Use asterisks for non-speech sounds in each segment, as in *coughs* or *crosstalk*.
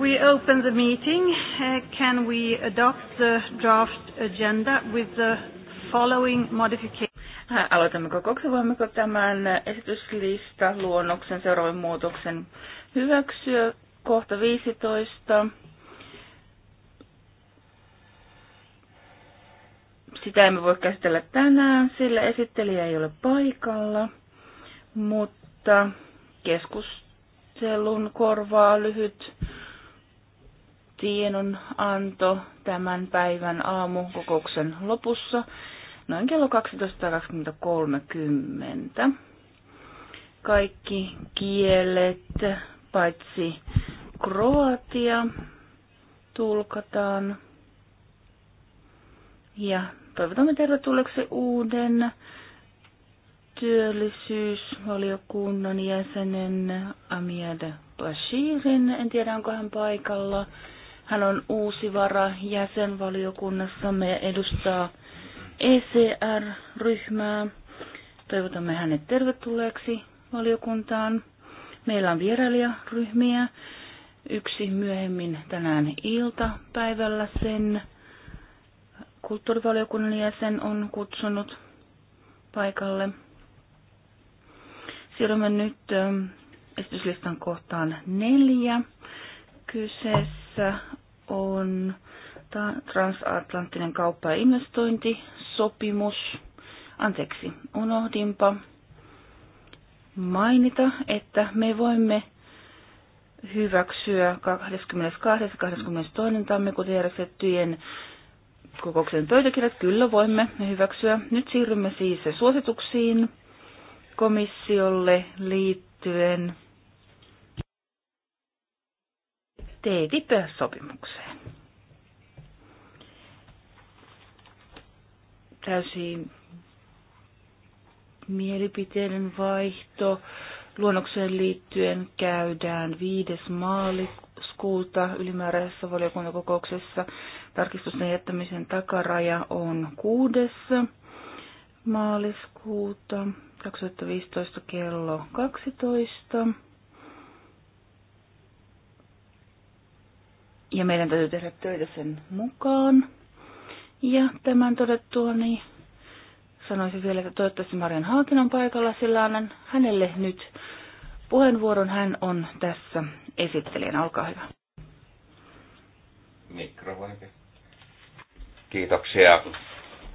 We open the meeting. Uh, can we adopt the draft agenda with the following modification? Äh, aloitamme kokouksen. Voimmeko tämän esityslista luonnoksen seuraavan muutoksen hyväksyä? Kohta 15. Sitä emme voi käsitellä tänään, sillä esittelijä ei ole paikalla, mutta keskustelun korvaa lyhyt anto tämän päivän aamukokouksen lopussa noin kello 12.20. Kaikki kielet paitsi kroatia tulkataan. Ja toivotamme tervetulleeksi uuden työllisyysvaliokunnan jäsenen Amiad Bashirin. En tiedä, onko hän paikalla. Hän on uusi vara jäsenvaliokunnassamme ja edustaa ECR-ryhmää. Toivotamme hänet tervetulleeksi valiokuntaan. Meillä on vierailijaryhmiä. Yksi myöhemmin tänään iltapäivällä sen kulttuurivaliokunnan jäsen on kutsunut paikalle. Siirrymme nyt ähm, esityslistan kohtaan neljä. Kyseessä on transatlanttinen kauppa- ja investointisopimus. Anteeksi, unohdinpa mainita, että me voimme hyväksyä 22. ja 22. tammikuuta järjestettyjen kokouksen pöytäkirjat. Kyllä voimme ne hyväksyä. Nyt siirrymme siis suosituksiin komissiolle liittyen TTIP-sopimukseen. Täysin mielipiteiden vaihto luonnokseen liittyen käydään 5. maaliskuuta ylimääräisessä valiokuntakokouksessa. Tarkistusten jättämisen takaraja on 6. maaliskuuta 2015 kello 12. ja meidän täytyy tehdä töitä sen mukaan. Ja tämän todettua, niin sanoisin vielä, että toivottavasti Marian Haakin on paikalla, sillä annan hänelle nyt puheenvuoron. Hän on tässä esittelijänä. Olkaa hyvä. Mikrofoni. Kiitoksia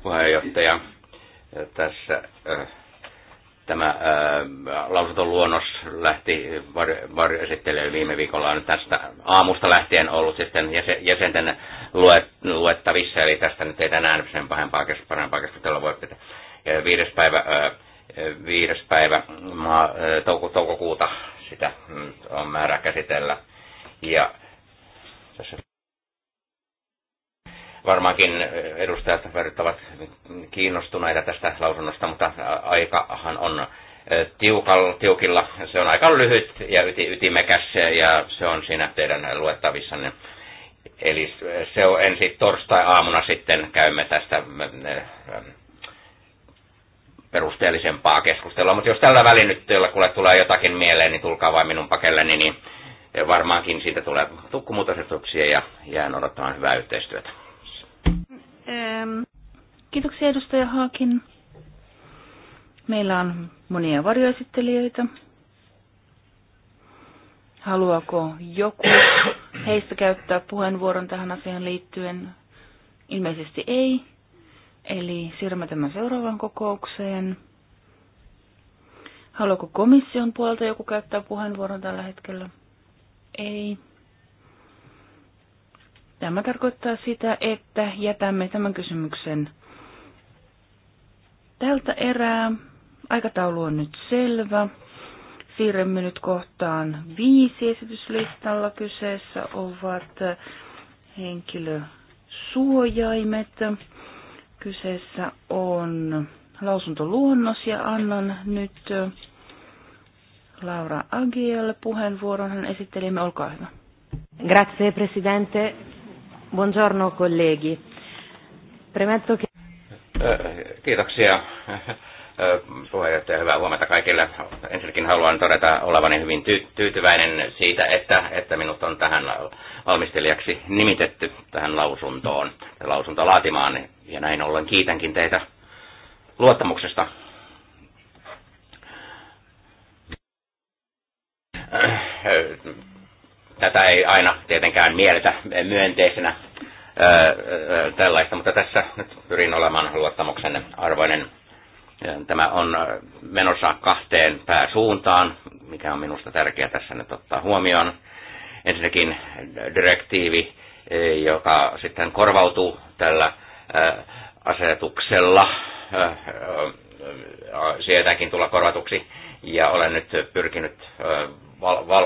puheenjohtaja. Tässä äh, Tämä lausuntoluonnos lähti varjoesittelijä viime viikolla on tästä aamusta lähtien ollut sitten jäsenten luettavissa, eli tästä nyt ei tänään sen pahempaa, parempaa keskustelua voi pitää. Ja viides päivä, viides päivä maa, touku, toukokuuta sitä mm, on määrä käsitellä. Ja tässä Varmaankin eh, edustajat ovat kiinnostuneita tästä lausunnosta, mutta aikahan on eh, tiukalla, tiukilla. Se on aika lyhyt ja yti, ytimekäs ja se on siinä teidän luettavissanne. Eli se on ensi torstai-aamuna sitten käymme tästä eh, perusteellisempaa keskustelua. Mutta jos tällä välin nyt kuule tulee jotakin mieleen, niin tulkaa vain minun pakelleni, niin varmaankin siitä tulee tukkumuutosetuksia ja jään odottamaan hyvää yhteistyötä. Kiitoksia edustaja Haakin. Meillä on monia varjoesittelijöitä. Haluaako joku heistä käyttää puheenvuoron tähän asiaan liittyen? Ilmeisesti ei. Eli siirrymme tämän seuraavaan kokoukseen. Haluaako komission puolta joku käyttää puheenvuoron tällä hetkellä? Ei. Tämä tarkoittaa sitä, että jätämme tämän kysymyksen Tältä erää aikataulu on nyt selvä. Siirrymme nyt kohtaan viisi esityslistalla. Kyseessä ovat henkilösuojaimet. Kyseessä on lausuntoluonnos ja annan nyt Laura Agiel puheenvuoron. Hän esittelimme, olkaa hyvä. Grazie Presidente. Buongiorno colleghi. Premetto che... Eh, Kiitoksia *laughs* puheenjohtaja, hyvää huomenta kaikille. Ensinnäkin haluan todeta olevani hyvin ty- tyytyväinen siitä, että, että minut on tähän valmistelijaksi nimitetty tähän lausuntoon, lausunto laatimaan, ja näin ollen kiitänkin teitä luottamuksesta. Tätä ei aina tietenkään mieletä myönteisenä tällaista, mutta tässä nyt pyrin olemaan luottamuksenne arvoinen. Tämä on menossa kahteen pääsuuntaan, mikä on minusta tärkeää tässä nyt ottaa huomioon. Ensinnäkin direktiivi, e, joka sitten korvautuu tällä asetuksella, sieltäkin tulla korvatuksi, ja olen nyt pyrkinyt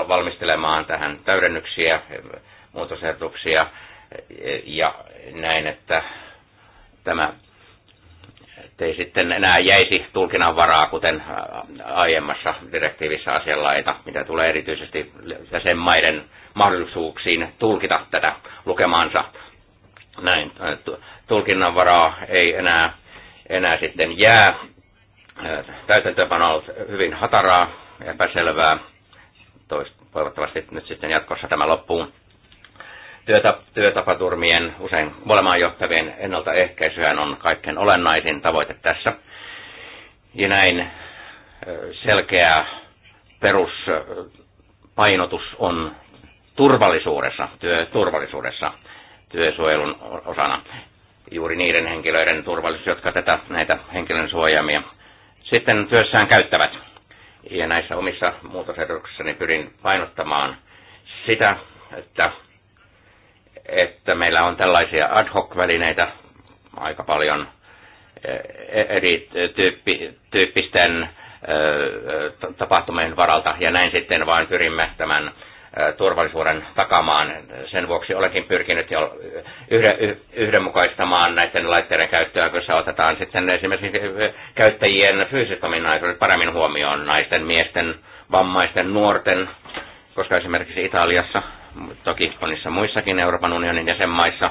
valmistelemaan tähän täydennyksiä, muutosehdotuksia, ja näin, että tämä ei sitten enää jäisi varaa, kuten aiemmassa direktiivissä asianlaita, mitä tulee erityisesti jäsenmaiden mahdollisuuksiin tulkita tätä lukemansa. Näin varaa ei enää, enää sitten jää. Täytäntöpano on ollut hyvin hataraa, epäselvää. Toist, toivottavasti nyt sitten jatkossa tämä loppuun työtapaturmien, usein molemmaan johtavien ennaltaehkäisyhän on kaikkein olennaisin tavoite tässä. Ja näin selkeä peruspainotus on turvallisuudessa, työturvallisuudessa, työsuojelun osana. Juuri niiden henkilöiden turvallisuus, jotka tätä, näitä henkilön suojaamia sitten työssään käyttävät. Ja näissä omissa muutosehdotuksissani pyrin painottamaan sitä, että että meillä on tällaisia ad hoc-välineitä aika paljon e, e, eri tyyppi, tyyppisten e, tapahtumien varalta, ja näin sitten vain pyrimme tämän turvallisuuden takamaan. Sen vuoksi olenkin pyrkinyt jo yhdenmukaistamaan näiden laitteiden käyttöä, koska otetaan sitten esimerkiksi käyttäjien fyysiset ominaisuudet paremmin huomioon naisten, miesten, vammaisten, nuorten, koska esimerkiksi Italiassa toki monissa muissakin Euroopan unionin jäsenmaissa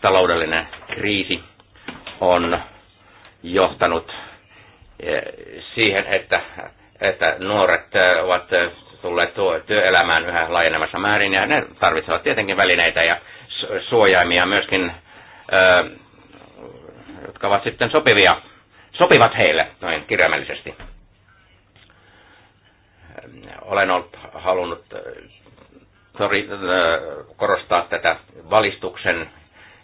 taloudellinen kriisi on johtanut eh, siihen, että, että nuoret eh, ovat eh, tulleet työelämään yhä laajenemassa määrin ja ne tarvitsevat tietenkin välineitä ja suojaimia myöskin, jotka ovat sitten sopivia, sopivat heille noin kirjaimellisesti. Olen ollut halunnut sorry, äh, korostaa tätä valistuksen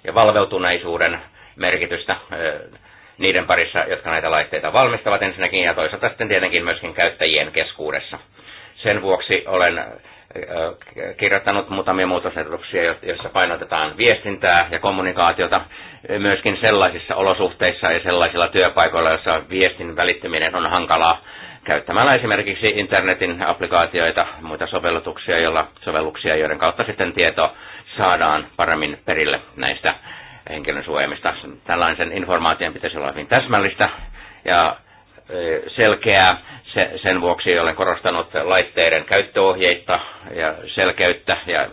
ja valveutuneisuuden merkitystä äh, niiden parissa, jotka näitä laitteita valmistavat ensinnäkin ja toisaalta sitten tietenkin myöskin käyttäjien keskuudessa. Sen vuoksi olen äh, kirjoittanut muutamia muutosehdotuksia, joissa painotetaan viestintää ja kommunikaatiota myöskin sellaisissa olosuhteissa ja sellaisilla työpaikoilla, joissa viestin välittyminen on hankalaa käyttämällä esimerkiksi internetin applikaatioita, muita sovellutuksia, joilla, sovelluksia, joiden kautta sitten tieto saadaan paremmin perille näistä henkilön suojelmista. Tällaisen informaation pitäisi olla hyvin täsmällistä ja selkeää. Se, sen vuoksi olen korostanut laitteiden käyttöohjeita ja selkeyttä ja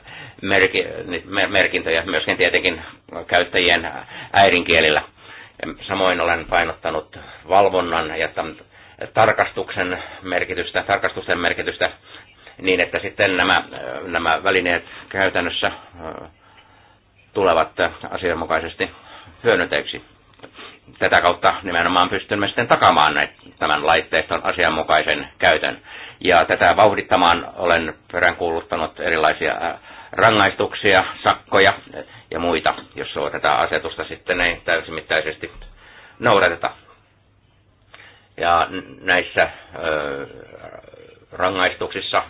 merkintöjä myöskin tietenkin käyttäjien äidinkielillä. Samoin olen painottanut valvonnan ja tarkastuksen merkitystä, tarkastusten merkitystä niin, että sitten nämä, nämä välineet käytännössä tulevat asianmukaisesti hyödynteiksi. Tätä kautta nimenomaan pystymme sitten takaamaan näitä, tämän laitteiston asianmukaisen käytön. Ja tätä vauhdittamaan olen peräänkuuluttanut erilaisia rangaistuksia, sakkoja ja muita, jos tätä asetusta sitten ei täysimittaisesti noudateta. Ja näissä rangaistuksissa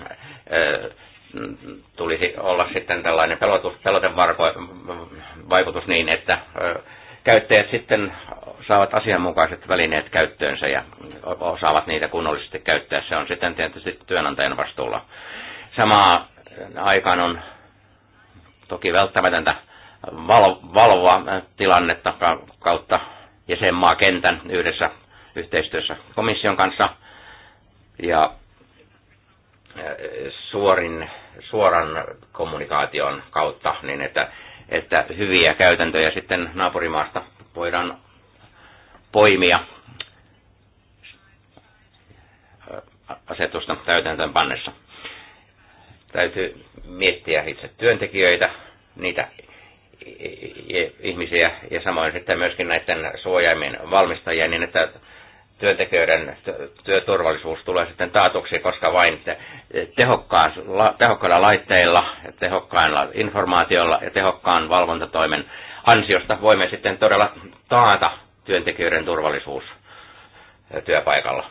tulisi olla sitten tällainen pelotevaikutus niin, että käyttäjät sitten saavat asianmukaiset välineet käyttöönsä ja osaavat niitä kunnollisesti käyttää. Se on sitten tietysti työnantajan vastuulla. Samaa aikaan on toki välttämätöntä valvoa tilannetta kautta jäsenmaa kentän yhdessä yhteistyössä komission kanssa. Ja suorin, suoran kommunikaation kautta, niin että, että hyviä käytäntöjä sitten naapurimaasta voidaan poimia asetusta täytäntöön pannessa. Täytyy miettiä itse työntekijöitä, niitä ihmisiä ja samoin sitten myöskin näiden suojaimien valmistajia, niin että työntekijöiden työturvallisuus tulee sitten taatuksi, koska vain tehokkailla laitteilla, tehokkailla informaatiolla ja tehokkaan valvontatoimen ansiosta voimme sitten todella taata työntekijöiden turvallisuus työpaikalla.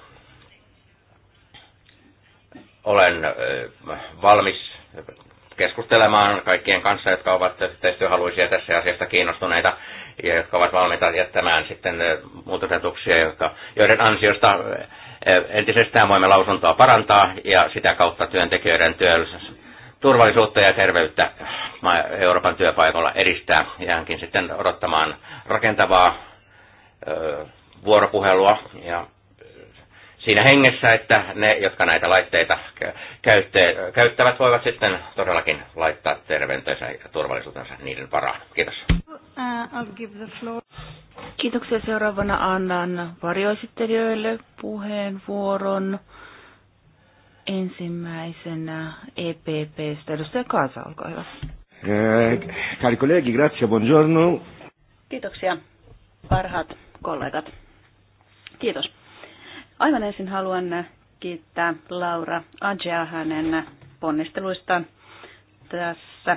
Olen valmis keskustelemaan kaikkien kanssa, jotka ovat yhteistyöhaluisia tässä asiasta kiinnostuneita jotka ovat valmiita jättämään sitten muutosetuksia, jotka, joiden ansiosta entisestään voimme lausuntoa parantaa ja sitä kautta työntekijöiden työllisyys turvallisuutta ja terveyttä Euroopan työpaikalla edistää. Jäänkin sitten odottamaan rakentavaa vuoropuhelua ja siinä hengessä, että ne, jotka näitä laitteita käyttävät, voivat sitten todellakin laittaa terveytensä ja turvallisuutensa niiden varaan. Kiitos. Uh, I'll give the floor. Kiitoksia. Seuraavana annan varjoesittelijöille puheenvuoron. Ensimmäisenä EPPstä edustaja Kaasa, olkaa hyvä. Eh, cari colleghi, grazie, buongiorno. Kiitoksia, parhaat kollegat. Kiitos. Aivan ensin haluan kiittää Laura Agea hänen ponnisteluistaan tässä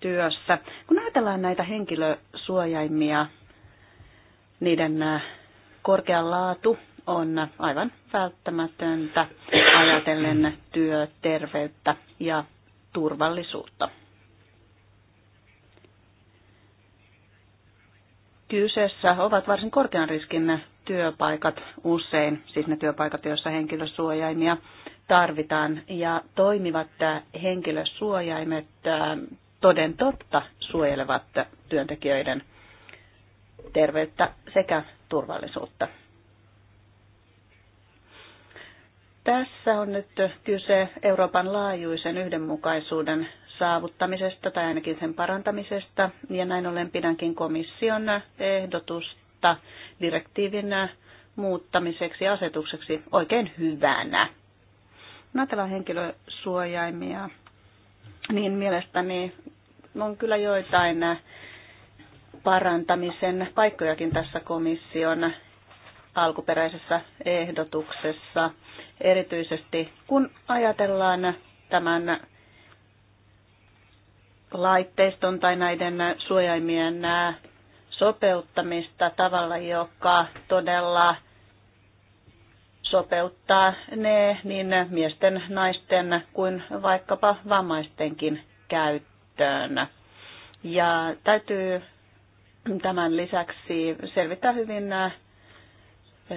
työssä. Kun ajatellaan näitä henkilösuojaimia, niiden äh, korkea laatu on aivan välttämätöntä ajatellen työterveyttä ja turvallisuutta. Kyseessä ovat varsin korkean riskin työpaikat usein, siis ne työpaikat, joissa henkilösuojaimia tarvitaan. Ja toimivat äh, henkilösuojaimet äh, toden totta suojelevat työntekijöiden terveyttä sekä turvallisuutta. Tässä on nyt kyse Euroopan laajuisen yhdenmukaisuuden saavuttamisesta tai ainakin sen parantamisesta, ja näin ollen pidänkin komission ehdotusta direktiivin muuttamiseksi asetukseksi oikein hyvänä. Natella henkilösuojaimia niin mielestäni on kyllä joitain parantamisen paikkojakin tässä komission alkuperäisessä ehdotuksessa, erityisesti kun ajatellaan tämän laitteiston tai näiden suojaimien sopeuttamista tavalla, joka todella sopeuttaa ne niin miesten, naisten kuin vaikkapa vammaistenkin käyttöön. Ja täytyy tämän lisäksi selvittää hyvin äh,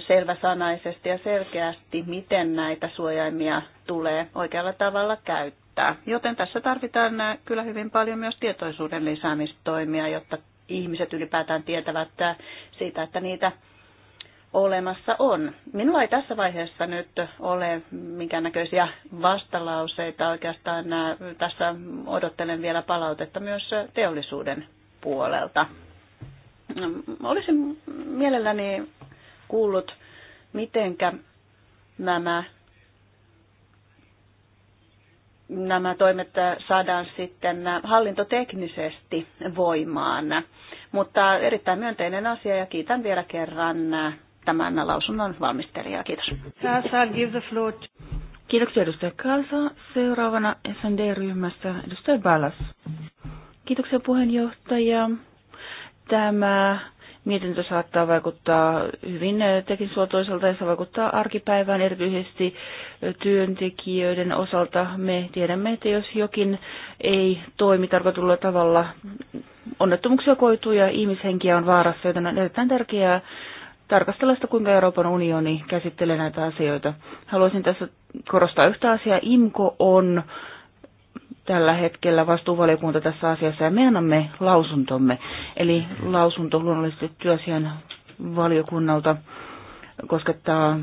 selväsanaisesti ja selkeästi, miten näitä suojaimia tulee oikealla tavalla käyttää. Joten tässä tarvitaan äh, kyllä hyvin paljon myös tietoisuuden lisäämistoimia, jotta ihmiset ylipäätään tietävät äh, siitä, että niitä olemassa on. Minulla ei tässä vaiheessa nyt ole minkäännäköisiä vastalauseita. Oikeastaan tässä odottelen vielä palautetta myös teollisuuden puolelta. Mm, olisin mielelläni kuullut, mitenkä nämä, nämä toimet saadaan sitten hallintoteknisesti voimaan. Mutta erittäin myönteinen asia ja kiitän vielä kerran tämän lausunnon valmistelijaa. Kiitos. Kiitoksia edustaja Kalsa. Seuraavana snd ryhmässä edustaja Balas. Kiitoksia puheenjohtaja. Tämä mietintö saattaa vaikuttaa hyvin suotoiselta ja se vaikuttaa arkipäivään erityisesti työntekijöiden osalta. Me tiedämme, että jos jokin ei toimi tarkoitulla tavalla, onnettomuuksia koituu ja ihmishenkiä on vaarassa, joten on erittäin tärkeää tarkastella sitä, kuinka Euroopan unioni käsittelee näitä asioita. Haluaisin tässä korostaa yhtä asiaa. IMKO on tällä hetkellä vastuuvaliokunta tässä asiassa ja me annamme lausuntomme. Eli lausunto luonnollisesti työasian valiokunnalta koskettaa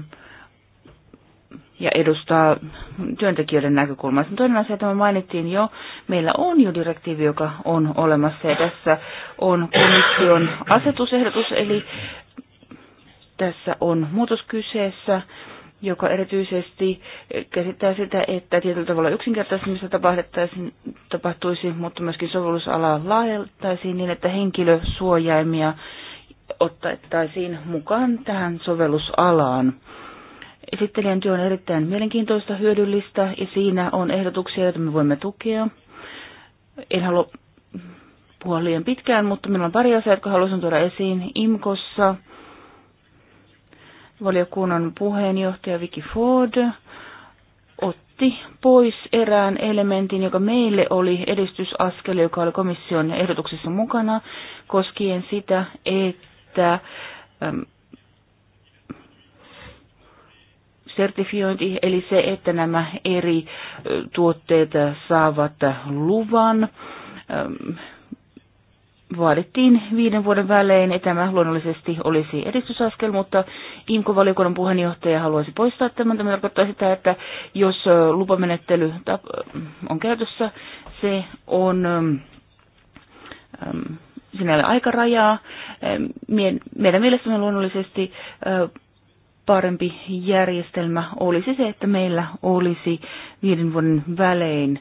ja edustaa työntekijöiden näkökulmaa. Sen toinen asia, tämä mainittiin jo, meillä on jo direktiivi, joka on olemassa ja tässä on komission asetusehdotus, eli tässä on muutos kyseessä, joka erityisesti käsittää sitä, että tietyllä tavalla yksinkertaistamista tapahtuisi, mutta myöskin sovellusalaa laajentaisiin niin, että henkilösuojaimia ottaisiin mukaan tähän sovellusalaan. Esittelijän työ on erittäin mielenkiintoista, hyödyllistä ja siinä on ehdotuksia, joita me voimme tukea. En halua puhua liian pitkään, mutta meillä on pari asiaa, jotka haluaisin tuoda esiin. IMKOssa valiokunnan puheenjohtaja Vicky Ford otti pois erään elementin, joka meille oli edistysaskel, joka oli komission ehdotuksessa mukana, koskien sitä, että sertifiointi, eli se, että nämä eri tuotteet saavat luvan vaadittiin viiden vuoden välein, ja tämä luonnollisesti olisi edistysaskel, mutta imco valiokunnan puheenjohtaja haluaisi poistaa tämän. Tämä tarkoittaa sitä, että jos lupamenettely on käytössä, se on sinällä aikarajaa. Meidän mielestämme luonnollisesti parempi järjestelmä olisi se, että meillä olisi viiden vuoden välein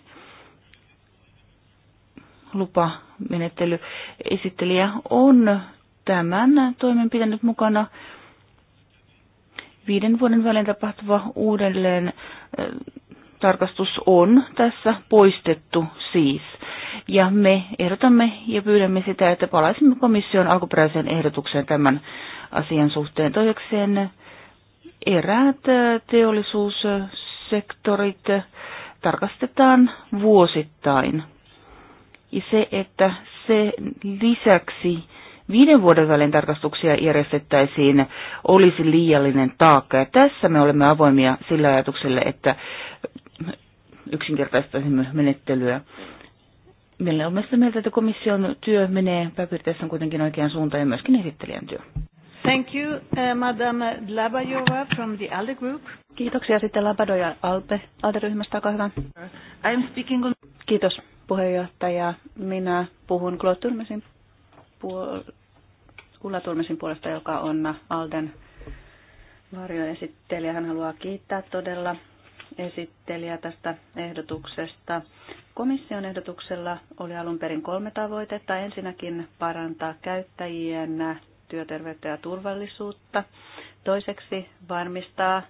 lupamenettely esittelijä on tämän toimenpiteen pitänyt mukana viiden vuoden välein tapahtuva uudelleen tarkastus on tässä poistettu siis. Ja me ehdotamme ja pyydämme sitä, että palaisimme komission alkuperäiseen ehdotukseen tämän asian suhteen. Toisekseen eräät teollisuussektorit tarkastetaan vuosittain. Ja se, että se lisäksi viiden vuoden välein tarkastuksia järjestettäisiin, olisi liiallinen taakka. Ja tässä me olemme avoimia sillä ajatukselle, että yksinkertaistaisimme menettelyä. Meillä on myös mieltä, että komission työ menee on kuitenkin oikean suuntaan ja myöskin esittelijän työ. Thank you, uh, Madam Labajova from the ALDE Group. Kiitoksia sitten Labadoja alpe ALDE-ryhmästä, olkaa hyvä. I'm speaking on... Kiitos puheenjohtaja. Minä puhun Ulla puol- puolesta, joka on Alden varjoesittelijä. Hän haluaa kiittää todella esittelijä tästä ehdotuksesta. Komission ehdotuksella oli alun perin kolme tavoitetta. Ensinnäkin parantaa käyttäjien työterveyttä ja turvallisuutta. Toiseksi varmistaa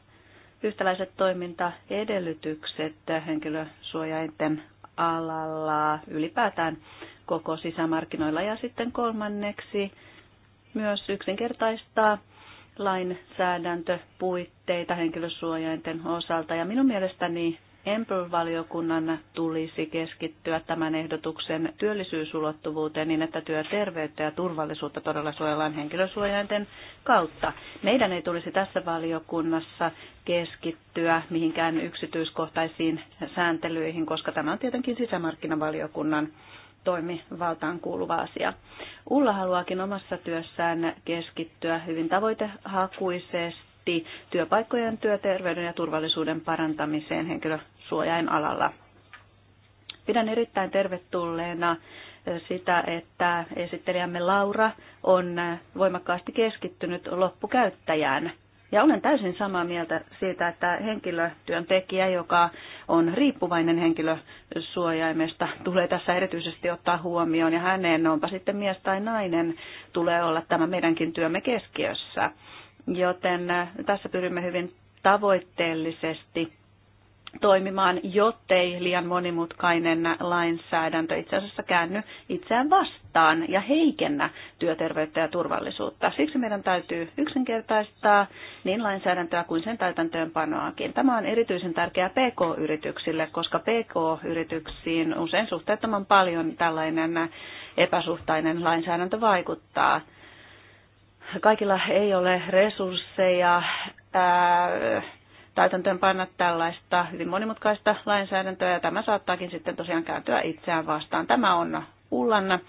yhtäläiset toimintaedellytykset henkilösuojainten alalla, ylipäätään koko sisämarkkinoilla. Ja sitten kolmanneksi myös yksinkertaistaa lainsäädäntöpuitteita henkilösuojainten osalta. Ja minun mielestäni Empel-valiokunnan tulisi keskittyä tämän ehdotuksen työllisyysulottuvuuteen niin, että työterveyttä ja turvallisuutta todella suojellaan henkilösuojainten kautta. Meidän ei tulisi tässä valiokunnassa keskittyä mihinkään yksityiskohtaisiin sääntelyihin, koska tämä on tietenkin sisämarkkinavaliokunnan toimivaltaan kuuluva asia. Ulla haluaakin omassa työssään keskittyä hyvin tavoitehakuisesti työpaikkojen, työterveyden ja turvallisuuden parantamiseen henkilö alalla. Pidän erittäin tervetulleena sitä, että esittelijämme Laura on voimakkaasti keskittynyt loppukäyttäjään. Ja olen täysin samaa mieltä siitä, että henkilötyöntekijä, joka on riippuvainen henkilösuojaimesta, tulee tässä erityisesti ottaa huomioon. Ja hänen, onpa sitten mies tai nainen, tulee olla tämä meidänkin työmme keskiössä. Joten tässä pyrimme hyvin tavoitteellisesti toimimaan, jottei liian monimutkainen lainsäädäntö itse asiassa käänny itseään vastaan ja heikennä työterveyttä ja turvallisuutta. Siksi meidän täytyy yksinkertaistaa niin lainsäädäntöä kuin sen täytäntöönpanoakin. Tämä on erityisen tärkeää PK-yrityksille, koska PK-yrityksiin usein suhteettoman paljon tällainen epäsuhtainen lainsäädäntö vaikuttaa. Kaikilla ei ole resursseja, täytäntöönpanna tällaista hyvin monimutkaista lainsäädäntöä ja tämä saattaakin sitten tosiaan kääntyä itseään vastaan. Tämä on Ullanna.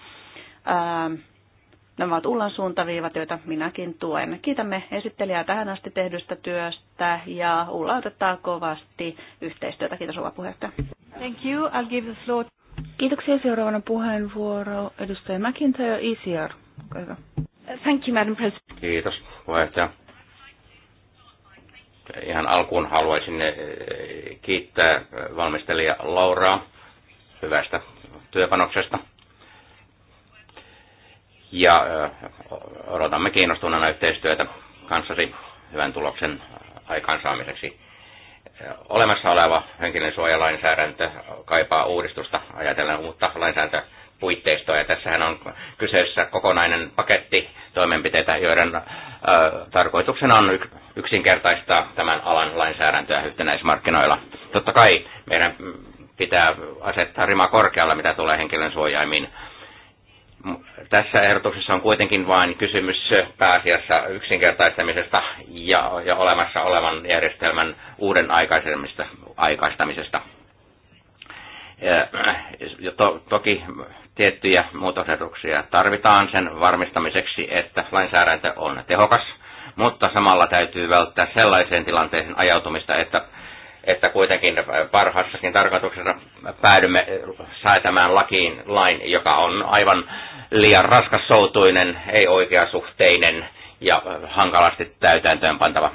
nämä ovat Ullan suuntaviivat, joita minäkin tuen. Kiitämme esittelijää tähän asti tehdystä työstä ja Ulla otetaan kovasti yhteistyötä. Kiitos Ulla puheenjohtaja. Thank you. I'll give the floor. Kiitoksia. Seuraavana puheenvuoro edustaja McIntyre, ECR. Thank you, Madam President. Kiitos puheenjohtaja Ihan alkuun haluaisin eh, kiittää eh, valmistelija Lauraa hyvästä työpanoksesta. Ja eh, odotamme kiinnostuneena yhteistyötä kanssasi hyvän tuloksen aikaansaamiseksi. Olemassa oleva henkilön suojalainsäädäntö kaipaa uudistusta ajatellen uutta lainsäädäntöä puitteistoa. Ja tässähän on kyseessä kokonainen paketti toimenpiteitä, joiden ö, tarkoituksena on yksinkertaistaa tämän alan lainsäädäntöä yhtenäismarkkinoilla. Totta kai meidän pitää asettaa rima korkealla, mitä tulee henkilön suojaimiin. Tässä ehdotuksessa on kuitenkin vain kysymys pääasiassa yksinkertaistamisesta ja, ja olemassa olevan järjestelmän uuden aikaistamisesta. Ja to, toki tiettyjä muutosehdotuksia tarvitaan sen varmistamiseksi, että lainsäädäntö on tehokas, mutta samalla täytyy välttää sellaiseen tilanteeseen ajautumista, että, että kuitenkin parhaassakin tarkoituksessa päädymme säätämään lakiin lain, joka on aivan liian raskassoutuinen, ei oikeasuhteinen ja hankalasti täytäntöön pantava.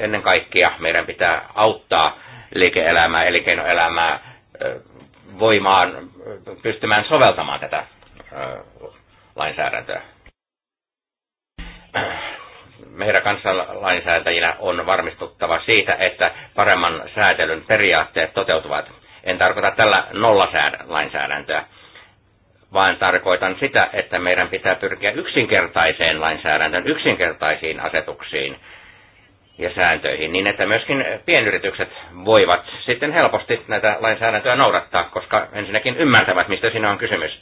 ennen kaikkea meidän pitää auttaa liike-elämää, elinkeinoelämää, voimaan, pystymään soveltamaan tätä lainsäädäntöä. Meidän kansanlainsäätäjinä on varmistuttava siitä, että paremman säätelyn periaatteet toteutuvat. En tarkoita tällä nollalainsäädäntöä, vaan tarkoitan sitä, että meidän pitää pyrkiä yksinkertaiseen lainsäädäntöön, yksinkertaisiin asetuksiin – ja sääntöihin, niin että myöskin pienyritykset voivat sitten helposti näitä lainsäädäntöä noudattaa, koska ensinnäkin ymmärtävät, mistä siinä on kysymys.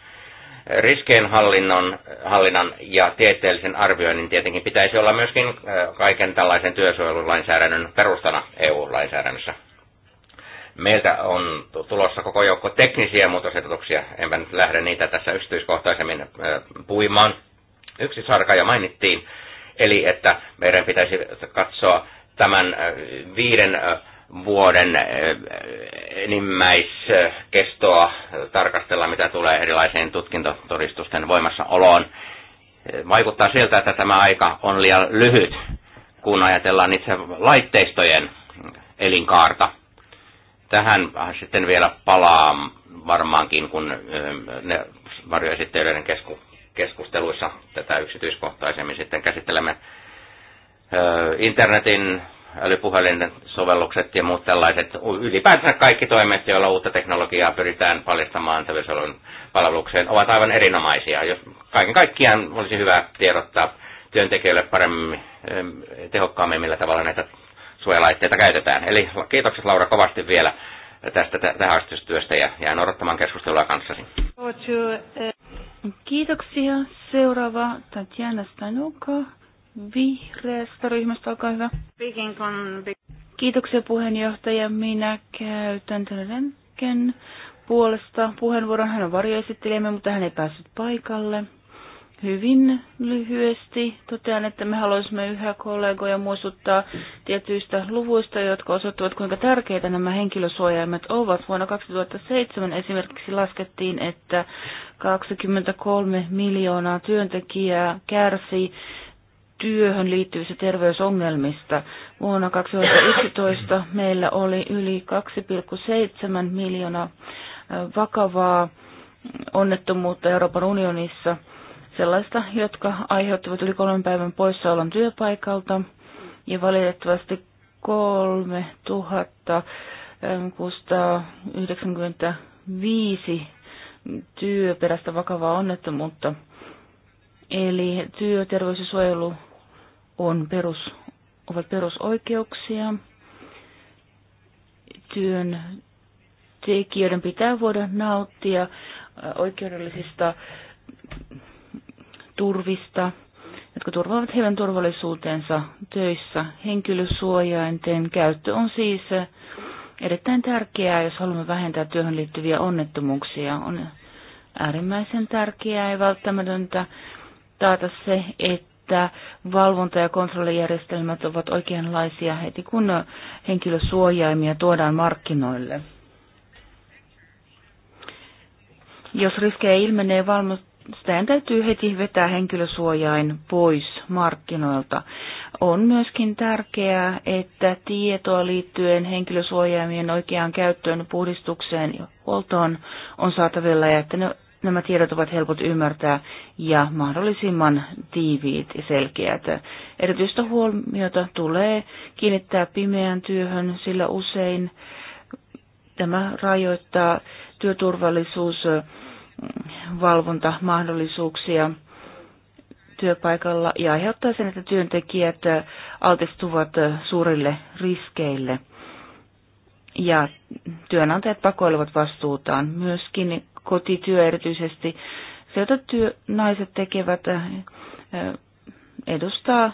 Riskeenhallinnon hallinnan ja tieteellisen arvioinnin tietenkin pitäisi olla myöskin kaiken tällaisen työsuojelulainsäädännön perustana EU-lainsäädännössä. Meiltä on tulossa koko joukko teknisiä muutosehdotuksia, enpä nyt lähde niitä tässä yksityiskohtaisemmin puimaan. Yksi sarka jo mainittiin, Eli että meidän pitäisi katsoa tämän äh, viiden äh, vuoden äh, enimmäiskestoa tarkastella, mitä tulee erilaisiin tutkintotodistusten voimassaoloon. Vaikuttaa siltä, että tämä aika on liian lyhyt, kun ajatellaan itse laitteistojen elinkaarta. Tähän sitten vielä palaa varmaankin, kun ne varjoesittelyiden keskusteluissa tätä yksityiskohtaisemmin sitten käsittelemme. Internetin älypuhelinten sovellukset ja muut tällaiset, ylipäätään kaikki toimet, joilla uutta teknologiaa pyritään paljastamaan terveysalan palvelukseen, ovat aivan erinomaisia. Jos kaiken kaikkiaan olisi hyvä tiedottaa työntekijöille paremmin, tehokkaammin, millä tavalla näitä suojalaitteita käytetään. Eli kiitokset Laura kovasti vielä tästä tähän ja jään odottamaan keskustelua kanssasi. Kiitoksia. Seuraava Tatjana Stanuka vihreästä ryhmästä, olkaa hyvä. Kiitoksia puheenjohtaja. Minä käytän Renken puolesta puheenvuoron. Hän on varjoesittelijämme, mutta hän ei päässyt paikalle. Hyvin lyhyesti totean, että me haluaisimme yhä kollegoja muistuttaa tietyistä luvuista, jotka osoittavat, kuinka tärkeitä nämä henkilösuojaimet ovat. Vuonna 2007 esimerkiksi laskettiin, että 23 miljoonaa työntekijää kärsii työhön liittyvistä terveysongelmista. Vuonna 2011 meillä oli yli 2,7 miljoonaa vakavaa onnettomuutta Euroopan unionissa – sellaista, jotka aiheuttavat yli kolmen päivän poissaolon työpaikalta. Ja valitettavasti 3695 ähm, työperäistä vakavaa onnettomuutta. Eli työterveys ja suojelu on perus, ovat perusoikeuksia. Työn tekijöiden pitää voida nauttia äh, oikeudellisista turvista, jotka turvaavat heidän turvallisuutensa töissä. Henkilösuojainten käyttö on siis erittäin tärkeää, jos haluamme vähentää työhön liittyviä onnettomuuksia. On äärimmäisen tärkeää ja välttämätöntä taata se, että valvonta- ja kontrollijärjestelmät ovat oikeanlaisia heti kun henkilösuojaimia tuodaan markkinoille. Jos riskejä ilmenee, valvonta sitä täytyy heti vetää henkilösuojain pois markkinoilta. On myöskin tärkeää, että tietoa liittyen henkilösuojaimien oikeaan käyttöön, puhdistukseen ja huoltoon on saatavilla ja että ne, nämä tiedot ovat helpot ymmärtää ja mahdollisimman tiiviit ja selkeät. Erityistä huomiota tulee kiinnittää pimeään työhön, sillä usein tämä rajoittaa työturvallisuus- valvontamahdollisuuksia työpaikalla ja aiheuttaa sen, että työntekijät altistuvat suurille riskeille ja työnantajat pakoilevat vastuutaan. Myöskin kotityö erityisesti, se jota työ, naiset tekevät, edustaa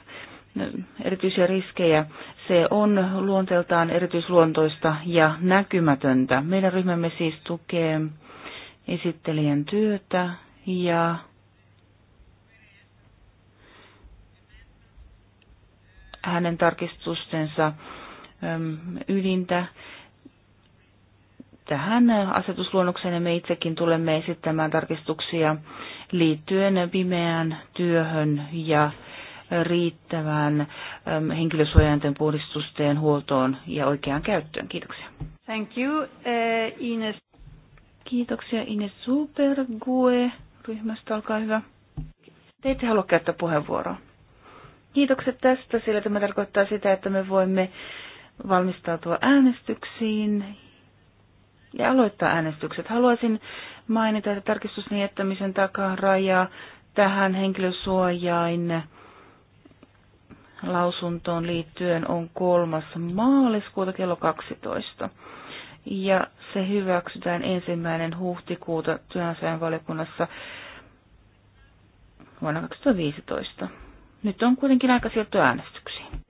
erityisiä riskejä. Se on luonteeltaan erityisluontoista ja näkymätöntä. Meidän ryhmämme siis tukee esittelijän työtä ja hänen tarkistustensa ydintä tähän asetusluonnokseen me itsekin tulemme esittämään tarkistuksia liittyen pimeään työhön ja riittävään henkilösuojainten puhdistusten huoltoon ja oikeaan käyttöön. Kiitoksia. Thank you, uh, Ines. Kiitoksia Ines Supergue ryhmästä, olkaa hyvä. Te ette halua käyttää puheenvuoroa. Kiitokset tästä, sillä tämä tarkoittaa sitä, että me voimme valmistautua äänestyksiin ja aloittaa äänestykset. Haluaisin mainita, että tarkistusni jättämisen rajaa tähän henkilösuojain lausuntoon liittyen on kolmas maaliskuuta kello 12 ja se hyväksytään ensimmäinen huhtikuuta työnantajan valiokunnassa vuonna 2015. Nyt on kuitenkin aika siirtyä äänestyksiin.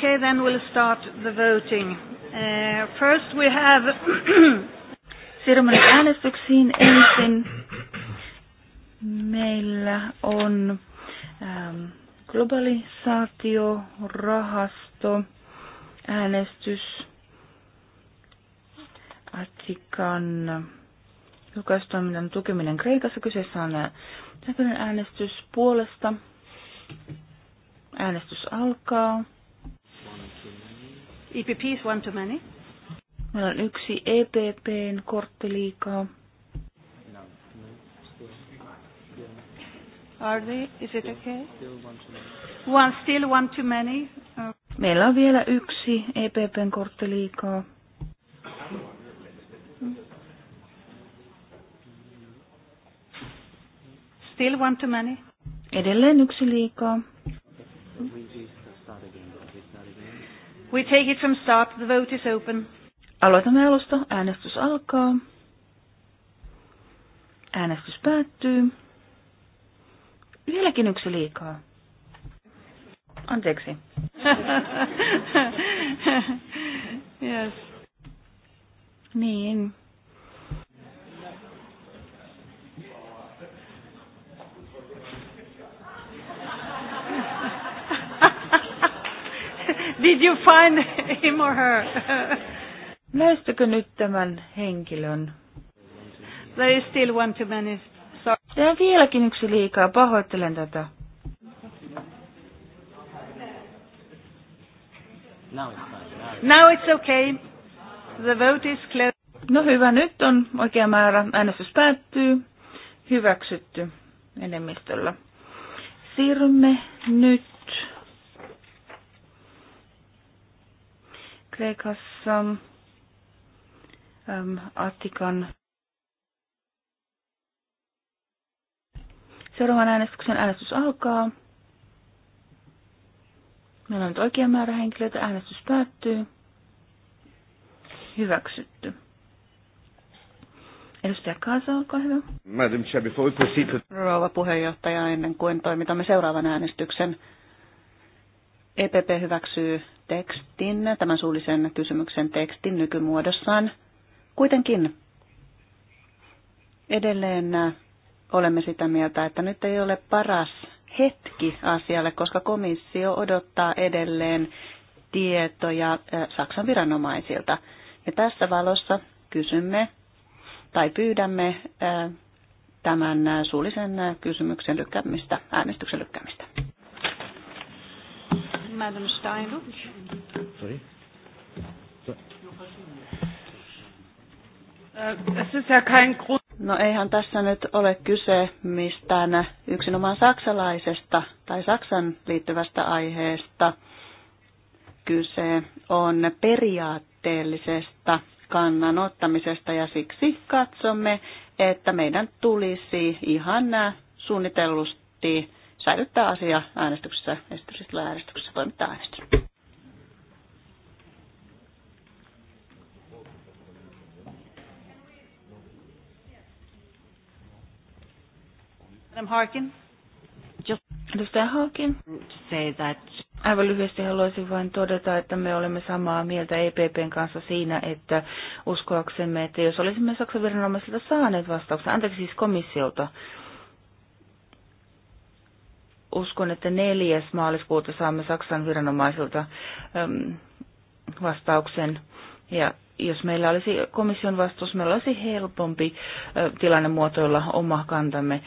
Okay, then we'll start the voting. Uh, first we have... *clears throat* Siirrymme äänestyksiin ensin. Meillä on ähm, globalisaatiorahasto, äänestys, artikan julkaistoiminnan tukeminen Kreikassa. Kyseessä on äh, sähköinen äänestys puolesta. Äänestys alkaa is e one too many. Meillä on yksi EPPn kortti liikaa. Are they? Is it okay? One still one too many. Uh, Meillä on vielä yksi EPPn kortti liikaa. Still one too many. Edelleen yksi liikaa. We take it from start. The vote is open. Aloitamme alusta. Äänestys alkaa. Äänestys päättyy. Vieläkin yksi liikaa. Anteeksi. *laughs* yes. Niin. Did you find *laughs* him or her? Näistäkö *laughs* nyt tämän henkilön? There is still one too many. Sorry. on vieläkin yksi liikaa. Pahoittelen tätä. Now it's, Now it's okay. The vote is closed. No hyvä, nyt on oikea määrä. Äänestys päättyy. Hyväksytty enemmistöllä. Siirrymme nyt Kreikassa äm, Attikan Seuraavan äänestyksen äänestys alkaa. Meillä on nyt oikea määrä henkilöitä. Äänestys päättyy. Hyväksytty. Edustaja Kaasa, olkaa hyvä. Madam Chair, before we proceed to... Rouva puheenjohtaja, ennen kuin toimitamme seuraavan äänestyksen, EPP hyväksyy tekstin, tämän suullisen kysymyksen tekstin nykymuodossaan. Kuitenkin edelleen olemme sitä mieltä, että nyt ei ole paras hetki asialle, koska komissio odottaa edelleen tietoja Saksan viranomaisilta. Ja tässä valossa kysymme tai pyydämme tämän suullisen kysymyksen lykkäämistä, äänestyksen lykkäämistä. Madam Stein. Sorry. Äh, no eihän tässä nyt ole kyse mistään yksinomaan saksalaisesta tai Saksan liittyvästä aiheesta. Kyse on periaatteellisesta kannanottamisesta ja siksi katsomme, että meidän tulisi ihan suunnitellusti säilyttää asia äänestyksessä, esitysistillä äänestyksessä toimittaa äänestys. Madam Harkin. Just Edustaja Harkin. Say that. Aivan lyhyesti haluaisin vain todeta, että me olemme samaa mieltä EPPn kanssa siinä, että uskoaksemme, että jos olisimme Saksan viranomaisilta saaneet vastauksen, anteeksi siis komissiolta, uskon, että neljäs maaliskuuta saamme Saksan viranomaisilta vastauksen. Ja jos meillä olisi komission vastaus, meillä olisi helpompi tilanne muotoilla oma kantamme.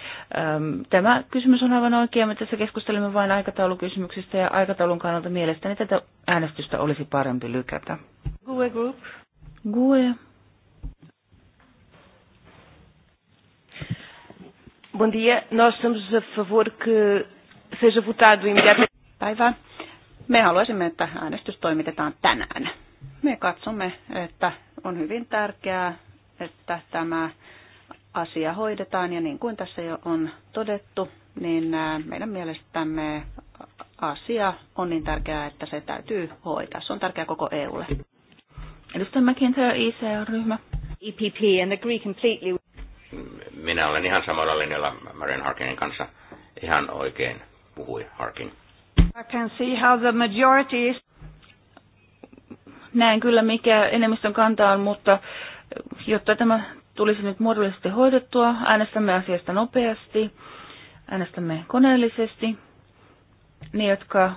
Tämä kysymys on aivan oikea. Me tässä keskustelimme vain aikataulukysymyksistä ja aikataulun kannalta mielestäni tätä äänestystä olisi parempi lykätä. GUE Group. GUE. Bom dia, nós estamos a favor que seja votado imediatamente. Päivää. Me haluaisimme, että äänestys toimitetaan tänään. Me katsomme, että on hyvin tärkeää, että tämä asia hoidetaan ja niin kuin tässä jo on todettu, niin meidän mielestämme asia on niin tärkeää, että se täytyy hoitaa. Se on tärkeää koko EUlle. Edustaja McIntyre, ICR-ryhmä. EPP and agree completely. Minä olen ihan samalla linjalla Marian Harkinin kanssa ihan oikein puhui Harkin. I can see how the majority is. Näen kyllä, mikä enemmistön kanta on, mutta jotta tämä tulisi nyt muodollisesti hoidettua, äänestämme asiasta nopeasti, äänestämme koneellisesti. Ne, jotka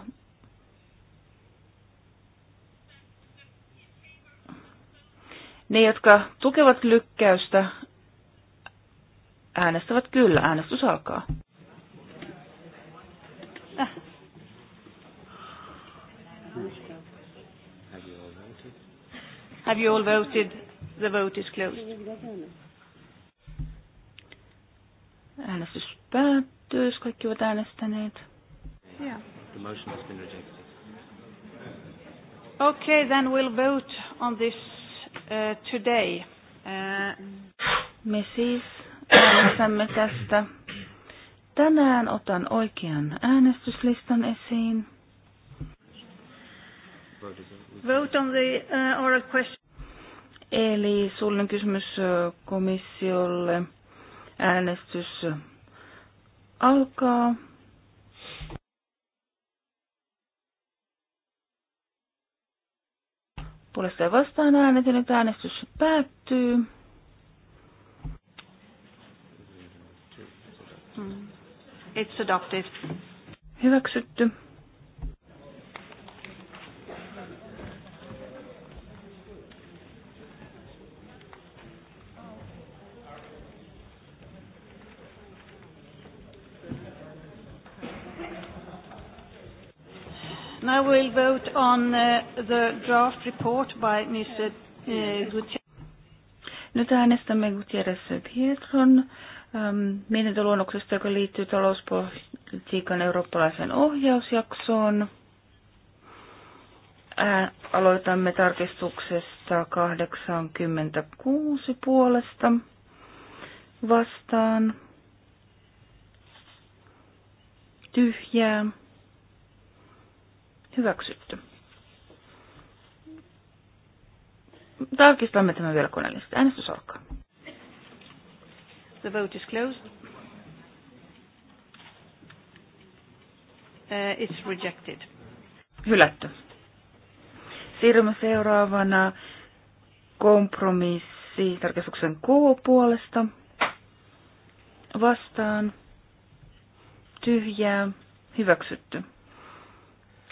ne, jotka tukevat lykkäystä, äänestävät kyllä. Äänestys alkaa. Have you all voted? The vote is closed. Äänestys päättyy, jos kaikki ovat äänestäneet. Yeah. The motion has been rejected. Okay, then we'll vote on this uh, today. Uh, Me siis äänestämme tästä. Tänään otan oikean äänestyslistan esiin. Vote on the uh, oral question. Eli suullinen kysymys komissiolle. Äänestys alkaa. Puolesta ja vastaan äänet nyt äänestys päättyy. Hmm. It's adopted. Hyväksytty. Now we'll vote on uh, the draft report by Mr. Uh, Gutierrez. Nyt äänestämme Gutierrez Pietron ähm, mietintöluonnoksesta, joka liittyy talouspolitiikan eurooppalaisen ohjausjaksoon. aloitamme tarkistuksesta 86 puolesta vastaan tyhjää Hyväksytty. Tarkistamme tämän vielä koneellisesti. Äänestys alkaa. The vote is closed. Uh, it's rejected. Hylätty. Siirrymme seuraavana kompromissi tarkistuksen K puolesta. Vastaan. Tyhjää. Hyväksytty.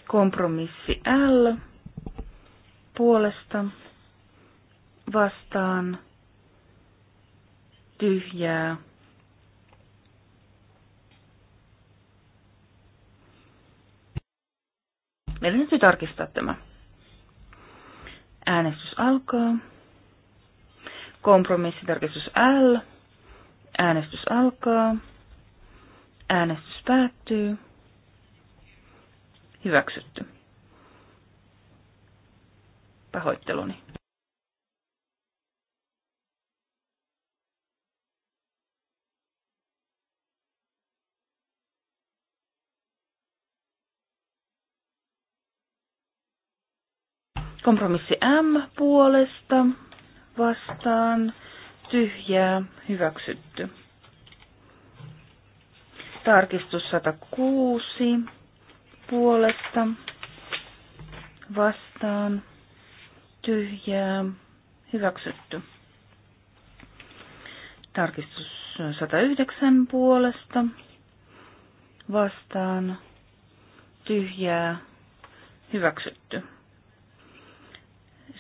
Kompromissi L puolesta vastaan tyhjää. Meidän täytyy tarkistaa tämä. Äänestys alkaa. Kompromissitarkistus L. Äänestys alkaa. Äänestys päättyy. Hyväksytty. Pahoitteluni. Kompromissi M puolesta vastaan tyhjää hyväksytty. Tarkistus 106 puolesta vastaan tyhjää hyväksytty. Tarkistus 109 puolesta vastaan tyhjää hyväksytty.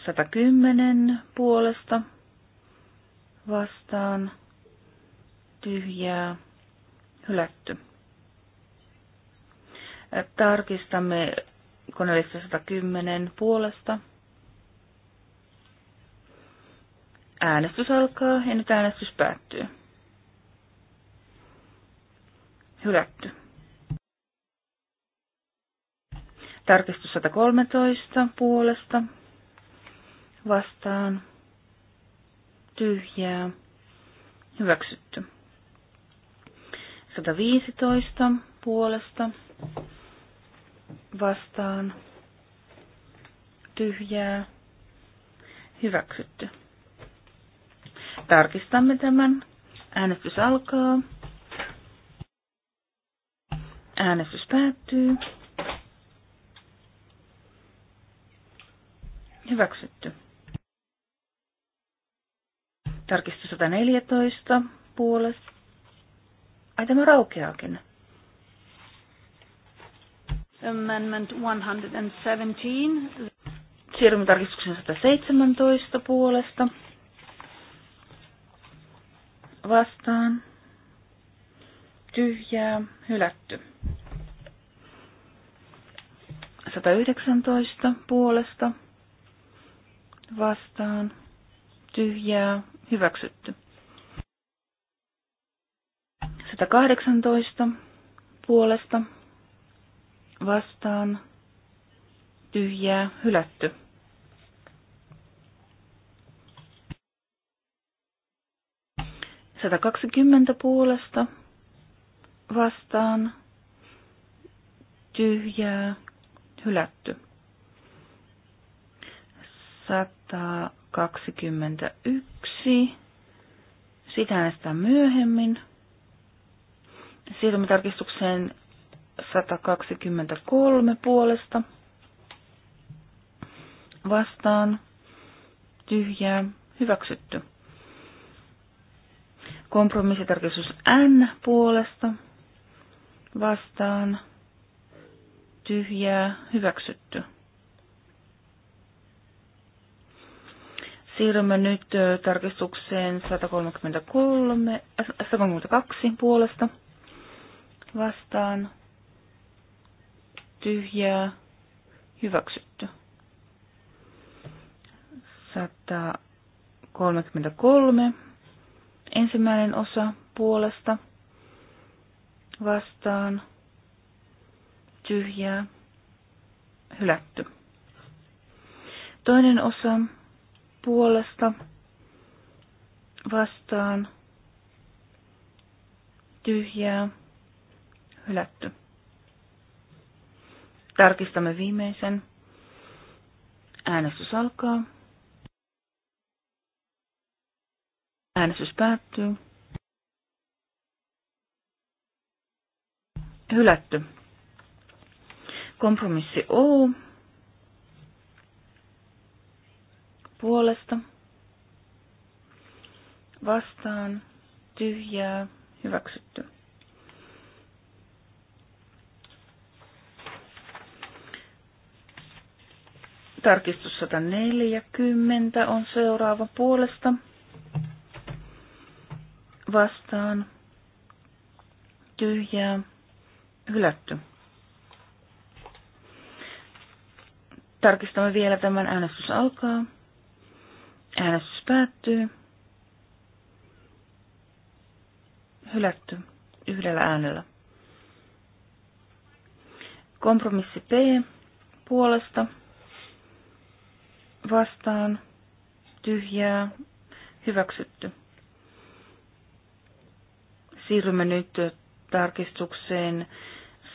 110 puolesta vastaan tyhjää hylätty. Tarkistamme koneellista 110 puolesta. Äänestys alkaa ja nyt äänestys päättyy. Hylätty. Tarkistus 113 puolesta. Vastaan. Tyhjää. Hyväksytty. 115 puolesta vastaan tyhjää hyväksytty. Tarkistamme tämän. Äänestys alkaa. Äänestys päättyy. Hyväksytty. Tarkistus 114 puolesta. Ai tämä raukeakin. Amendment 117. Siirrymme tarkistuksen 117 puolesta. Vastaan. Tyhjää. Hylätty. 119 puolesta. Vastaan. Tyhjää. Hyväksytty. 118 puolesta vastaan tyhjää hylätty. Sata kaksikymmentä puolesta vastaan tyhjää hylätty. yksi, Sitä äänestää myöhemmin. Siirrymme tarkistukseen 123 puolesta vastaan tyhjää hyväksytty. Kompromissitarkistus N puolesta vastaan tyhjää hyväksytty. Siirrymme nyt tarkistukseen 133, 132 äh, puolesta vastaan tyhjää hyväksytty. 133 ensimmäinen osa puolesta vastaan tyhjää hylätty. Toinen osa puolesta vastaan tyhjää hylätty. Tarkistamme viimeisen. Äänestys alkaa. Äänestys päättyy. Hylätty. Kompromissi O. Puolesta. Vastaan. Tyhjää. Hyväksytty. Tarkistus 140 on seuraava puolesta. Vastaan. Tyhjää. Hylätty. Tarkistamme vielä tämän äänestys alkaa. Äänestys päättyy. Hylätty yhdellä äänellä. Kompromissi P puolesta vastaan tyhjää hyväksytty. Siirrymme nyt tarkistukseen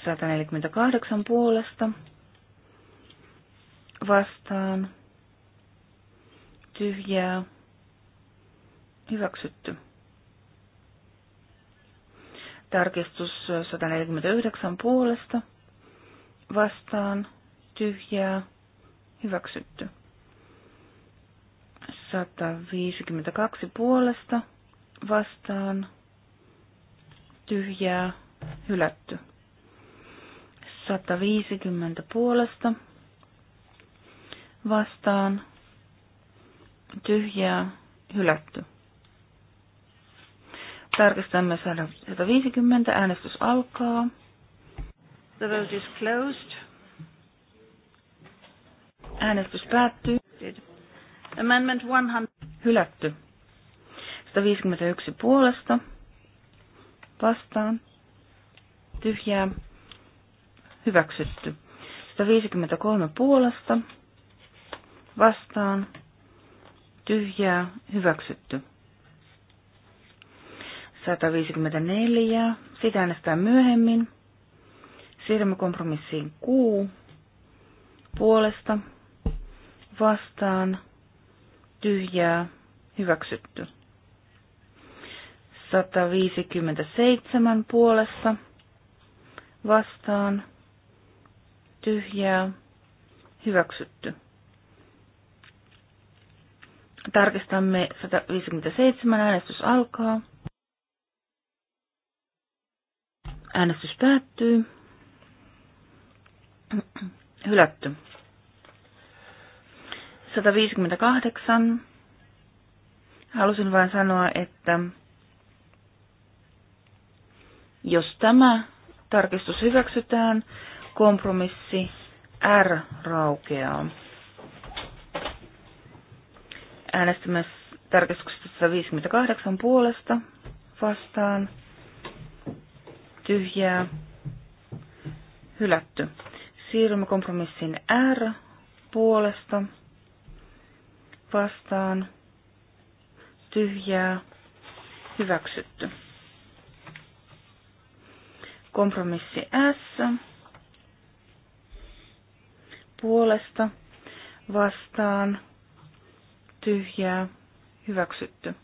148 puolesta vastaan tyhjää hyväksytty. Tarkistus 149 puolesta vastaan tyhjää hyväksytty. 152 puolesta vastaan tyhjää hylätty. 150 puolesta vastaan tyhjää hylätty. Tarkistamme 150. Äänestys alkaa. The vote is closed. Äänestys päättyy. Amendment 100. Hylätty. 151 puolesta. Vastaan. Tyhjää. Hyväksytty. 153 puolesta. Vastaan. Tyhjää. Hyväksytty. 154. Sitä äänestää myöhemmin. Siirrymme kompromissiin Q puolesta vastaan tyhjää hyväksytty. 157 puolessa vastaan tyhjää hyväksytty. Tarkistamme 157 äänestys alkaa. Äänestys päättyy. Hylätty. 158. Halusin vain sanoa, että jos tämä tarkistus hyväksytään, kompromissi R raukeaa. Äänestämme tarkistuksesta 158 puolesta vastaan. Tyhjää. Hylätty. Siirrymme kompromissin R puolesta vastaan tyhjää hyväksytty. Kompromissi S puolesta vastaan tyhjää hyväksytty.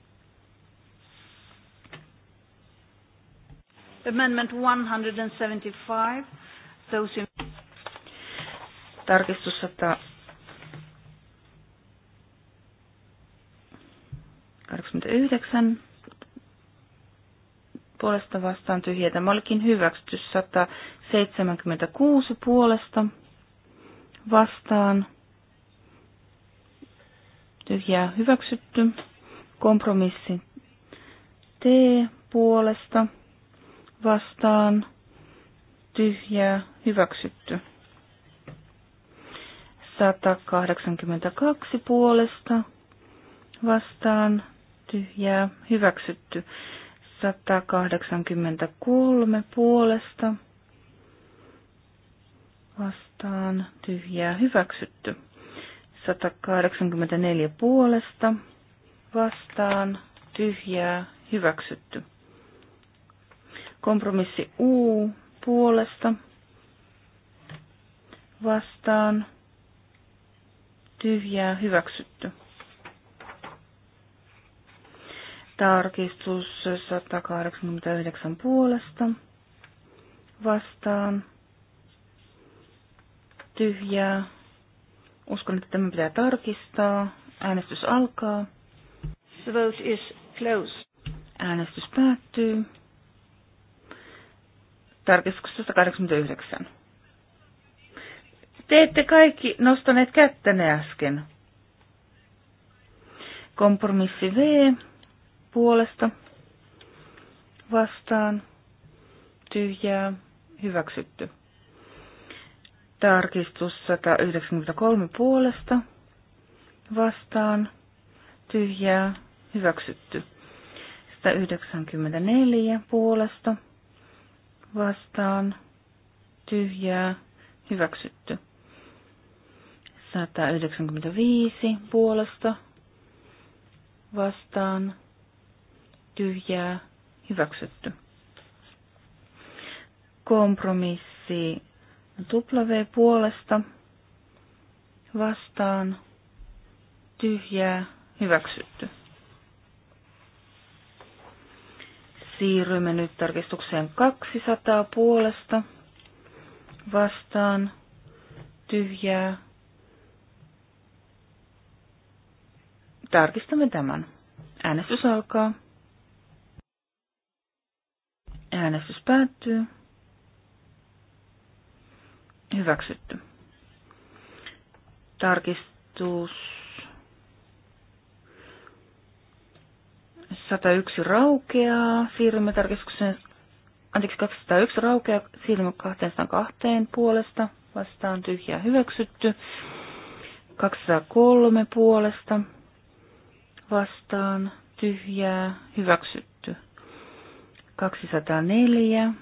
Amendment 175. Those in... Tarkistus 89 puolesta vastaan tyhjä. Tämä olikin hyväksytty 176 puolesta vastaan tyhjää hyväksytty. Kompromissi T puolesta vastaan tyhjää hyväksytty. 182 puolesta vastaan ja hyväksytty. 183 puolesta vastaan tyhjää hyväksytty. 184 puolesta vastaan tyhjää hyväksytty. Kompromissi U puolesta vastaan tyhjää hyväksytty. Tarkistus 189 puolesta vastaan. Tyhjää. Uskon, että tämä pitää tarkistaa. Äänestys alkaa. The vote is closed. Äänestys päättyy. Tarkistus 189. Te ette kaikki nostaneet kättäne äsken. Kompromissi V puolesta vastaan tyhjää hyväksytty. Tarkistus 193 puolesta vastaan tyhjää hyväksytty. 194 puolesta vastaan tyhjää hyväksytty. 195 puolesta vastaan tyhjää hyväksytty. Kompromissi W puolesta vastaan tyhjää hyväksytty. Siirrymme nyt tarkistukseen 200 puolesta vastaan tyhjää. Tarkistamme tämän. Äänestys alkaa. Äänestys päättyy. Hyväksytty. Tarkistus 101 raukeaa. Siirrymme tarkistukseen, anteeksi 201 raukeaa. Siirrymme 202 puolesta. Vastaan tyhjää hyväksytty. 203 puolesta. Vastaan tyhjää hyväksytty. 204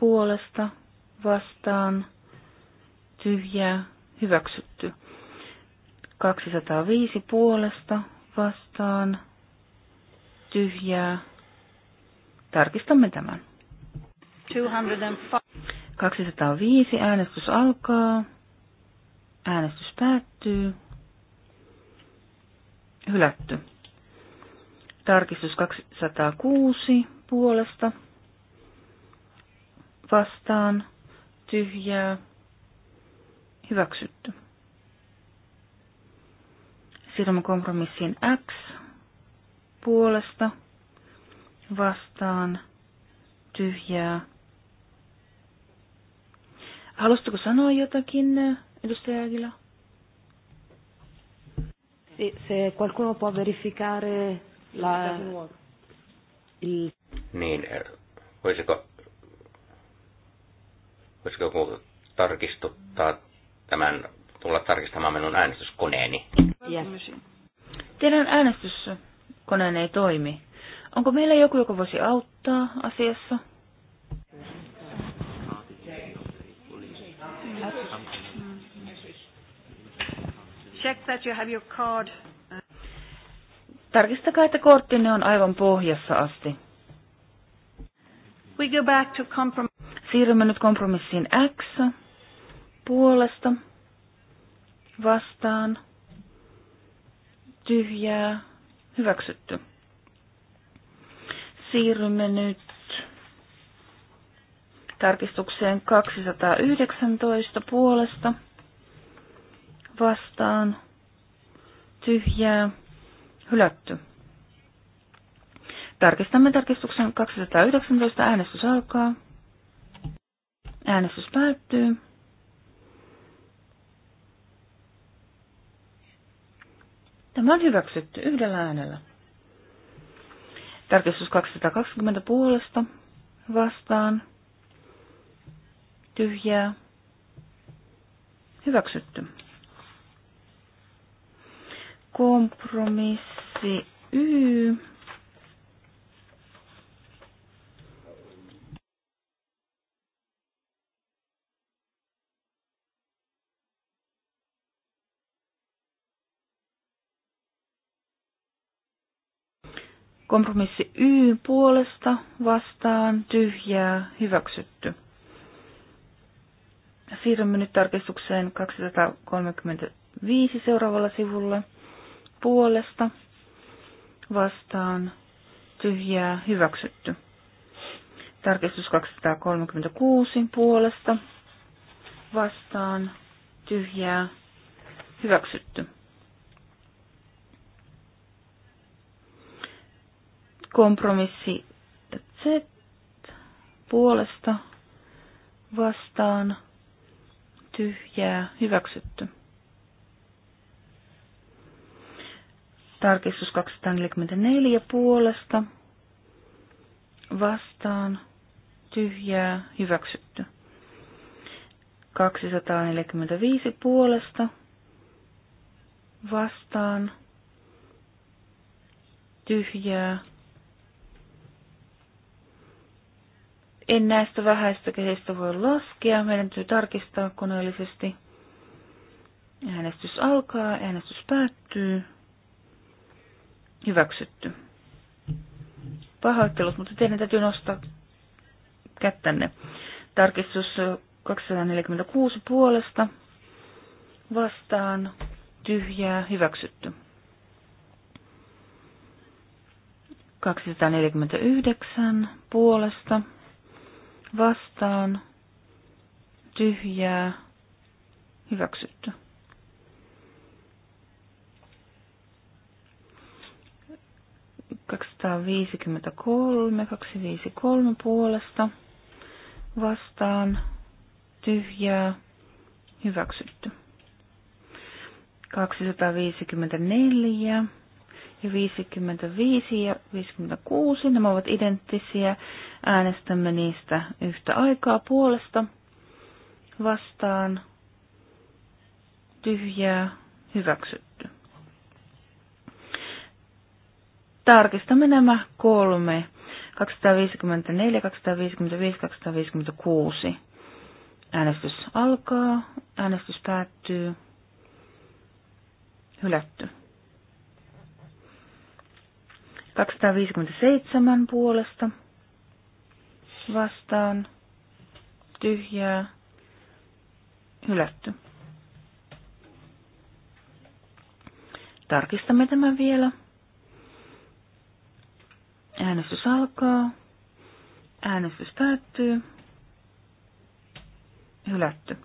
puolesta vastaan tyhjää hyväksytty. 205 puolesta vastaan tyhjää. Tarkistamme tämän. 205 äänestys alkaa. Äänestys päättyy. Hylätty. Tarkistus 206 puolesta vastaan tyhjää hyväksytty. Siirrymme kompromissiin X puolesta vastaan tyhjää. Haluaisitko sanoa jotakin, edustaja Agila? Se, se qualcuno può verificare la... Niin, er, voisiko, voisiko joku tarkistuttaa tämän, tulla tarkistamaan minun äänestyskoneeni? Yes. Teidän äänestyskone ei toimi. Onko meillä joku, joka voisi auttaa asiassa? Check that you have your card Tarkistakaa, että korttinne on aivan pohjassa asti. We go back to comprom- Siirrymme nyt kompromissiin X puolesta vastaan tyhjää hyväksytty. Siirrymme nyt tarkistukseen 219 puolesta vastaan tyhjää Hylätty. Tarkistamme tarkistuksen 219. Äänestys alkaa. Äänestys päättyy. Tämä on hyväksytty yhdellä äänellä. Tarkistus 220 puolesta vastaan. Tyhjää. Hyväksytty. Kompromissi Y. Kompromissi Y puolesta vastaan tyhjää hyväksytty. Siirrymme nyt tarkistukseen 235 seuraavalla sivulla puolesta vastaan tyhjää hyväksytty. Tarkistus 236 puolesta vastaan tyhjää hyväksytty. Kompromissi Z puolesta vastaan tyhjää hyväksytty. Tarkistus 244 puolesta vastaan tyhjää hyväksytty. 245 puolesta vastaan tyhjää. En näistä vähäistä kehistä voi laskea. Meidän täytyy tarkistaa koneellisesti. Äänestys alkaa, äänestys päättyy. Hyväksytty. Pahoittelut, mutta teidän täytyy nostaa kättänne. Tarkistus 246 puolesta vastaan tyhjää hyväksytty. 249 puolesta vastaan tyhjää hyväksytty. 253, 253 puolesta vastaan tyhjää hyväksytty. 254 ja 55 ja 56, nämä ovat identtisiä. Äänestämme niistä yhtä aikaa puolesta vastaan tyhjää hyväksytty. Tarkistamme nämä kolme. 254, 255, 256. Äänestys alkaa, äänestys päättyy. Hylätty. 257 puolesta vastaan tyhjää hylätty. Tarkistamme tämän vielä. Äänestys alkaa. Äänestys päättyy. Hylätty.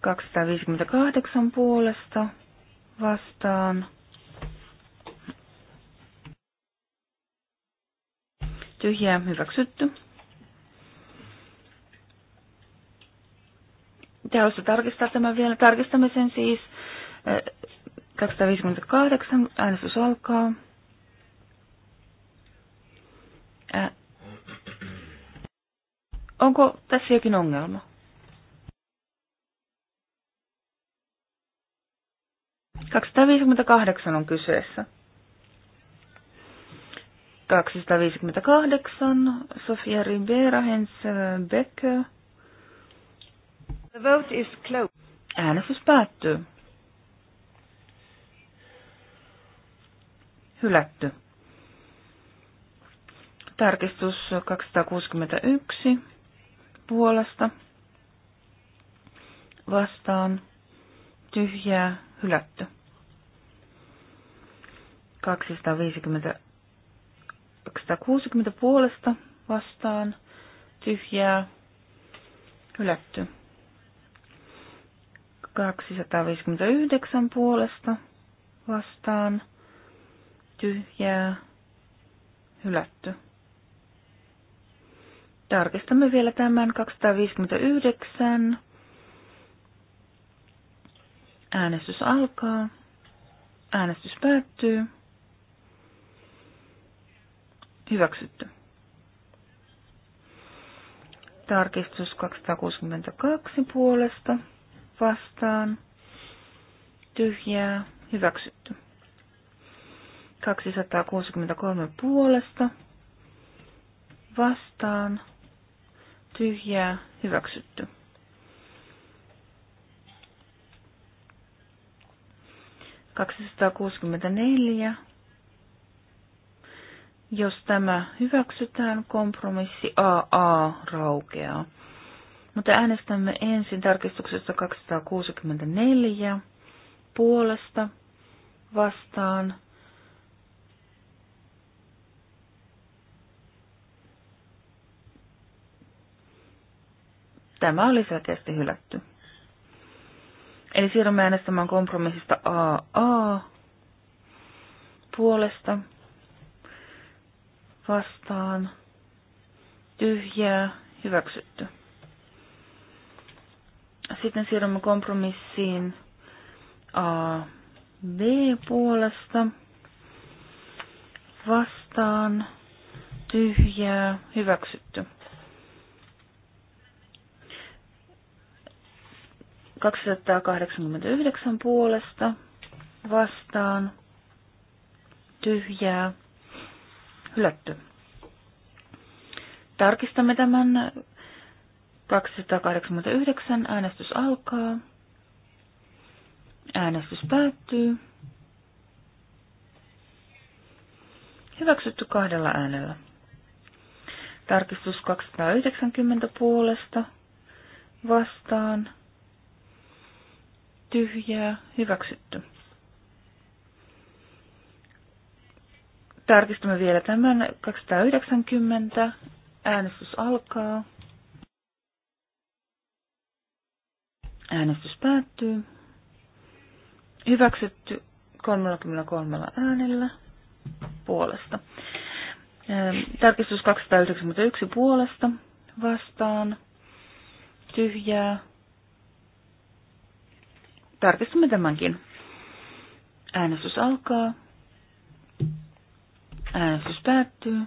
258 puolesta vastaan. Tyhjää hyväksytty. Teosta tarkistaa tämän vielä. Tarkistamme sen siis. 258. Äänestys alkaa. Ä- Onko tässä jokin ongelma? kahdeksan on kyseessä. 258, Sofia Ribera, Hens Becker. The vote is closed. Äänestys päättyy. hylätty. Tarkistus 261 puolesta vastaan tyhjää hylätty. 250, 260 puolesta vastaan tyhjää hylätty. 259 puolesta vastaan tyhjää, hylätty. Tarkistamme vielä tämän 259. Äänestys alkaa. Äänestys päättyy. Hyväksytty. Tarkistus 262 puolesta vastaan. Tyhjää. Hyväksytty. 263 puolesta vastaan tyhjää hyväksytty. Kaksisataakuusikymmentäneljä. Jos tämä hyväksytään, kompromissi AA raukeaa. Mutta äänestämme ensin tarkistuksessa 264 puolesta vastaan Tämä oli selkeästi hylätty. Eli siirrymme äänestämään kompromissista AA puolesta vastaan tyhjää hyväksytty. Sitten siirrymme kompromissiin AB B puolesta vastaan tyhjää hyväksytty. 289 puolesta vastaan tyhjää hylätty. Tarkistamme tämän 289. Äänestys alkaa. Äänestys päättyy. Hyväksytty kahdella äänellä. Tarkistus 290 puolesta vastaan tyhjää, hyväksytty. Tarkistamme vielä tämän 290. Äänestys alkaa. Äänestys päättyy. Hyväksytty 33 äänellä puolesta. Ehm, tarkistus 291 puolesta vastaan. Tyhjää Tarkistamme tämänkin. Äänestys alkaa. Äänestys päättyy.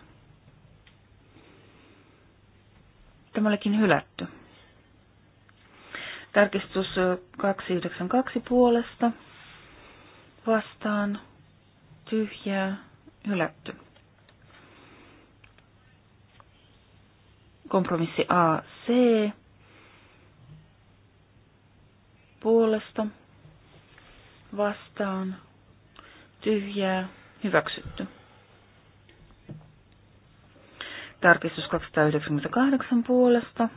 Tämä olikin hylätty. Tarkistus 292 puolesta. Vastaan. Tyhjää. Hylätty. Kompromissi AC. Puolesta vastaan tyhjää hyväksytty. Tarkistus 298 puolesta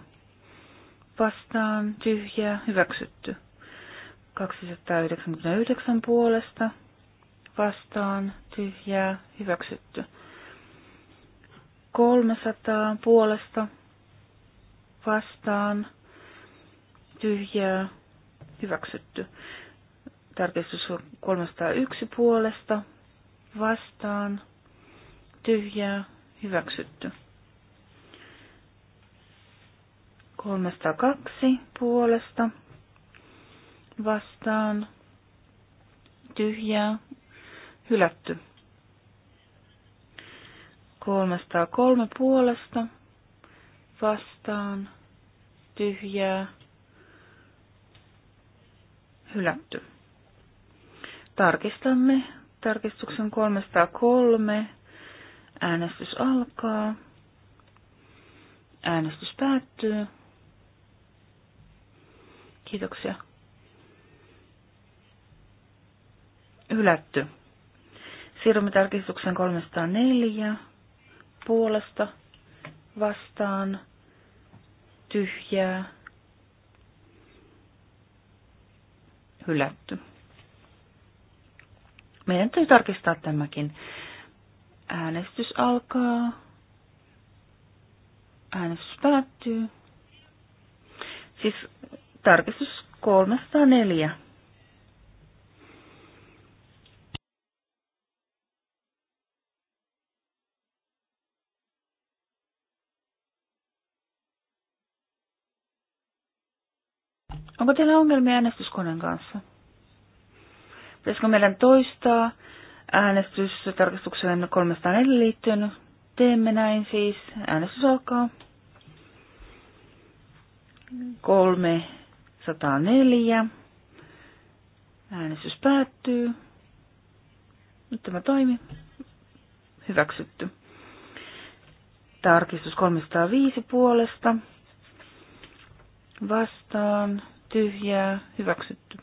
vastaan tyhjää hyväksytty. 299 puolesta vastaan tyhjää hyväksytty. 300 puolesta vastaan tyhjää hyväksytty. Tarkistus 301 puolesta vastaan tyhjää hyväksytty. 302 puolesta vastaan tyhjää hylätty. 303 puolesta vastaan tyhjää hylätty. Tarkistamme tarkistuksen 303. Äänestys alkaa. Äänestys päättyy. Kiitoksia. Hylätty. Siirrymme tarkistuksen 304. Puolesta vastaan tyhjää. Hylätty. Meidän täytyy tarkistaa tämäkin. Äänestys alkaa. Äänestys päättyy. Siis tarkistus 304. Onko teillä ongelmia äänestyskoneen kanssa? Pitäisikö meidän toistaa äänestys tarkastukseen 304 liittyen? No, teemme näin siis. Äänestys alkaa. 304. Äänestys päättyy. Nyt tämä toimi. Hyväksytty. Tarkistus 305 puolesta. Vastaan. Tyhjää. Hyväksytty.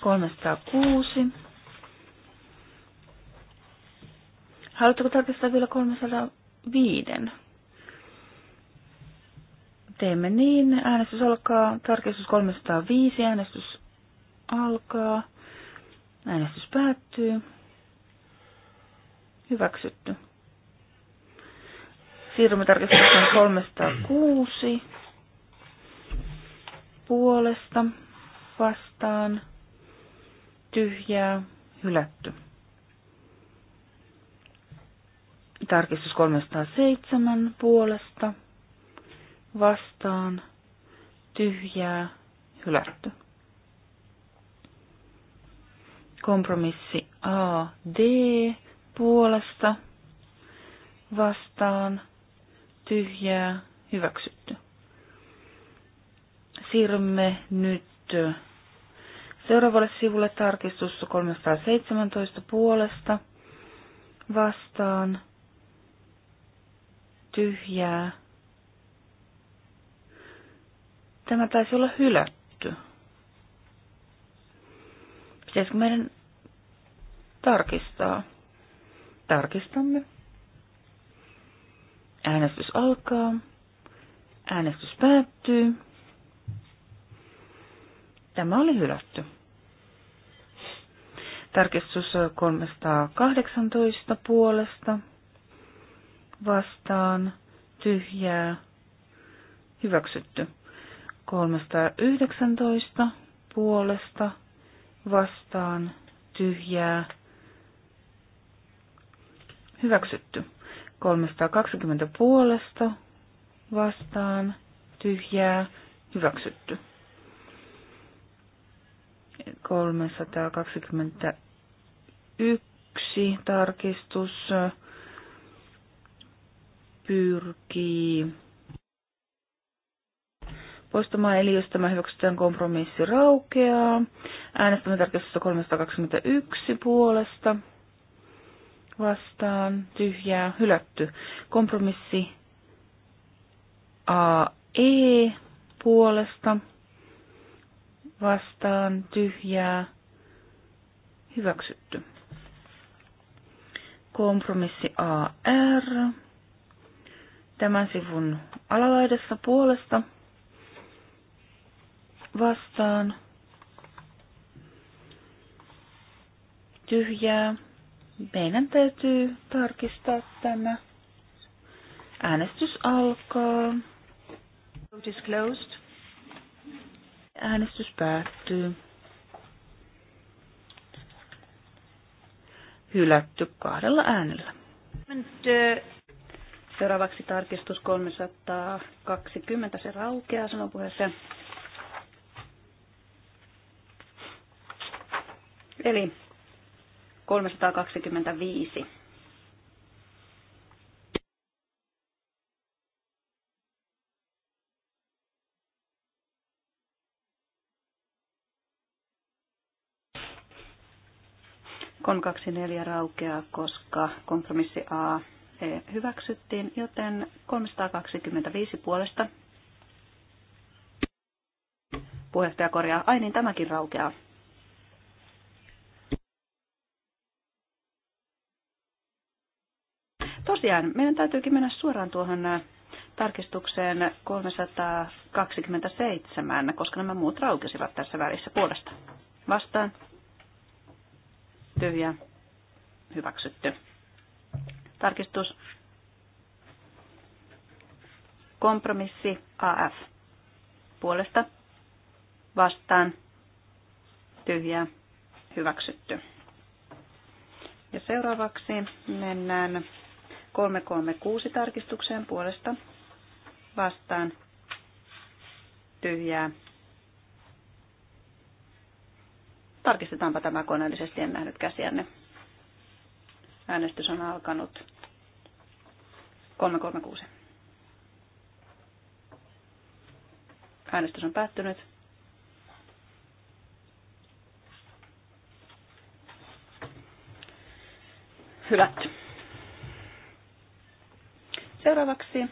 306. Haluatteko tarkistaa vielä 305? Teemme niin. Äänestys alkaa. Tarkistus 305. Äänestys alkaa. Äänestys päättyy. Hyväksytty. Siirrymme tarkistukseen 306. Puolesta vastaan tyhjää, hylätty. Tarkistus 307 puolesta vastaan tyhjää, hylätty. Kompromissi A, D puolesta vastaan tyhjää, hyväksytty. Siirrymme nyt Seuraavalle sivulle tarkistus 317 puolesta vastaan tyhjää. Tämä taisi olla hylätty. Pitäisikö meidän tarkistaa? Tarkistamme. Äänestys alkaa. Äänestys päättyy. Tämä oli hylätty. Tarkistus 318 puolesta vastaan tyhjää hyväksytty. 319 puolesta vastaan tyhjää hyväksytty. 320 puolesta vastaan tyhjää hyväksytty. 321 yksi tarkistus pyrkii poistamaan, eli jos tämä hyväksytään kompromissi raukeaa. Äänestämme tarkistusta 321 puolesta vastaan, tyhjää, hylätty. Kompromissi AE puolesta vastaan, tyhjää, hyväksytty kompromissi AR tämän sivun alalaidassa puolesta vastaan tyhjää. Meidän täytyy tarkistaa tämä. Äänestys alkaa. Vote is closed. Äänestys päättyy. hylätty kahdella äänellä. Seuraavaksi tarkistus 320, se raukeaa, sanoo puheessa. Eli 325 24 raukeaa, koska kompromissi A e, hyväksyttiin, joten 325 puolesta puheenjohtaja korjaa. Ai niin, tämäkin raukeaa. Tosiaan, meidän täytyykin mennä suoraan tuohon äh, tarkistukseen 327, koska nämä muut raukesivat tässä välissä puolesta. Vastaan ja hyväksytty. Tarkistus. Kompromissi AF. Puolesta vastaan tyhjä hyväksytty. Ja seuraavaksi mennään 336 tarkistukseen puolesta vastaan tyhjää Tarkistetaanpa tämä koneellisesti, en nähnyt käsiänne. Äänestys on alkanut. 336. Äänestys on päättynyt. Hylätty. Seuraavaksi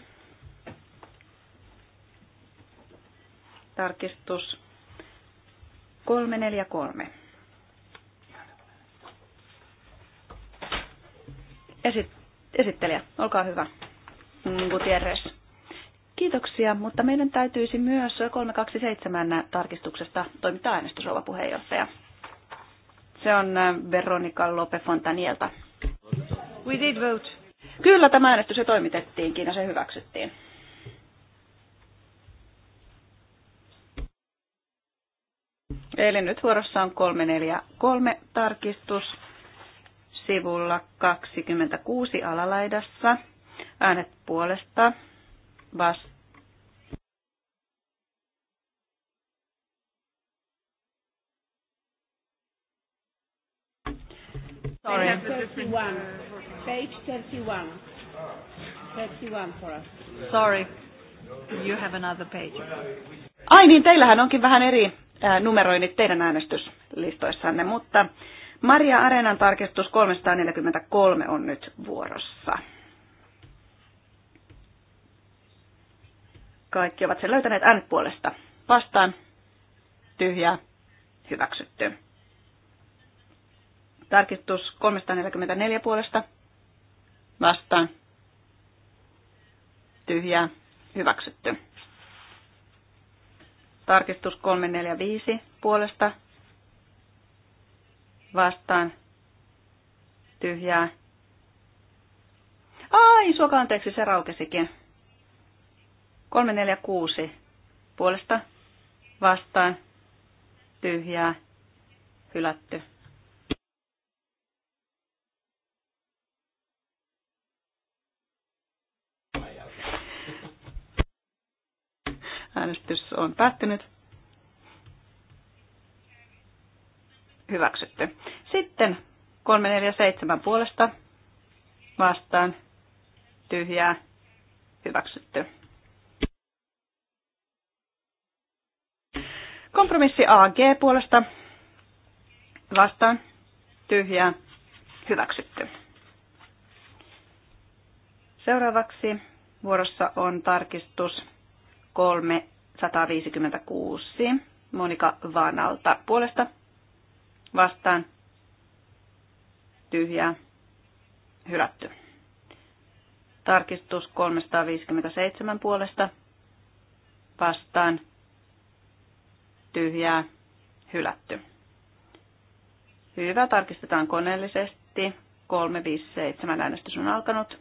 tarkistus 343. esittelijä, olkaa hyvä, mm, Gutierrez. Kiitoksia, mutta meidän täytyisi myös 327 tarkistuksesta toimittaa äänestys, puheenjohtaja. Se on äh, Veronika Lope Fontanielta. We did vote. Kyllä tämä äänestys se toimitettiinkin ja se hyväksyttiin. Eli nyt vuorossa on 343 tarkistus sivulla 26 alalaidassa. Äänet puolesta Vas. Sorry. 31. Page 31. 31 for us. Sorry. You have another page. Ai niin, teillähän onkin vähän eri numeroinnit teidän äänestyslistoissanne, mutta Maria Areenan tarkistus 343 on nyt vuorossa. Kaikki ovat sen löytäneet n puolesta. Vastaan. tyhjä, Hyväksytty. Tarkistus 344 puolesta. Vastaan. tyhjä, Hyväksytty. Tarkistus 345 puolesta vastaan tyhjää. Ai, suoka anteeksi, se raukesikin. 346 puolesta vastaan tyhjää hylätty. Äänestys on päättynyt. hyväksytty. Sitten 347 puolesta vastaan tyhjää hyväksytty. Kompromissi AG puolesta vastaan tyhjää hyväksytty. Seuraavaksi vuorossa on tarkistus 356 Monika Vanalta puolesta vastaan tyhjää hylätty. Tarkistus 357 puolesta vastaan tyhjää hylätty. Hyvä, tarkistetaan koneellisesti. 357 äänestys on alkanut.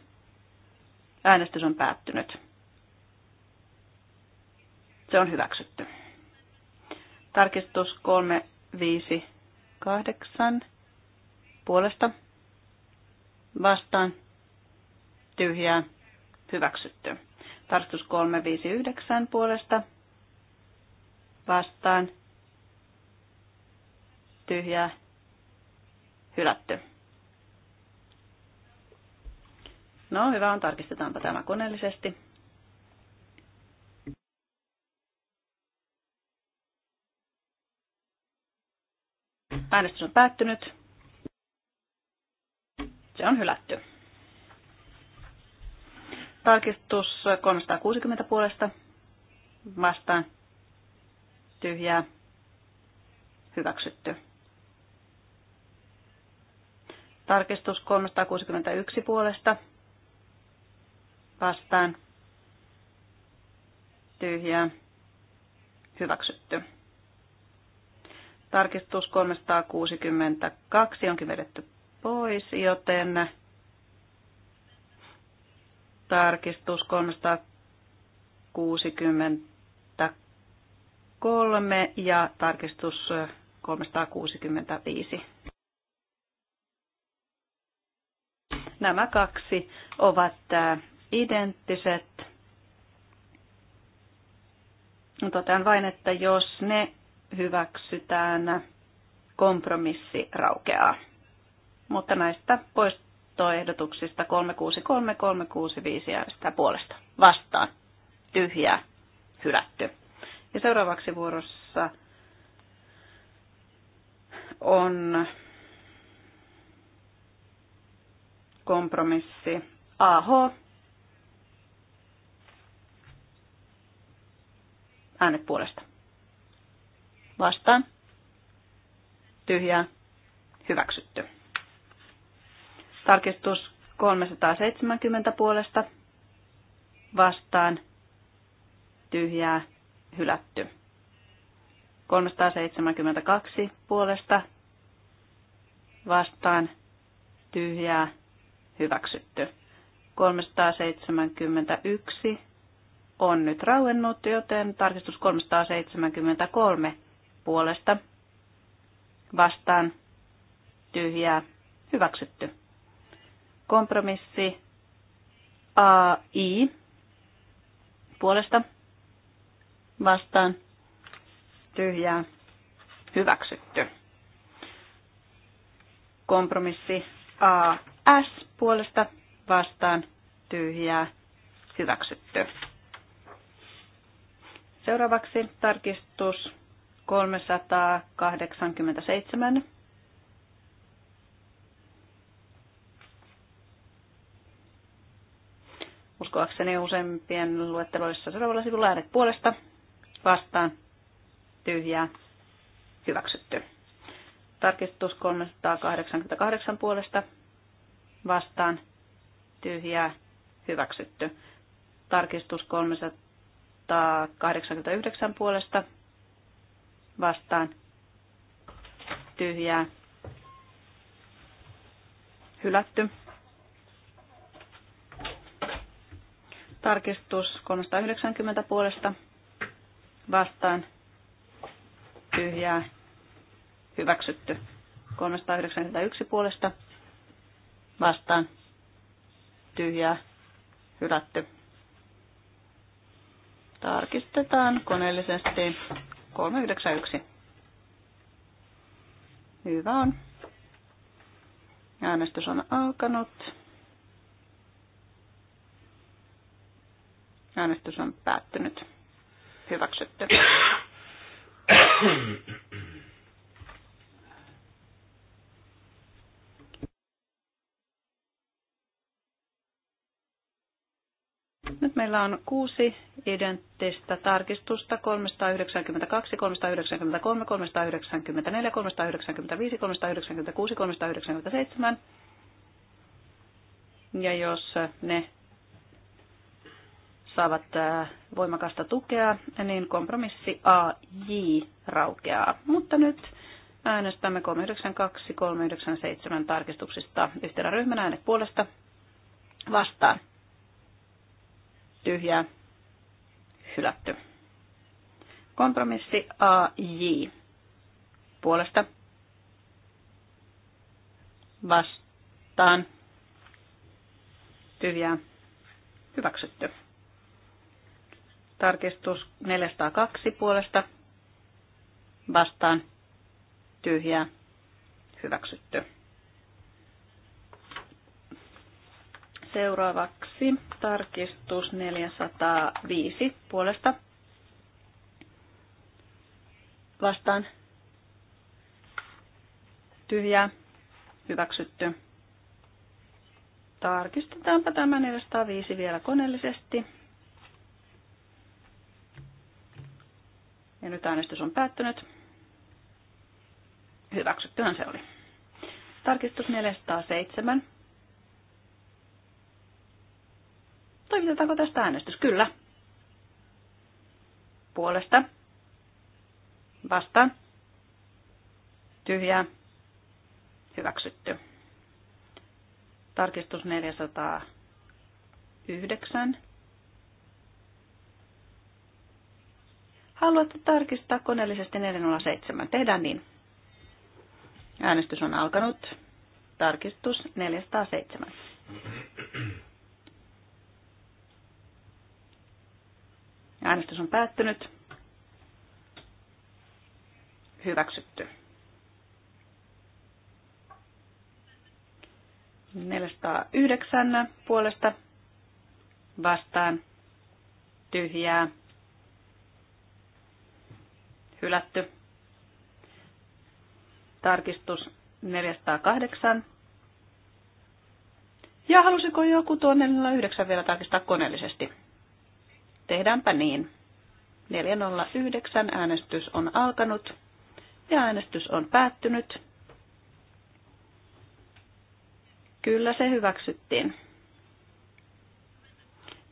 Äänestys on päättynyt. Se on hyväksytty. Tarkistus 3, Kahdeksan puolesta vastaan tyhjää hyväksytty. Tarkistus 359 puolesta vastaan tyhjää hylätty. No hyvä on, tarkistetaanpa tämä koneellisesti. Äänestys on päättynyt. Se on hylätty. Tarkistus 360 puolesta vastaan tyhjää hyväksytty. Tarkistus 361 puolesta vastaan tyhjää hyväksytty. Tarkistus 362 onkin vedetty pois, joten tarkistus 363 ja tarkistus 365. Nämä kaksi ovat äh, identtiset. Totean vain, että jos ne hyväksytään, kompromissi raukeaa. Mutta näistä poistoehdotuksista 363, 365 äänestää puolesta. Vastaan. Tyhjää. Hylätty. Ja seuraavaksi vuorossa on kompromissi AH. Äänet puolesta. Vastaan. Tyhjää. Hyväksytty. Tarkistus 370 puolesta. Vastaan. Tyhjää. Hylätty. 372 puolesta. Vastaan. Tyhjää. Hyväksytty. 371 on nyt rauennut, joten tarkistus 373 puolesta vastaan tyhjää hyväksytty. Kompromissi AI puolesta vastaan tyhjää hyväksytty. Kompromissi AS puolesta vastaan tyhjää hyväksytty. Seuraavaksi tarkistus 387. Uskoakseni useimpien luetteloissa seuraavalla sivulla äänet puolesta vastaan tyhjää hyväksytty. Tarkistus 388 puolesta vastaan tyhjää hyväksytty. Tarkistus 389 puolesta vastaan tyhjää hylätty. Tarkistus 390 puolesta vastaan tyhjää hyväksytty. 391 puolesta vastaan tyhjää hylätty. Tarkistetaan koneellisesti 391. Hyvä on. Äänestys on alkanut. Äänestys on päättynyt. Hyväksytty. *coughs* Nyt meillä on kuusi identtistä tarkistusta, 392, 393, 394, 395, 396, 397. Ja jos ne saavat äh, voimakasta tukea, niin kompromissi AJ raukeaa. Mutta nyt äänestämme 392, 397 tarkistuksista yhtenä ryhmänä äänet puolesta vastaan tyhjää hylätty. Kompromissi AJ puolesta vastaan tyhjää hyväksytty. Tarkistus 402 puolesta vastaan tyhjää hyväksytty. Seuraavaksi tarkistus 405 puolesta. Vastaan. Tyhjä. Hyväksytty. Tarkistetaanpa tämä 405 vielä koneellisesti. Ja nyt äänestys on päättynyt. Hyväksyttyhän se oli. Tarkistus 407 Toimitetaanko tästä äänestys? Kyllä. Puolesta. Vastaan. Tyhjää. Hyväksytty. Tarkistus 409. Haluatte tarkistaa koneellisesti 407. Tehdään niin. Äänestys on alkanut. Tarkistus 407. Äänestys on päättynyt. Hyväksytty. 409 puolesta vastaan tyhjää hylätty. Tarkistus 408. Ja halusiko joku tuonne 9 vielä tarkistaa koneellisesti? Tehdäänpä niin. 409 äänestys on alkanut ja äänestys on päättynyt. Kyllä se hyväksyttiin.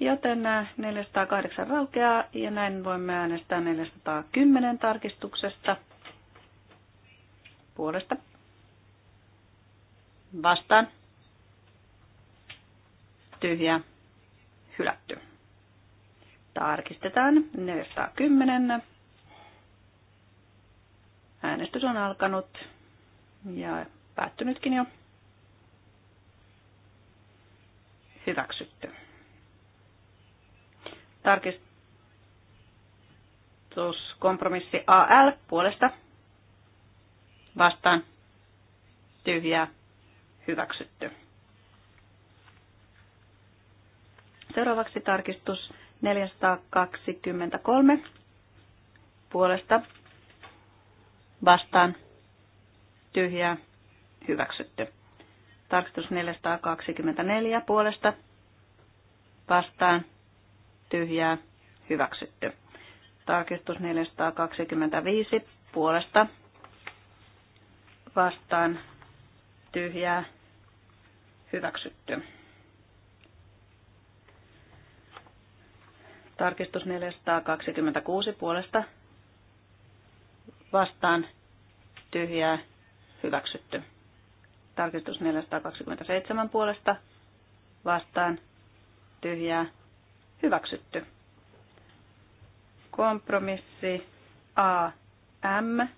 Joten 408 äh, raukeaa ja näin voimme äänestää 410 tarkistuksesta puolesta. Vastaan. Tyhjä. Hylätty. Tarkistetaan 410. Äänestys on alkanut ja päättynytkin jo. Hyväksytty. Tarkistus kompromissi AL puolesta vastaan tyhjää hyväksytty. Seuraavaksi tarkistus 423 puolesta vastaan tyhjää hyväksytty. Tarkistus 424 puolesta vastaan tyhjää hyväksytty. Tarkistus 425 puolesta vastaan tyhjää hyväksytty. Tarkistus 426 puolesta vastaan tyhjää hyväksytty. Tarkistus 427 puolesta vastaan tyhjää hyväksytty. Kompromissi AM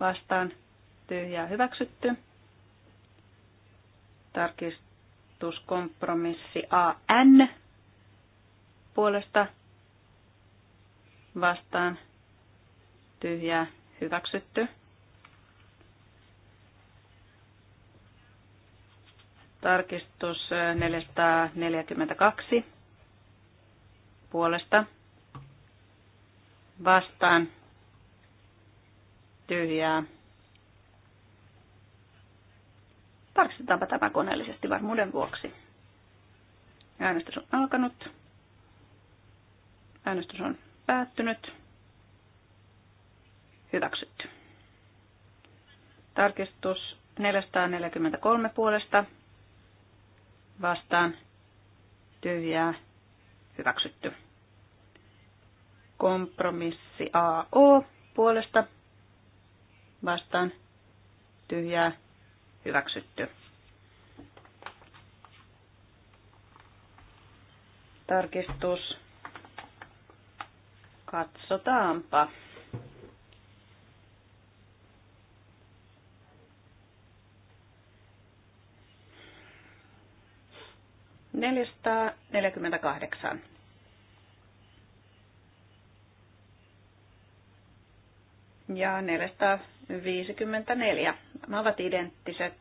vastaan tyhjää hyväksytty. Tarkistus tarkistus kompromissi AN puolesta vastaan tyhjää hyväksytty. Tarkistus 442 puolesta vastaan tyhjää Tarkistetaanpa tämä koneellisesti varmuuden vuoksi. Äänestys on alkanut. Äänestys on päättynyt. Hyväksytty. Tarkistus 443 puolesta. Vastaan. Tyhjää. Hyväksytty. Kompromissi AO puolesta. Vastaan. Tyhjää hyväksytty. Tarkistus. Katsotaanpa. Neljästä kahdeksan. ja neljästä 54. Ne ovat identtiset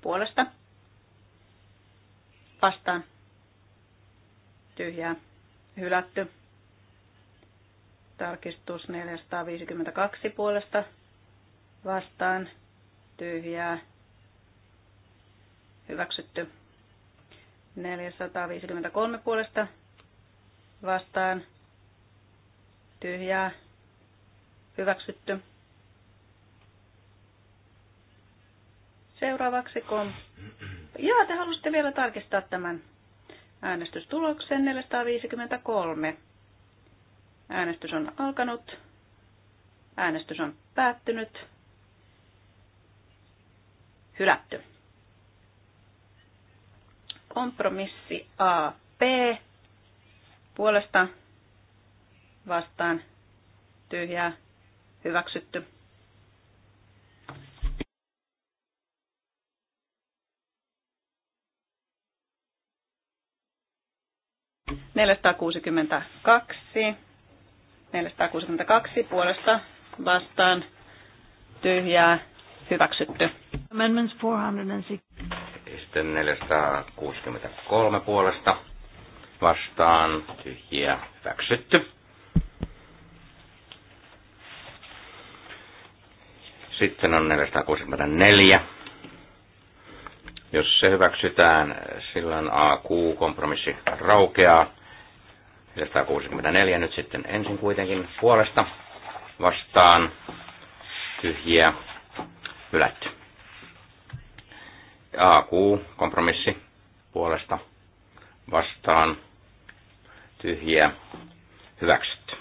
puolesta. Vastaan. Tyhjää. Hylätty. Tarkistus 452 puolesta. Vastaan. Tyhjää. Hyväksytty. 453 puolesta. Vastaan. Tyhjää. Hyväksytty. Seuraavaksi kom... joo, te halusitte vielä tarkistaa tämän äänestystuloksen 453. Äänestys on alkanut. Äänestys on päättynyt. Hylätty. Kompromissi AP puolesta vastaan tyhjää hyväksytty. 462. 462 puolesta vastaan tyhjää hyväksytty. Amendments 406. Sitten 463 puolesta vastaan tyhjää hyväksytty. Sitten on 464 jos se hyväksytään, silloin AQ-kompromissi raukeaa. 464 nyt sitten ensin kuitenkin puolesta vastaan tyhjiä hylätty. AQ-kompromissi puolesta vastaan tyhjiä hyväksytty.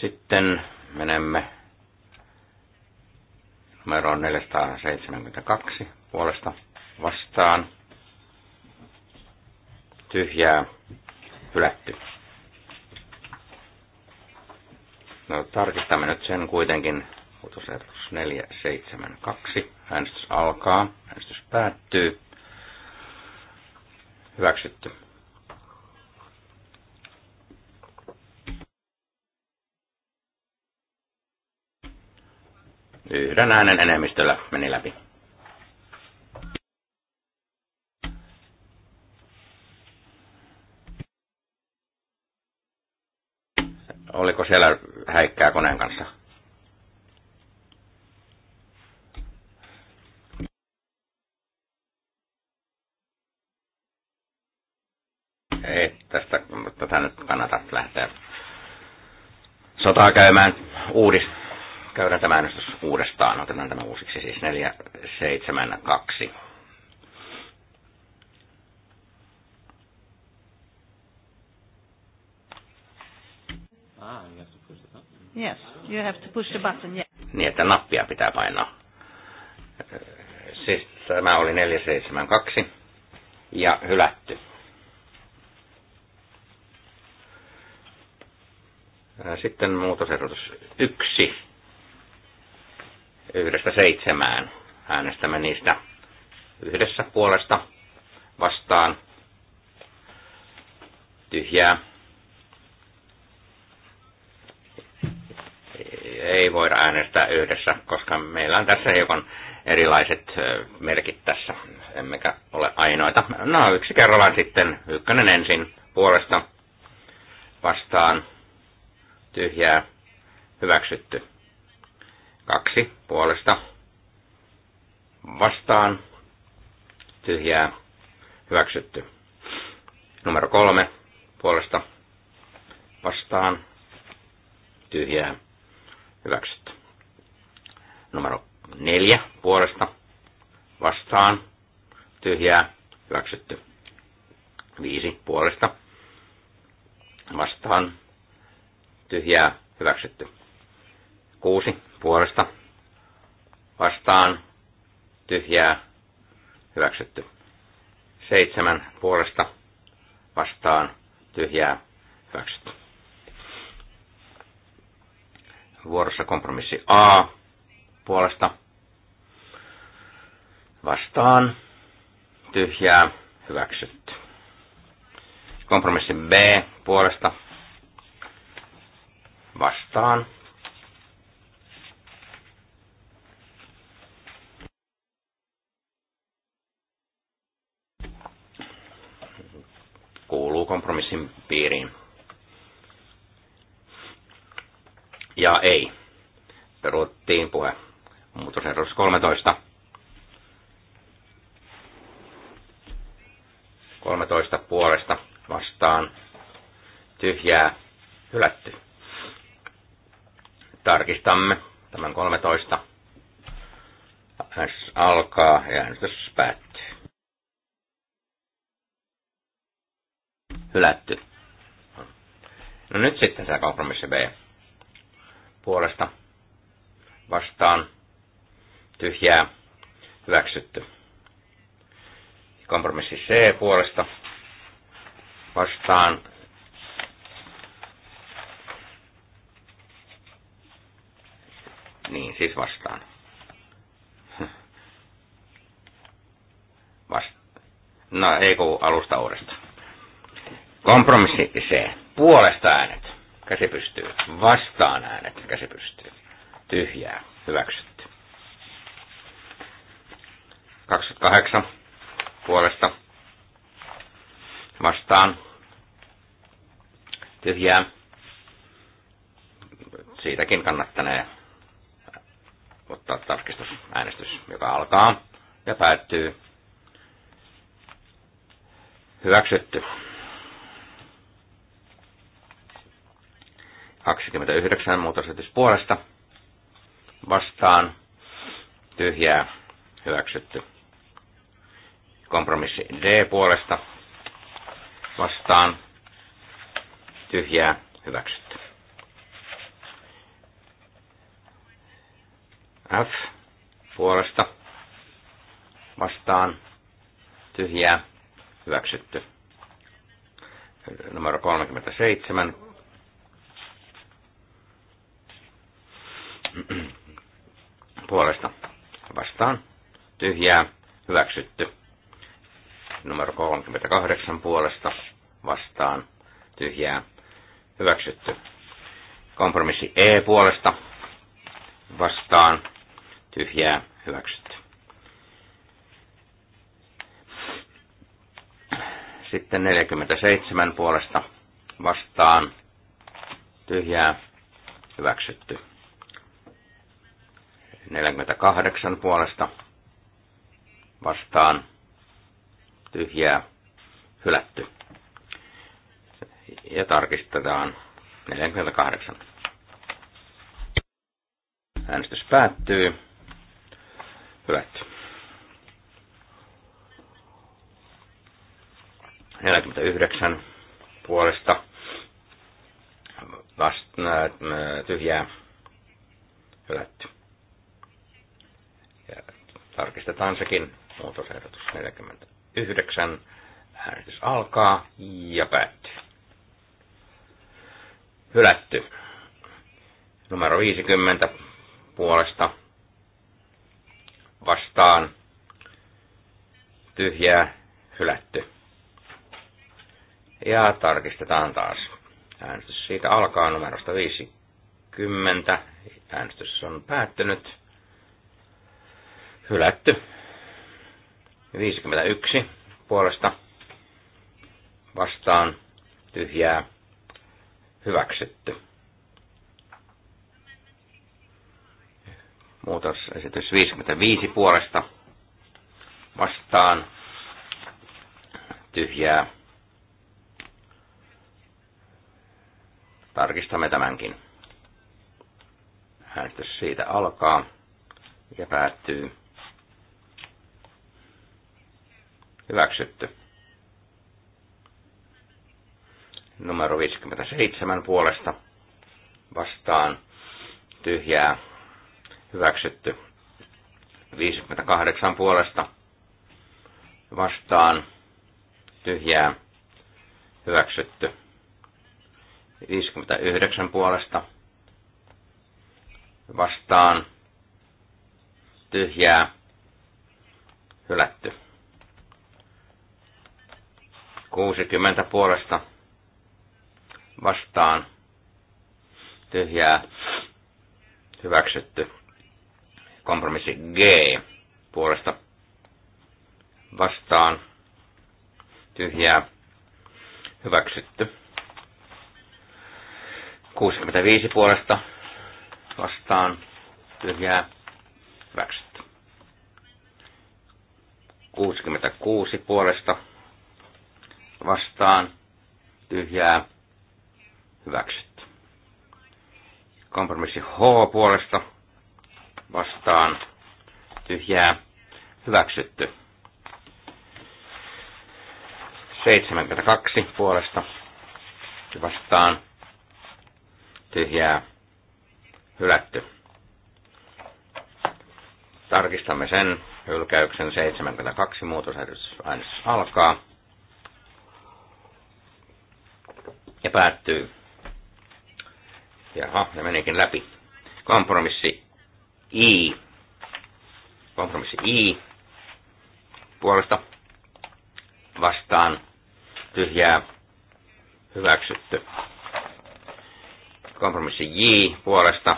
Sitten menemme numero on 472 puolesta vastaan. Tyhjää hylätty. No, tarkistamme nyt sen kuitenkin. Muutosehdotus 472. Äänestys alkaa. Äänestys päättyy. Hyväksytty. Yhden äänen enemmistöllä meni läpi. Oliko siellä häikkää koneen kanssa? ei tästä tätä nyt kannata lähteä sotaa käymään uudis, käydään tämä äänestys uudestaan. Otetaan tämä uusiksi siis 4, 7, 2. Yes, you have to push the button, yes. Niin, että nappia pitää painaa. Siis tämä oli 472 ja hylätty. Sitten muutosehdotus 1 yhdestä seitsemään. Äänestämme niistä yhdessä puolesta vastaan tyhjää. Ei voida äänestää yhdessä, koska meillä on tässä hiukan erilaiset merkit tässä, emmekä ole ainoita. No yksi kerrallaan sitten, ykkönen ensin puolesta vastaan tyhjää hyväksytty. Kaksi puolesta vastaan tyhjää hyväksytty. Numero kolme puolesta vastaan tyhjää hyväksytty. Numero neljä puolesta vastaan tyhjää hyväksytty. Viisi puolesta vastaan tyhjää hyväksytty. Kuusi puolesta vastaan tyhjää hyväksytty. Seitsemän puolesta vastaan tyhjää hyväksytty. Vuorossa kompromissi A puolesta vastaan tyhjää hyväksytty. Kompromissi B puolesta vastaan kuuluu kompromissin piiriin. Ja ei. Peruttiin puhe. Muutosehdotus 13. 13 puolesta vastaan tyhjää hylätty. Tarkistamme tämän 13. Äänestys alkaa ja äänestys päättyy. hylätty. No nyt sitten se kompromissi B puolesta vastaan tyhjää hyväksytty. Kompromissi C puolesta vastaan Niin, siis vastaan. *laughs* Vast... No, ei kun alusta uudestaan. Kompromissi C. Puolesta äänet. Käsi pystyy. Vastaan äänet. Käsi pystyy. Tyhjää. Hyväksytty. 28. Puolesta. Vastaan. Tyhjää. Siitäkin kannattanee ottaa tarkistusäänestys, joka alkaa ja päättyy. Hyväksytty. 29 muutosetys puolesta vastaan tyhjää hyväksytty. Kompromissi D puolesta vastaan tyhjää hyväksytty. F puolesta vastaan tyhjää hyväksytty. Numero 37 *clears throat* puolesta vastaan tyhjää hyväksytty. Numero 38 puolesta vastaan tyhjää hyväksytty. Kompromissi E puolesta vastaan tyhjää hyväksytty. Sitten 47 puolesta vastaan tyhjää hyväksytty. 48 puolesta vastaan tyhjää hylätty. Ja tarkistetaan 48. Äänestys päättyy. Hylätty. 49 puolesta vasta, tyhjää hylätty. Tarkistetaan sekin muutosehdotus 49. Äänestys alkaa ja päättyy. Hylätty. Numero 50 puolesta vastaan tyhjää hylätty. Ja tarkistetaan taas. Äänestys siitä alkaa numerosta 50. Äänestys on päättynyt. Hylätty. 51 puolesta vastaan tyhjää hyväksytty. muutos esitys 55 puolesta vastaan tyhjää. Tarkistamme tämänkin. Äänestys siitä alkaa ja päättyy. Hyväksytty. Numero 57 puolesta vastaan tyhjää. Hyväksytty. 58 puolesta vastaan tyhjää. Hyväksytty. 59 puolesta vastaan tyhjää hylätty. 60 puolesta vastaan tyhjää hyväksytty. Kompromissi G puolesta vastaan tyhjää hyväksytty. 65 puolesta vastaan tyhjää hyväksytty. 66 puolesta vastaan tyhjää hyväksytty. Kompromissi H puolesta vastaan tyhjää hyväksytty. 72 puolesta vastaan tyhjää hylätty. Tarkistamme sen. Hylkäyksen 72 muutosehdotus alkaa. ja päättyy. Jaha, ne menikin läpi. Kompromissi I. Kompromissi I. Puolesta vastaan tyhjää hyväksytty. Kompromissi J puolesta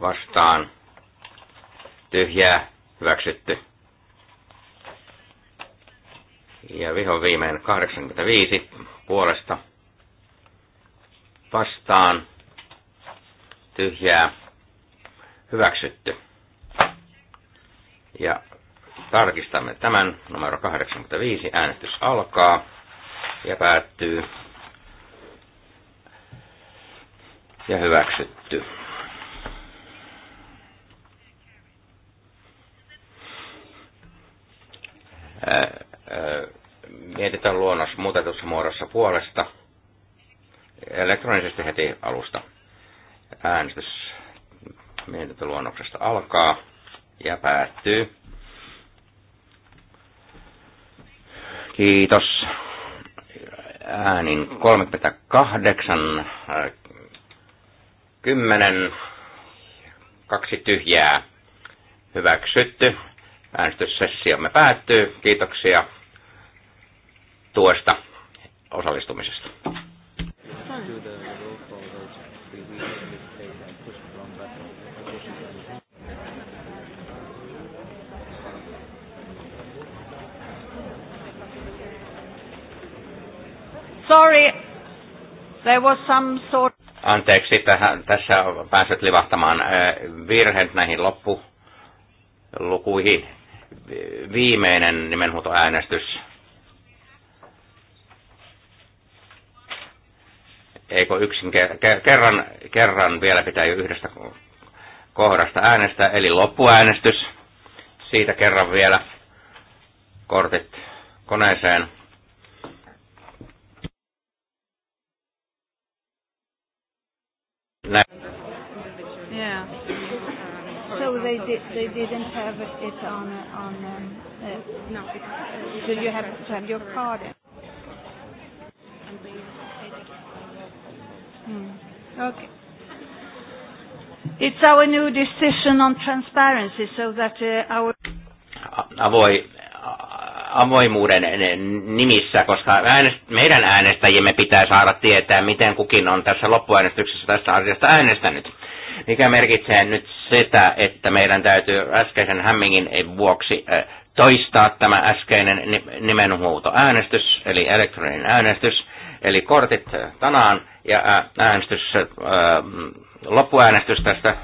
vastaan tyhjää hyväksytty. Ja vihon viimein 85 puolesta vastaan tyhjää hyväksytty. Ja tarkistamme tämän. Numero 85 äänestys alkaa ja päättyy. Ja hyväksytty mietitään luonnos muutetussa muodossa puolesta elektronisesti heti alusta. Äänestys mietintöluonnoksesta alkaa ja päättyy. Kiitos. Äänin 38, 10, äh, kaksi tyhjää hyväksytty. Äänestyssessiomme päättyy. Kiitoksia tuesta osallistumisesta. Sorry, there was some sort... Anteeksi, tähän, tässä pääset livahtamaan äh, virheet näihin loppulukuihin. Viimeinen nimenhuutoäänestys eikö yksin ke- ke- kerran, kerran vielä pitää jo yhdestä kohdasta äänestää, eli loppuäänestys. Siitä kerran vielä kortit koneeseen. Näin. Yeah. So they, did, they didn't have it on, on um, uh, no, uh, so you have to have your card in. Mm. Okay. It's our new decision on transparency so that uh, our... Avoi, avoimuuden nimissä, koska äänest, meidän äänestäjimme pitää saada tietää, miten kukin on tässä loppuäänestyksessä tästä asiasta äänestänyt. Mikä merkitsee nyt sitä, että meidän täytyy äskeisen hämmingin vuoksi toistaa tämä äskeinen nimenhuuto äänestys, eli elektroninen äänestys, eli kortit tänään ja äänestys, loppuäänestys tästä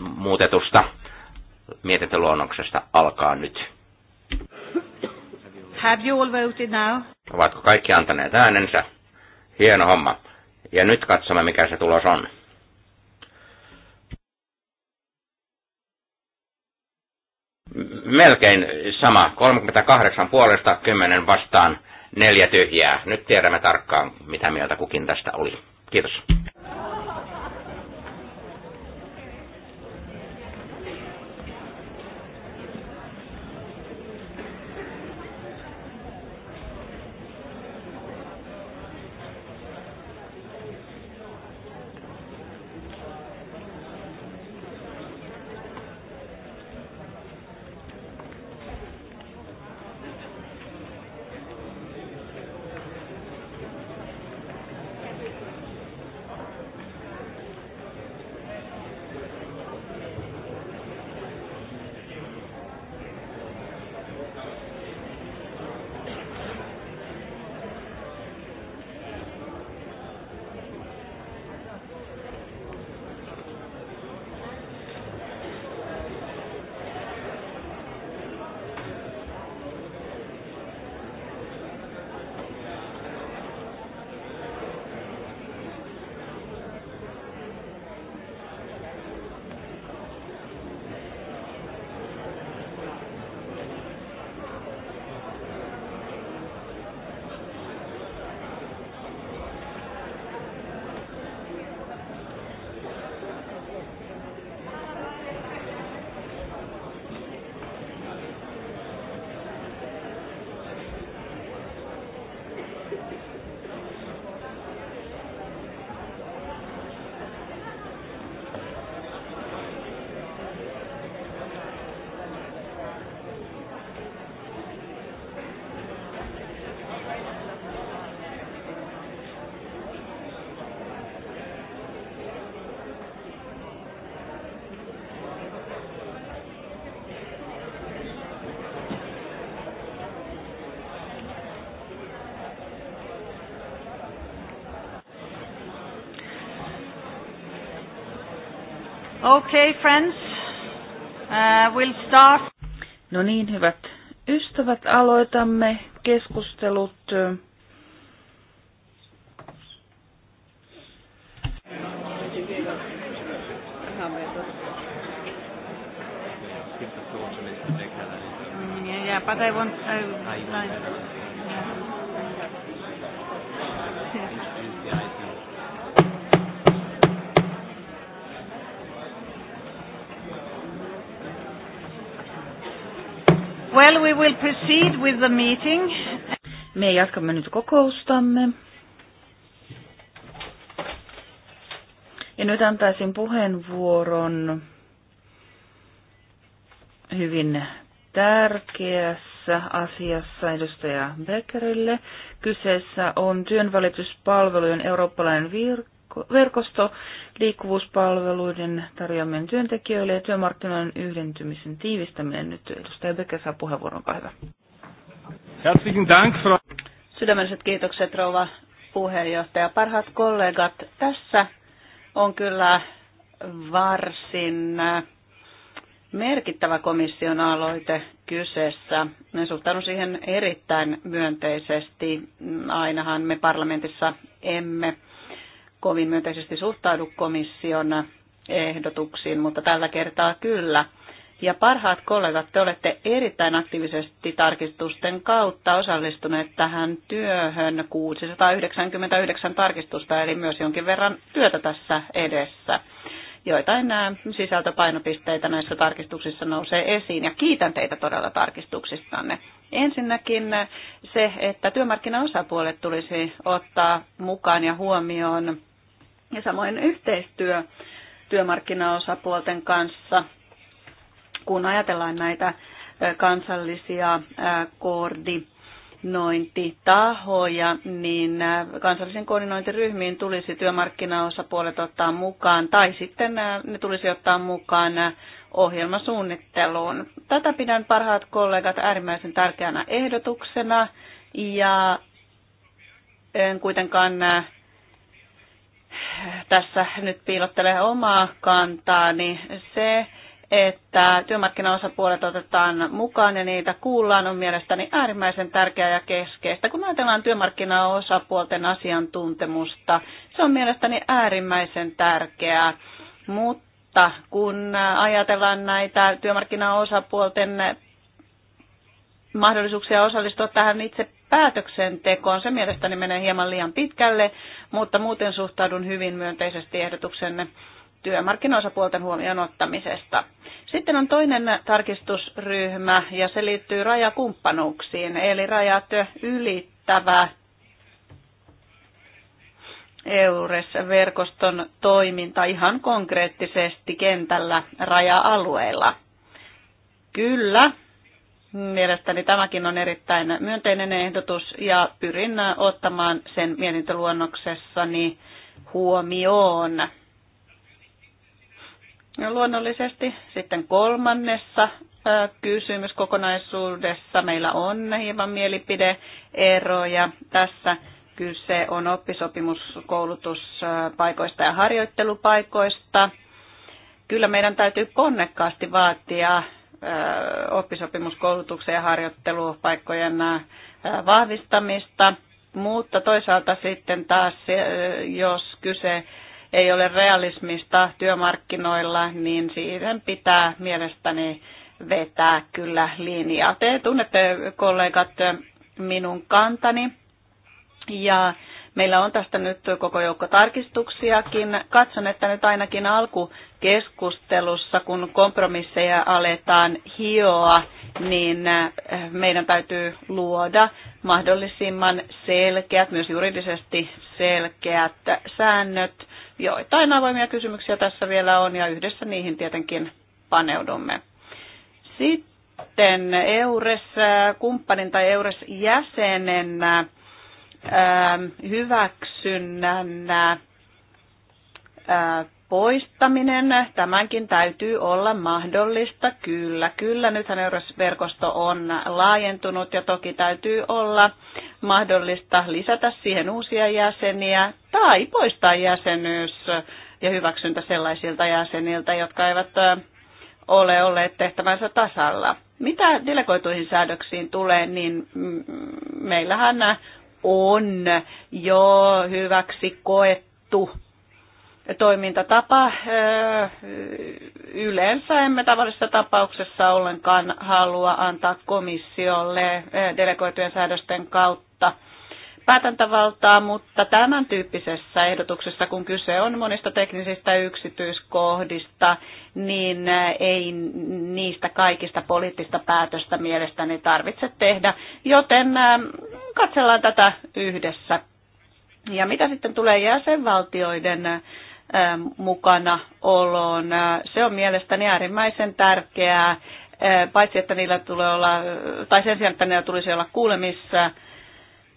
muutetusta mietintöluonnoksesta alkaa nyt. Have you all voted now? Ovatko kaikki antaneet äänensä? Hieno homma. Ja nyt katsomme, mikä se tulos on. Melkein sama. 38 puolesta, 10 vastaan neljä tyhjää. Nyt tiedämme tarkkaan, mitä mieltä kukin tästä oli. Kiitos. Okay, friends, uh, we'll start. No niin, hyvät ystävät, aloitamme keskustelut. yeah, but I want. I, I, proceed with the meeting. Me jatkamme nyt kokoustamme. Ja nyt antaisin puheenvuoron hyvin tärkeässä asiassa edustaja Beckerille. Kyseessä on työnvälityspalvelujen eurooppalainen virka verkosto liikkuvuuspalveluiden tarjoaminen työntekijöille ja työmarkkinoiden yhdentymisen tiivistäminen. Nyt edustaja Beke saa puheenvuoron, olkaa hyvä. Dank, Frau. Sydämelliset kiitokset, rouva puheenjohtaja. Parhaat kollegat, tässä on kyllä varsin merkittävä komission aloite kyseessä. Me suhtaudun siihen erittäin myönteisesti. Ainahan me parlamentissa emme kovin myönteisesti suhtaudu komission ehdotuksiin, mutta tällä kertaa kyllä. Ja parhaat kollegat, te olette erittäin aktiivisesti tarkistusten kautta osallistuneet tähän työhön 699 tarkistusta, eli myös jonkin verran työtä tässä edessä. Joitain nämä sisältöpainopisteitä näissä tarkistuksissa nousee esiin, ja kiitän teitä todella tarkistuksistanne. Ensinnäkin se, että työmarkkinaosapuolet tulisi ottaa mukaan ja huomioon ja samoin yhteistyö työmarkkinaosapuolten kanssa, kun ajatellaan näitä kansallisia tahoja, niin kansallisen koordinointiryhmiin tulisi työmarkkinaosapuolet ottaa mukaan, tai sitten ne tulisi ottaa mukaan ohjelmasuunnitteluun. Tätä pidän parhaat kollegat äärimmäisen tärkeänä ehdotuksena, ja en kuitenkaan tässä nyt piilottelee omaa kantaa, niin se, että työmarkkinaosapuolet otetaan mukaan ja niitä kuullaan on mielestäni äärimmäisen tärkeää ja keskeistä. Kun ajatellaan työmarkkinaosapuolten asiantuntemusta, se on mielestäni äärimmäisen tärkeää, mutta kun ajatellaan näitä työmarkkinaosapuolten mahdollisuuksia osallistua tähän niin itse päätöksentekoon. Se mielestäni menee hieman liian pitkälle, mutta muuten suhtaudun hyvin myönteisesti ehdotuksenne työmarkkinaosapuolten huomioon ottamisesta. Sitten on toinen tarkistusryhmä ja se liittyy rajakumppanuuksiin, eli rajat ylittävä EURES-verkoston toiminta ihan konkreettisesti kentällä raja-alueilla. Kyllä, Mielestäni tämäkin on erittäin myönteinen ehdotus ja pyrin ottamaan sen mietintöluonnoksessani huomioon. Luonnollisesti sitten kolmannessa kysymyskokonaisuudessa meillä on hieman mielipideeroja. Tässä kyse on oppisopimuskoulutuspaikoista ja harjoittelupaikoista. Kyllä meidän täytyy ponnekkaasti vaatia oppisopimuskoulutuksen ja harjoittelupaikkojen vahvistamista, mutta toisaalta sitten taas, jos kyse ei ole realismista työmarkkinoilla, niin siihen pitää mielestäni vetää kyllä linjaa. Te tunnette kollegat minun kantani ja meillä on tästä nyt koko joukko tarkistuksiakin. Katson, että nyt ainakin alku keskustelussa, kun kompromisseja aletaan hioa, niin äh, meidän täytyy luoda mahdollisimman selkeät, myös juridisesti selkeät säännöt. Joitain avoimia kysymyksiä tässä vielä on ja yhdessä niihin tietenkin paneudumme. Sitten EURES-kumppanin äh, tai EURES-jäsenen äh, hyväksynnän poistaminen, tämänkin täytyy olla mahdollista, kyllä, kyllä. Nythän verkosto on laajentunut ja toki täytyy olla mahdollista lisätä siihen uusia jäseniä tai poistaa jäsenyys ja hyväksyntä sellaisilta jäseniltä, jotka eivät ole olleet tehtävänsä tasalla. Mitä delegoituihin säädöksiin tulee, niin mm, meillähän on jo hyväksi koettu toimintatapa. Yleensä emme tavallisessa tapauksessa ollenkaan halua antaa komissiolle delegoitujen säädösten kautta päätäntävaltaa, mutta tämän tyyppisessä ehdotuksessa, kun kyse on monista teknisistä yksityiskohdista, niin ei niistä kaikista poliittista päätöstä mielestäni tarvitse tehdä, joten katsellaan tätä yhdessä. Ja mitä sitten tulee jäsenvaltioiden Ähm, mukana oloon. Äh, se on mielestäni äärimmäisen tärkeää, äh, paitsi että niillä tulee olla, tai sen sijaan, että niillä tulisi olla kuulemissa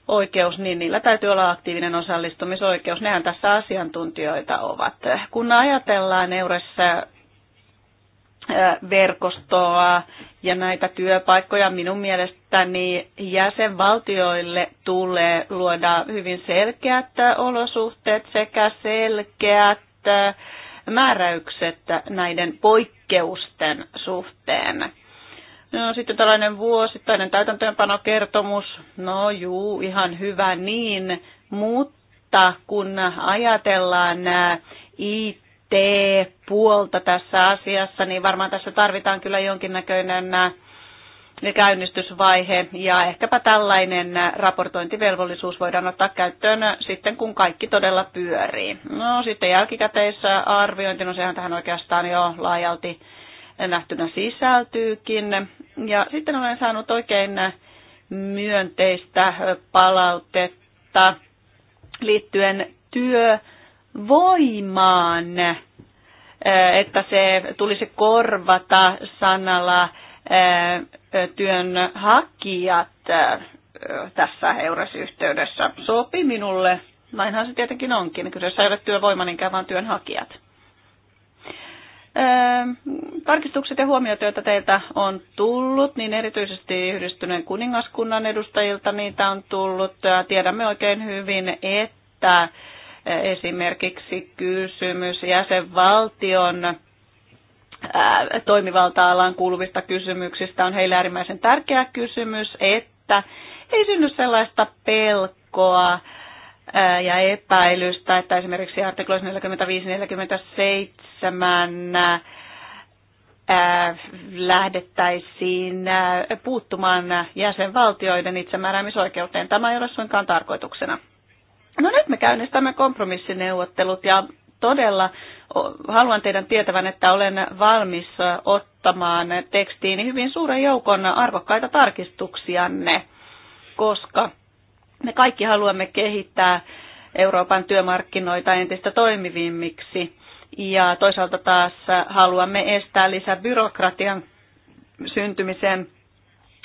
oikeus, niin niillä täytyy olla aktiivinen osallistumisoikeus. Nehän tässä asiantuntijoita ovat. Kun ajatellaan Euressa verkostoa ja näitä työpaikkoja minun mielestäni jäsenvaltioille tulee luoda hyvin selkeät olosuhteet sekä selkeät määräykset näiden poikkeusten suhteen. No, sitten tällainen vuosittainen täytäntöönpanokertomus, no juu, ihan hyvä niin, mutta kun ajatellaan IT, IT-puolta tässä asiassa, niin varmaan tässä tarvitaan kyllä jonkinnäköinen äh, käynnistysvaihe ja ehkäpä tällainen äh, raportointivelvollisuus voidaan ottaa käyttöön äh, sitten, kun kaikki todella pyörii. No sitten jälkikäteissä arviointi, no sehän tähän oikeastaan jo laajalti nähtynä sisältyykin. Ja sitten olen saanut oikein myönteistä palautetta liittyen työ voimaan, että se tulisi korvata sanalla työnhakijat tässä eurasyhteydessä. Sopi minulle. Näinhän se tietenkin onkin. Kyseessä ei ole työvoima, niinkään, vaan työnhakijat. Tarkistukset ja huomiot, joita teiltä on tullut, niin erityisesti yhdistyneen kuningaskunnan edustajilta niitä on tullut. Tiedämme oikein hyvin, että esimerkiksi kysymys jäsenvaltion toimivalta-alaan kuuluvista kysymyksistä on heille äärimmäisen tärkeä kysymys, että ei synny sellaista pelkoa ja epäilystä, että esimerkiksi artikloissa 45-47 lähdettäisiin puuttumaan jäsenvaltioiden itsemääräämisoikeuteen. Tämä ei ole suinkaan tarkoituksena. No nyt me käynnistämme kompromissineuvottelut ja todella haluan teidän tietävän, että olen valmis ottamaan tekstiin hyvin suuren joukon arvokkaita tarkistuksianne, koska me kaikki haluamme kehittää Euroopan työmarkkinoita entistä toimivimmiksi ja toisaalta taas haluamme estää lisää byrokratian syntymisen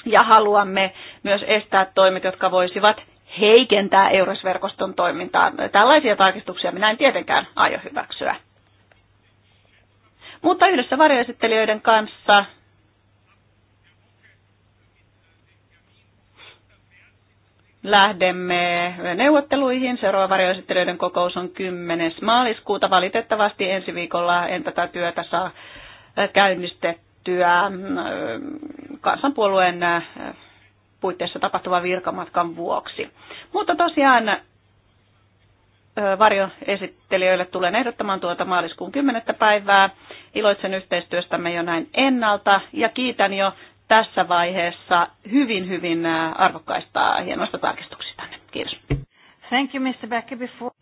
ja haluamme myös estää toimet, jotka voisivat heikentää Eurosverkoston toimintaa. Tällaisia tarkistuksia minä en tietenkään aio hyväksyä. Mutta yhdessä varjoesittelijöiden kanssa lähdemme neuvotteluihin. Seuraava varjoesittelijöiden kokous on 10. maaliskuuta. Valitettavasti ensi viikolla en tätä työtä saa käynnistettyä kansanpuolueen puitteissa tapahtuvan virkamatkan vuoksi. Mutta tosiaan varjoesittelijöille tulen ehdottamaan tuota maaliskuun 10. päivää. Iloitsen yhteistyöstämme jo näin ennalta ja kiitän jo tässä vaiheessa hyvin, hyvin arvokkaista hienoista tarkistuksista. Kiitos. Thank you, Mr. Becker. Before...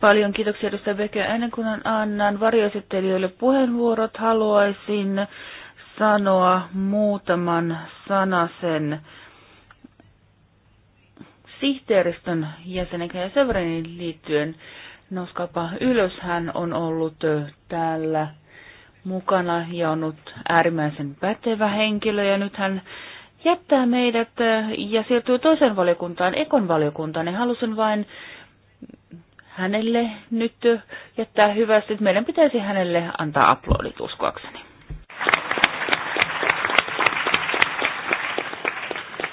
Paljon kiitoksia, edustaja Becker. Ennen kuin annan varjoesittelijöille puheenvuorot, haluaisin sanoa muutaman sanasen sen sihteeristön jäsenekä ja Severinin liittyen. Nouskaapa ylös, hän on ollut täällä mukana ja on ollut äärimmäisen pätevä henkilö ja nyt hän jättää meidät ja siirtyy toisen valiokuntaan, Ekon valiokuntaan. niin halusin vain hänelle nyt jättää hyvästi, että meidän pitäisi hänelle antaa aplodit uskoakseni.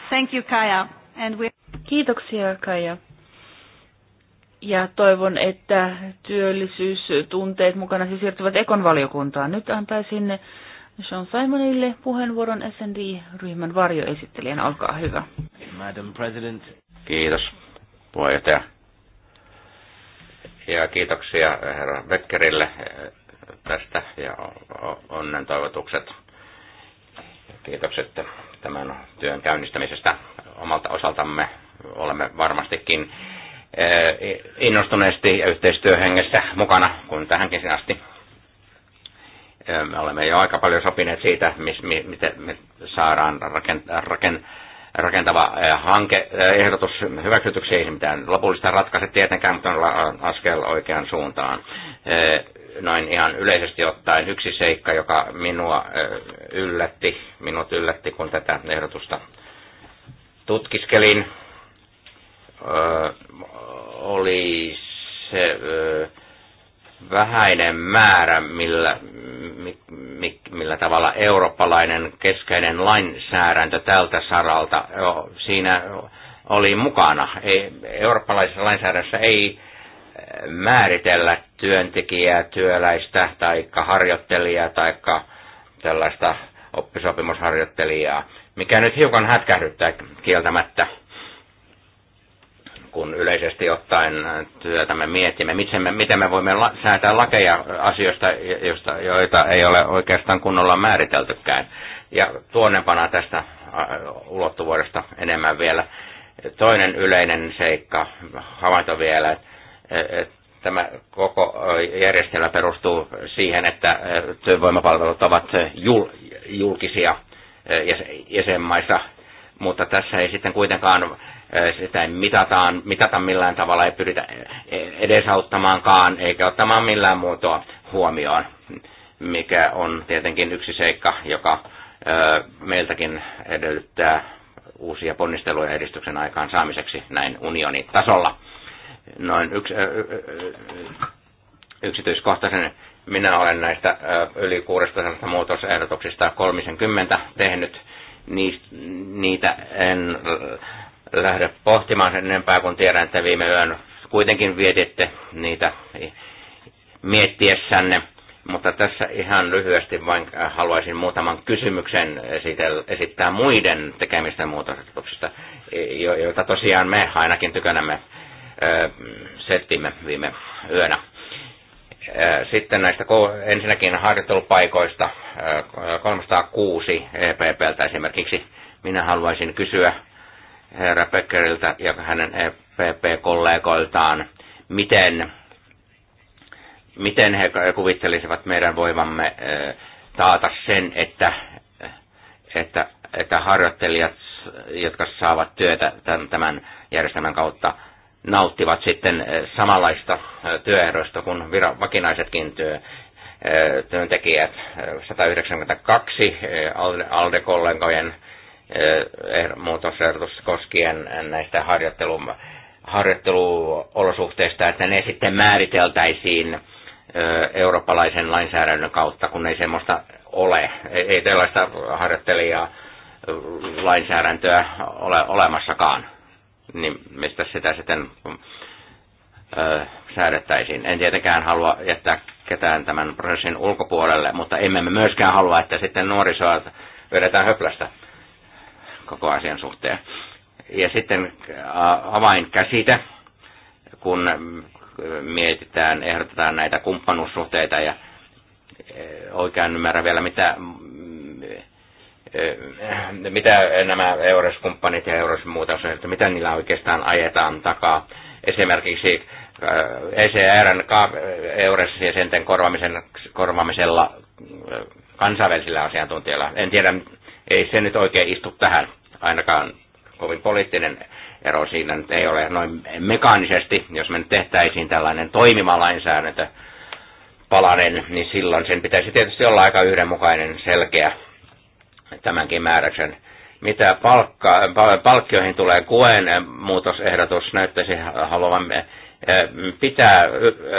Thank you, Kaja. And we... Kiitoksia Kaija. Ja toivon, että työllisyystunteet mukana siis siirtyvät Ekon valiokuntaan. Nyt antaisin Sean Simonille puheenvuoron SND-ryhmän varjoesittelijän. Olkaa hyvä. Madam President. Kiitos, puheenjohtaja. Ja kiitoksia herra Beckerille eh, tästä ja onnen toivotukset. Kiitokset tämän työn käynnistämisestä omalta osaltamme olemme varmastikin eh, innostuneesti ja yhteistyöhengessä mukana kuin tähänkin asti. Eh, me olemme jo aika paljon sopineet siitä, miten me saadaan rakentava eh, hanke, ehdotus hyväksytyksi, ei mitään lopullista ratkaise tietenkään, mutta on askel oikeaan suuntaan. Noin ihan yleisesti ottaen yksi seikka, joka minua yllätti, minut yllätti, kun tätä ehdotusta tutkiskelin, oli se vähäinen määrä, millä, millä tavalla eurooppalainen keskeinen lainsäädäntö tältä saralta siinä oli mukana. Ei, eurooppalaisessa lainsäädännössä ei määritellä työntekijää, työläistä tai harjoittelijaa tai tällaista oppisopimusharjoittelijaa, mikä nyt hiukan hätkähdyttää kieltämättä kun yleisesti ottaen työtä me mietimme, miten me, miten me voimme la, säätää lakeja asioista, joista, joita ei ole oikeastaan kunnolla määriteltykään. Ja tuonnepana tästä ulottuvuudesta enemmän vielä. Toinen yleinen seikka, havainto vielä, että tämä koko järjestelmä perustuu siihen, että työvoimapalvelut ovat jul, julkisia jäsenmaissa, mutta tässä ei sitten kuitenkaan sitä ei mitataan, mitata millään tavalla, ei pyritä edesauttamaankaan eikä ottamaan millään muotoa huomioon, mikä on tietenkin yksi seikka, joka meiltäkin edellyttää uusia ponnisteluja edistyksen aikaan saamiseksi näin unionin tasolla. Noin yks, yksityiskohtaisen minä olen näistä yli 600 muutosehdotuksista 30 tehnyt. Niistä, niitä en lähde pohtimaan sen enempää, kun tiedän, että viime yön kuitenkin vietitte niitä miettiessänne. Mutta tässä ihan lyhyesti vain äh, haluaisin muutaman kysymyksen esittää muiden tekemistä muutosehdotuksista, joita tosiaan me ainakin tykönämme settimme viime yönä. Sitten näistä ensinnäkin harjoittelupaikoista, 306 EPPltä esimerkiksi, minä haluaisin kysyä, herra Beckeriltä ja hänen FPP-kollegoiltaan, miten, miten he kuvittelisivat meidän voimamme taata sen, että, että, että harjoittelijat, jotka saavat työtä tämän järjestelmän kautta, nauttivat sitten samanlaista työehdoista kuin vira, vakinaisetkin työ, työntekijät. 192 ALDE-kollegojen Eh, eh, muutosehdotus koskien näistä harjoittelu, harjoitteluolosuhteista, että ne sitten määriteltäisiin eh, eurooppalaisen lainsäädännön kautta, kun ei semmoista ole. Ei tällaista harjoittelijaa lainsäädäntöä ole olemassakaan. Niin mistä sitä sitten säädettäisiin. En tietenkään halua jättää ketään tämän prosessin ulkopuolelle, mutta emme me myöskään halua, että sitten nuorisoa vedetään höplästä koko asian suhteen. Ja sitten äh, avainkäsite, kun äh, mietitään, ehdotetaan näitä kumppanuussuhteita ja äh, oikein ymmärrä vielä, mitä, mm, mitä nämä EURES-kumppanit ja EURES-muutos, että mitä niillä oikeastaan ajetaan takaa. Esimerkiksi ECRn EURES-jäsenten korvaamisen, korvaamisella kansainvälisillä asiantuntijoilla. En tiedä, ei se nyt oikein istu tähän ainakaan kovin poliittinen ero siinä nyt ei ole noin mekaanisesti, jos me nyt tehtäisiin tällainen toimiva lainsäädäntö palanen, niin silloin sen pitäisi tietysti olla aika yhdenmukainen, selkeä tämänkin määräksen. Mitä palkka, palkkioihin tulee, kuen eh, muutosehdotus näyttäisi haluavan eh, pitää eh,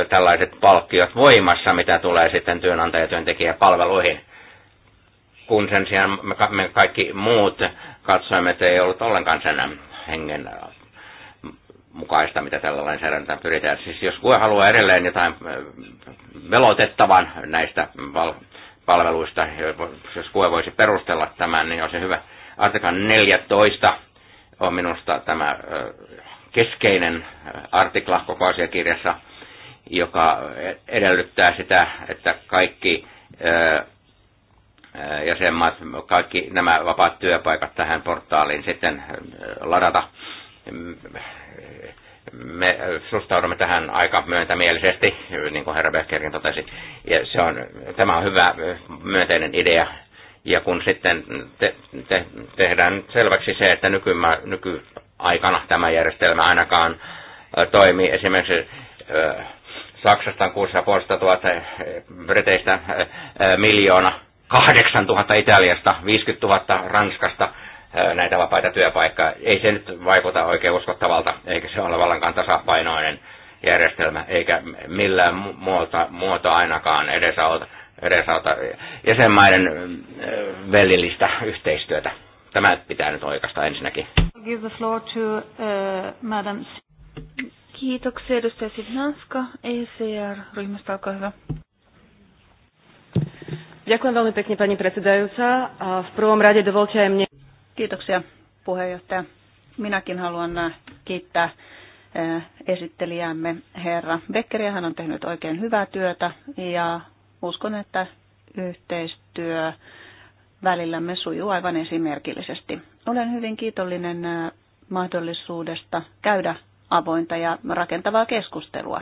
tällaiset palkkiot voimassa, mitä tulee sitten työnantajatyöntekijäpalveluihin työntekijäpalveluihin kun sen sijaan me kaikki muut katsoimme, että ei ollut ollenkaan sen hengen mukaista, mitä tällä lainsäädäntöä pyritään. Siis jos kuka haluaa edelleen jotain velotettavan näistä palveluista, jos kuka voisi perustella tämän, niin on se hyvä. Artikan 14 on minusta tämä keskeinen artikla koko asiakirjassa, joka e-, edellyttää sitä, että kaikki Äh, jäsenmaat, kaikki nämä vapaat työpaikat tähän portaaliin sitten äh, ladata. Mm, me äh, suhtaudumme tähän aika myöntämielisesti, niin kuin herra Beckerkin totesi. Ja se on, tämä on hyvä myönteinen idea. Ja kun sitten te, te, tehdään selväksi se, että nyky, nykyaikana tämä järjestelmä ainakaan toimii, esimerkiksi Saksasta on 6500 000, Briteistä miljoona 8 000 Italiasta, 50 000 Ranskasta näitä vapaita työpaikkaa. Ei se nyt vaikuta oikein uskottavalta, eikä se ole vallankaan tasapainoinen järjestelmä, eikä millään muuta, muotoa ainakaan edesauta, edesauta jäsenmaiden välillistä yhteistyötä. Tämä pitää nyt oikeastaan ensinnäkin. Give the floor to, uh, Madam. Kiitoksia edustaja Sidnanska, ECR-ryhmästä, olkaa hyvä. Ďakujem veľmi pekne, pani predsedajúca. V prvom rade dovolte aj mne. Kiitoksia, puheenjohtaja. Minäkin haluan äh, kiittää äh, esittelijämme herra Beckeriä. Hän on tehnyt oikein hyvää työtä ja uskon, että yhteistyö välillämme sujuu aivan esimerkillisesti. Olen hyvin kiitollinen äh, mahdollisuudesta käydä avointa ja rakentavaa keskustelua.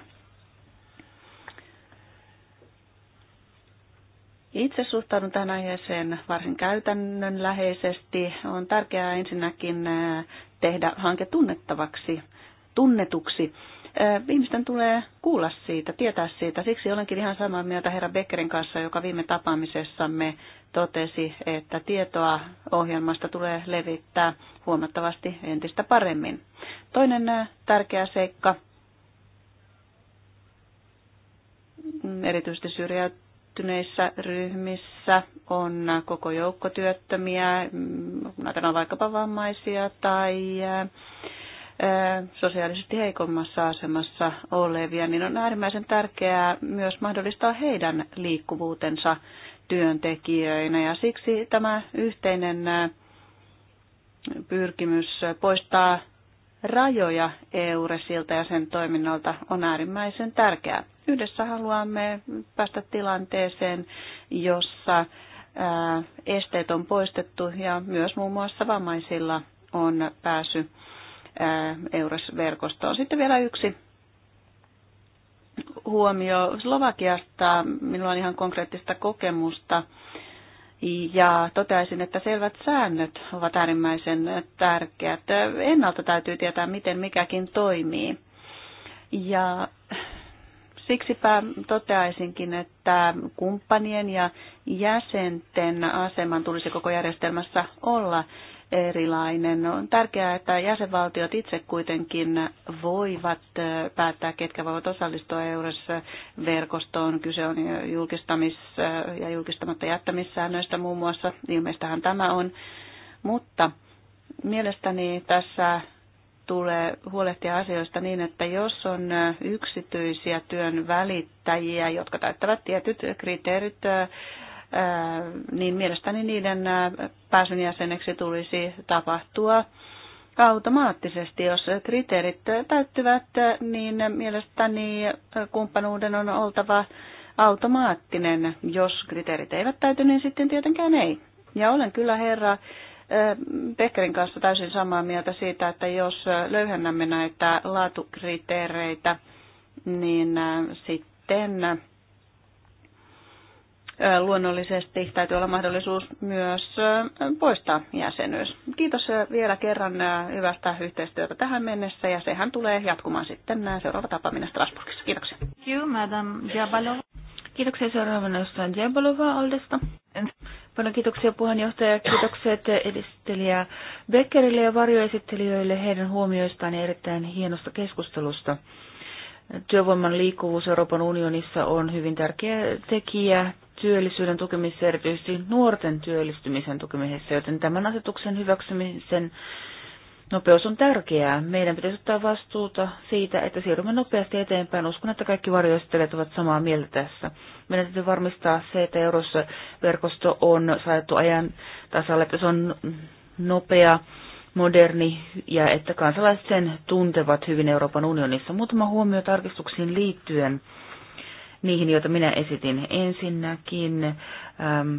Itse suhtaudun tähän aiheeseen varsin käytännönläheisesti. On tärkeää ensinnäkin äh, tehdä hanke tunnettavaksi, tunnetuksi. Äh, ihmisten tulee kuulla siitä, tietää siitä. Siksi olenkin ihan samaa mieltä herra Beckerin kanssa, joka viime tapaamisessamme totesi, että tietoa ohjelmasta tulee levittää huomattavasti entistä paremmin. Toinen äh, tärkeä seikka mm, erityisesti syrjäyt, syrjäytyneissä ryhmissä on koko joukko työttömiä, mm, ajatellaan vaikkapa vammaisia tai sosiaalisesti heikommassa asemassa olevia, niin on äärimmäisen tärkeää myös mahdollistaa heidän liikkuvuutensa työntekijöinä. Ja siksi tämä yhteinen pyrkimys poistaa rajoja EURESilta ja sen toiminnalta on äärimmäisen tärkeää. Yhdessä haluamme päästä tilanteeseen, jossa esteet on poistettu ja myös muun muassa vammaisilla on pääsy eurosverkostoon. verkostoon Sitten vielä yksi huomio Slovakiasta. Minulla on ihan konkreettista kokemusta ja toteaisin, että selvät säännöt ovat äärimmäisen tärkeät. Ennalta täytyy tietää, miten mikäkin toimii. Ja Siksipä toteaisinkin, että kumppanien ja jäsenten aseman tulisi koko järjestelmässä olla erilainen. On tärkeää, että jäsenvaltiot itse kuitenkin voivat päättää, ketkä voivat osallistua EURES-verkostoon. Kyse on julkistamis- ja julkistamatta jättämissäännöistä muun muassa. Ilmeistähän tämä on. Mutta mielestäni tässä tulee huolehtia asioista niin, että jos on yksityisiä työn välittäjiä, jotka täyttävät tietyt kriteerit, niin mielestäni niiden pääsyn jäseneksi tulisi tapahtua automaattisesti. Jos kriteerit täyttyvät, niin mielestäni kumppanuuden on oltava automaattinen. Jos kriteerit eivät täyty, niin sitten tietenkään ei. Ja olen kyllä herra Pekkerin kanssa täysin samaa mieltä siitä, että jos löyhennämme näitä laatukriteereitä, niin sitten luonnollisesti täytyy olla mahdollisuus myös poistaa jäsenyys. Kiitos vielä kerran hyvästä yhteistyötä tähän mennessä ja sehän tulee jatkumaan sitten seuraava tapaaminen Strasbourgissa. Kiitoksia. Kiitos, Madam Jabalova. Kiitoksia seuraavana jostain Jabalova Aldesta. Paljon kiitoksia puheenjohtaja. Kiitokset edistelijä Beckerille ja varjoesittelijöille heidän huomioistaan ja erittäin hienosta keskustelusta. Työvoiman liikkuvuus Euroopan unionissa on hyvin tärkeä tekijä työllisyyden tukemisessa, erityisesti nuorten työllistymisen tukemisessa, joten tämän asetuksen hyväksymisen Nopeus on tärkeää. Meidän pitäisi ottaa vastuuta siitä, että siirrymme nopeasti eteenpäin. Uskon, että kaikki varjoistelijat ovat samaa mieltä tässä. Meidän täytyy varmistaa se, että eurossa verkosto on saatu ajan tasalle, että se on nopea, moderni ja että kansalaiset sen tuntevat hyvin Euroopan unionissa. Muutama huomio tarkistuksiin liittyen niihin, joita minä esitin. Ensinnäkin ähm,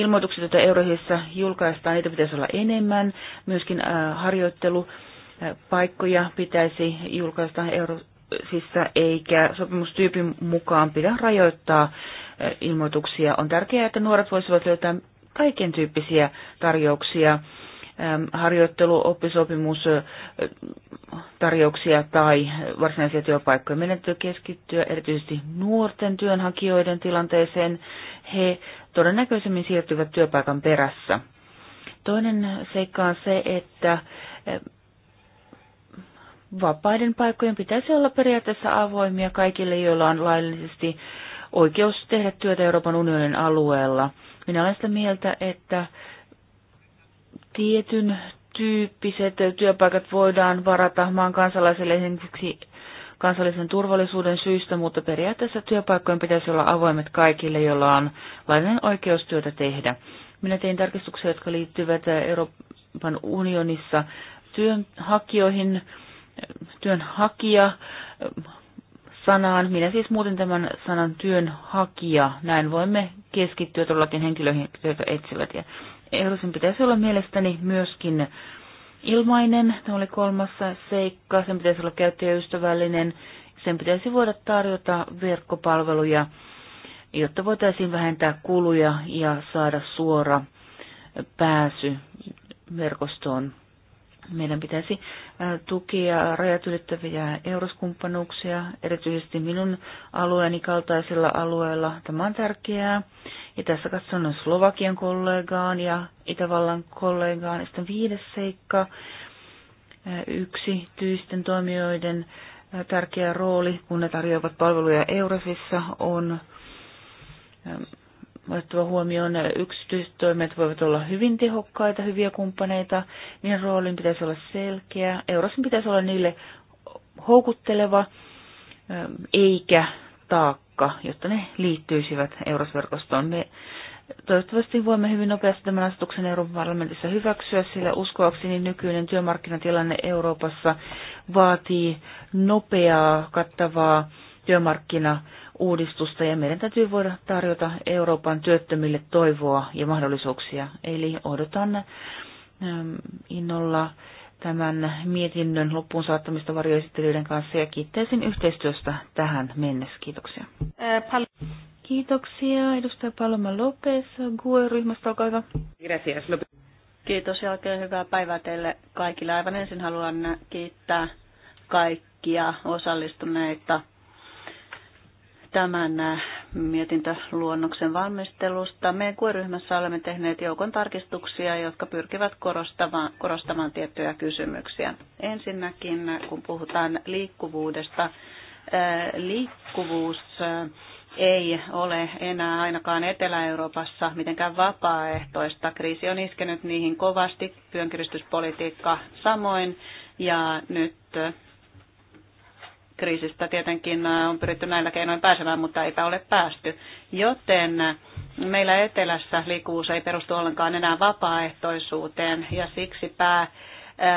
ilmoitukset, joita Eurohissa julkaistaan, niitä pitäisi olla enemmän. Myöskin äh, harjoittelupaikkoja äh, pitäisi julkaista Eurosissa, eikä sopimustyypin mukaan pidä rajoittaa äh, ilmoituksia. On tärkeää, että nuoret voisivat löytää kaiken tyyppisiä tarjouksia, ähm, harjoittelu, oppisopimus, tarjouksia tai varsinaisia työpaikkoja. Meidän keskittyä erityisesti nuorten työnhakijoiden tilanteeseen. He todennäköisemmin siirtyvät työpaikan perässä. Toinen seikka on se, että eh, vapaiden paikkojen pitäisi olla periaatteessa avoimia kaikille, joilla on laillisesti oikeus tehdä työtä Euroopan unionin alueella. Minä olen sitä mieltä, että tietyn tyyppiset työpaikat voidaan varata maan kansalaiselle esimerkiksi kansallisen turvallisuuden syistä, mutta periaatteessa työpaikkojen pitäisi olla avoimet kaikille, joilla on laillinen oikeus työtä tehdä. Minä tein tarkistuksia, jotka liittyvät Euroopan unionissa työnhakijoihin, työnhakija sanaan. Minä siis muutin tämän sanan työnhakija. Näin voimme keskittyä todellakin henkilöihin, joita etsivät. Ja ehdollisen pitäisi olla mielestäni myöskin ilmainen. Tämä oli kolmas seikka. Sen pitäisi olla käyttäjäystävällinen. Sen pitäisi voida tarjota verkkopalveluja, jotta voitaisiin vähentää kuluja ja saada suora pääsy verkostoon meidän pitäisi tukea rajat ylittäviä euroskumppanuuksia, erityisesti minun alueeni kaltaisilla alueilla. Tämä on tärkeää. Ja tässä katson Slovakian kollegaan ja Itävallan kollegaan. sitten viides seikka, yksityisten toimijoiden tärkeä rooli, kun ne tarjoavat palveluja Eurofissa, on otettava huomioon, äh, yksityistoimet voivat olla hyvin tehokkaita, hyviä kumppaneita, niiden roolin pitäisi olla selkeä, eurosin pitäisi olla niille houkutteleva ähm, eikä taakka, jotta ne liittyisivät eurosverkostoon. Me toivottavasti voimme hyvin nopeasti tämän asetuksen Euroopan parlamentissa hyväksyä, sillä uskoakseni nykyinen työmarkkinatilanne Euroopassa vaatii nopeaa, kattavaa työmarkkina uudistusta ja meidän täytyy voida tarjota Euroopan työttömille toivoa ja mahdollisuuksia. Eli odotan ähm, innolla tämän mietinnön loppuun saattamista varjoesittelyiden kanssa ja kiittäisin yhteistyöstä tähän mennessä. Kiitoksia. Äh, Kiitoksia edustaja Paloma Lopez GUE-ryhmästä, olkaa hyvä. Gracias. Kiitos ja oikein hyvää päivää teille kaikille. Aivan ensin haluan kiittää kaikkia osallistuneita tämän äh, mietintöluonnoksen valmistelusta. Me kueryhmässä olemme tehneet joukon tarkistuksia, jotka pyrkivät korostamaan, korostamaan tiettyjä kysymyksiä. Ensinnäkin, äh, kun puhutaan liikkuvuudesta, äh, liikkuvuus ei ole enää ainakaan Etelä-Euroopassa mitenkään vapaaehtoista. Kriisi on iskenyt niihin kovasti, pyönkiristyspolitiikka samoin, ja nyt kriisistä tietenkin äh, on pyritty näillä keinoin pääsemään, mutta eipä ole päästy. Joten äh, meillä etelässä liikkuvuus ei perustu ollenkaan enää vapaaehtoisuuteen ja pää äh,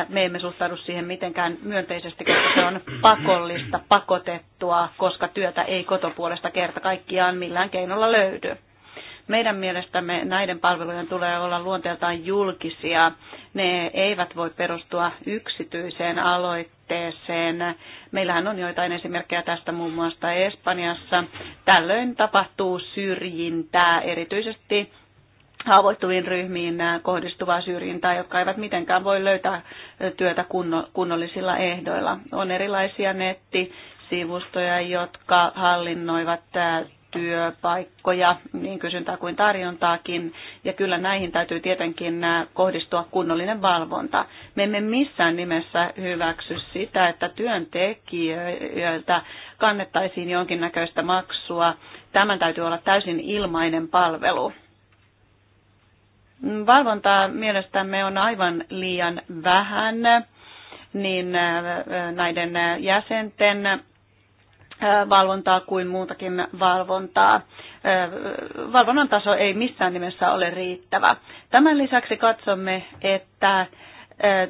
me emme suhtaudu siihen mitenkään myönteisesti, koska se on pakollista, pakotettua, koska työtä ei kotopuolesta kerta kaikkiaan millään keinolla löydy. Meidän mielestämme näiden palvelujen tulee olla luonteeltaan julkisia. Ne eivät voi perustua yksityiseen aloitteeseen. Meillähän on joitain esimerkkejä tästä muun muassa Espanjassa. Tällöin tapahtuu syrjintää erityisesti haavoittuviin ryhmiin kohdistuvaa syrjintää, jotka eivät mitenkään voi löytää työtä kunnollisilla ehdoilla. On erilaisia nettisivustoja, jotka hallinnoivat työpaikkoja, niin kysyntää kuin tarjontaakin, ja kyllä näihin täytyy tietenkin äh, kohdistua kunnollinen valvonta. Me emme missään nimessä hyväksy sitä, että työntekijöiltä kannettaisiin jonkinnäköistä maksua. Tämän täytyy olla täysin ilmainen palvelu. Valvontaa mielestämme on aivan liian vähän niin äh, näiden äh, jäsenten valvontaa kuin muutakin valvontaa. Valvonnan taso ei missään nimessä ole riittävä. Tämän lisäksi katsomme, että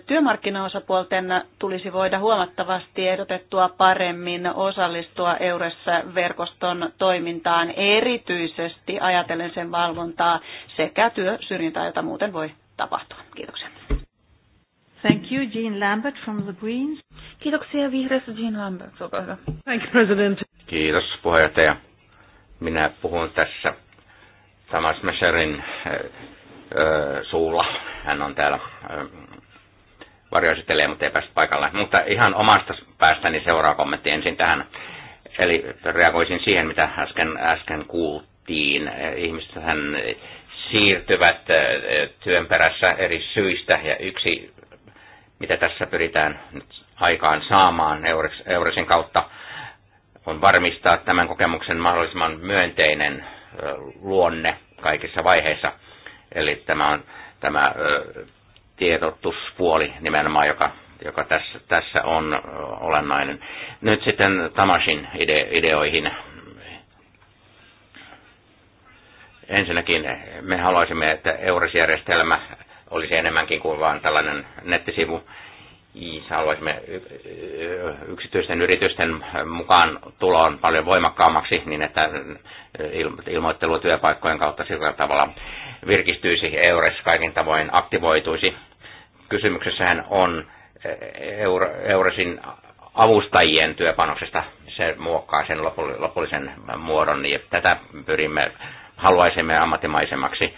työmarkkinaosapuolten tulisi voida huomattavasti ehdotettua paremmin osallistua EURES-verkoston toimintaan, erityisesti ajatellen sen valvontaa sekä työsyrjintää, jota muuten voi tapahtua. Kiitoksia. Thank you, Jean Lambert from the Greens. Kiitoksia vihreästä Jean Lambert, olkaa hyvä. Thank you, President. Kiitos puheenjohtaja. Minä puhun tässä Thomas Messerin eh, eh, suulla. Hän on täällä eh, varjoesittelee, mutta ei päästä paikalle. Mutta ihan omasta päästäni seuraa kommentti ensin tähän. Eli reagoisin siihen, mitä äsken, äsken kuultiin. hän siirtyvät työn perässä eri syistä ja yksi mitä tässä pyritään nyt aikaan saamaan Euresin kautta, on varmistaa tämän kokemuksen mahdollisimman myönteinen luonne kaikissa vaiheissa. Eli tämä on tämä tiedotuspuoli nimenomaan, joka, joka tässä, tässä on olennainen. Nyt sitten Tamashin ide, ideoihin. Ensinnäkin me haluaisimme, että eurisjärjestelmä järjestelmä olisi enemmänkin kuin vain tällainen nettisivu. Haluaisimme yksityisten yritysten mukaan tuloon paljon voimakkaammaksi, niin että ilmoittelu työpaikkojen kautta sillä tavalla virkistyisi, EURES kaikin tavoin aktivoituisi. Kysymyksessähän on EURESin avustajien työpanoksesta se muokkaa sen lopullisen muodon, ja tätä pyrimme, haluaisimme ammattimaisemmaksi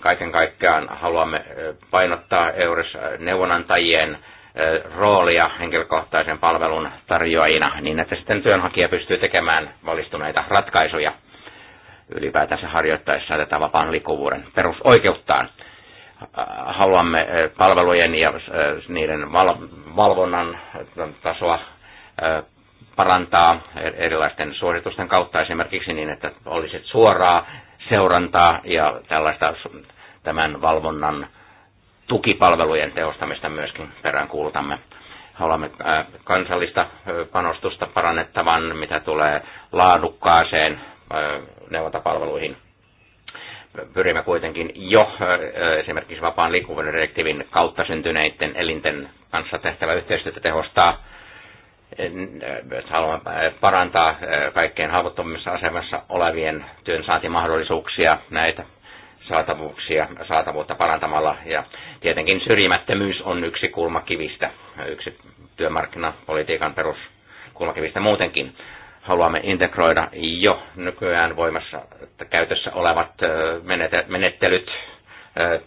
Kaiken kaikkiaan haluamme painottaa EURES-neuvonantajien roolia henkilökohtaisen palvelun tarjoajina niin, että sitten työnhakija pystyy tekemään valistuneita ratkaisuja ylipäätänsä harjoittaessa tätä vapaan liikkuvuuden perusoikeuttaan. Haluamme palvelujen ja niiden valvonnan tasoa parantaa e-, erilaisten suositusten kautta esimerkiksi niin, että olisi suoraa seurantaa ja tällaista tämän valvonnan tukipalvelujen teostamista myöskin peräänkuulutamme. Haluamme äh, kansallista äh, panostusta parannettavan, mitä tulee laadukkaaseen äh, neuvontapalveluihin. Pyrimme kuitenkin jo esimerkiksi vapaan liikkuvuuden direktiivin kautta syntyneiden elinten kanssa tehtävä yhteistyötä tehostaa Äh, haluamme äh, parantaa äh, kaikkein haavoittuvimmassa asemassa olevien työnsaantimahdollisuuksia, näitä saatavuuksia, saatavuutta parantamalla. Ja tietenkin syrjimättömyys on yksi kulmakivistä, yksi työmarkkinapolitiikan peruskulmakivistä muutenkin. Haluamme integroida jo nykyään voimassa että käytössä olevat menettelyt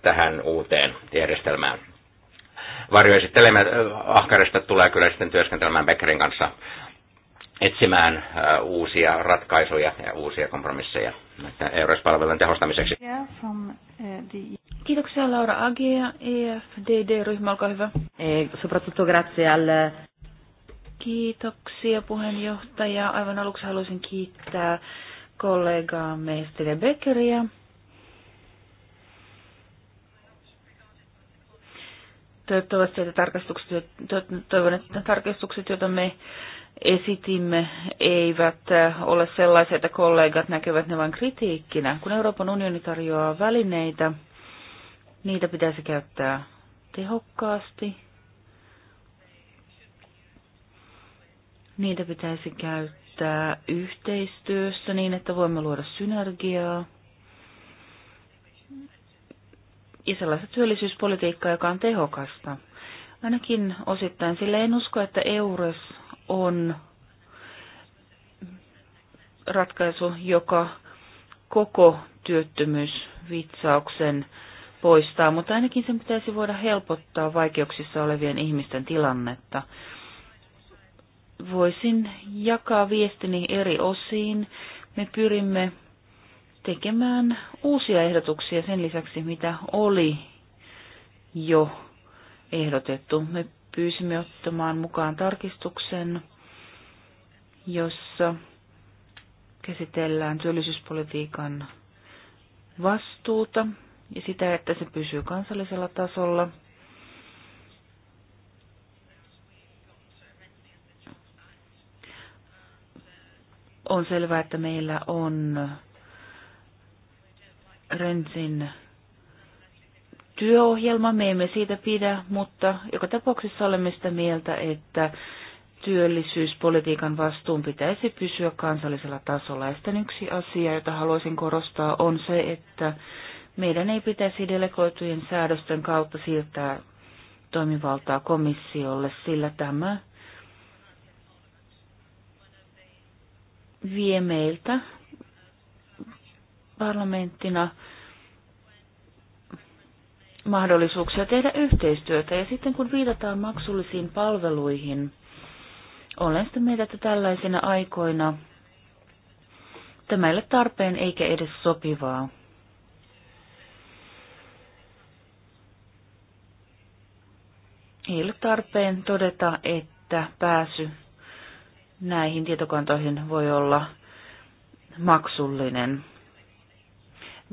tähän uuteen järjestelmään varjoesittelemme äh, ahkarista tulee kyllä sitten työskentelemään Beckerin kanssa etsimään äh, uusia ratkaisuja ja uusia kompromisseja EURES-palvelujen tehostamiseksi. Uh, Kiitoksia Laura Agia, EFDD-ryhmä, olkaa hyvä. E, soprattutto grazie al... Kiitoksia puheenjohtaja. Aivan aluksi haluaisin kiittää kollegaa Meisteri Beckeriä Toivottavasti että tarkastukset, toivon, että tarkastukset, joita me esitimme, eivät äh, ole sellaisia, että kollegat näkevät ne vain kritiikkinä. Kun Euroopan unioni tarjoaa välineitä, niitä pitäisi käyttää tehokkaasti. Niitä pitäisi käyttää yhteistyössä niin, että voimme luoda synergiaa. ja sellaista työllisyyspolitiikkaa, joka on tehokasta. Ainakin osittain, sillä en usko, että EURES on ratkaisu, joka koko työttömyysvitsauksen poistaa, mutta ainakin sen pitäisi voida helpottaa vaikeuksissa olevien ihmisten tilannetta. Voisin jakaa viestini eri osiin. Me pyrimme tekemään uusia ehdotuksia sen lisäksi, mitä oli jo ehdotettu. Me pyysimme ottamaan mukaan tarkistuksen, jossa käsitellään työllisyyspolitiikan vastuuta ja sitä, että se pysyy kansallisella tasolla. On selvää, että meillä on Rensin työohjelma. Me emme siitä pidä, mutta joka tapauksessa olemme sitä mieltä, että työllisyyspolitiikan vastuun pitäisi pysyä kansallisella tasolla. Ja sitten yksi asia, jota haluaisin korostaa, on se, että meidän ei pitäisi delegoitujen säädösten kautta siirtää toimivaltaa komissiolle, sillä tämä vie meiltä parlamenttina mahdollisuuksia tehdä yhteistyötä. Ja sitten kun viitataan maksullisiin palveluihin, olen sitä mieltä, että tällaisina aikoina tämä ei ole tarpeen eikä edes sopivaa. Ei ole tarpeen todeta, että pääsy näihin tietokantoihin voi olla maksullinen.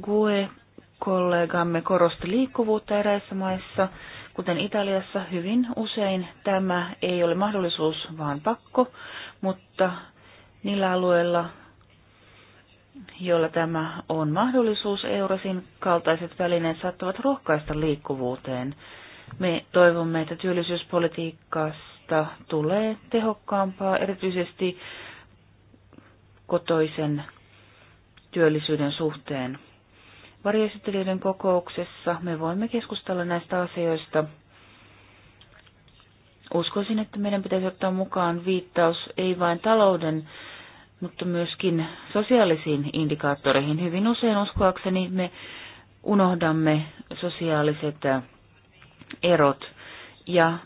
GUE-kollegamme korosti liikkuvuutta eräissä maissa, kuten Italiassa hyvin usein tämä ei ole mahdollisuus, vaan pakko, mutta niillä alueilla, joilla tämä on mahdollisuus, Eurosin kaltaiset välineet saattavat rohkaista liikkuvuuteen. Me toivomme, että työllisyyspolitiikasta tulee tehokkaampaa, erityisesti kotoisen työllisyyden suhteen varjoesittelijöiden kokouksessa me voimme keskustella näistä asioista. Uskoisin, että meidän pitäisi ottaa mukaan viittaus ei vain talouden, mutta myöskin sosiaalisiin indikaattoreihin. Hyvin usein uskoakseni me unohdamme sosiaaliset äh, erot ja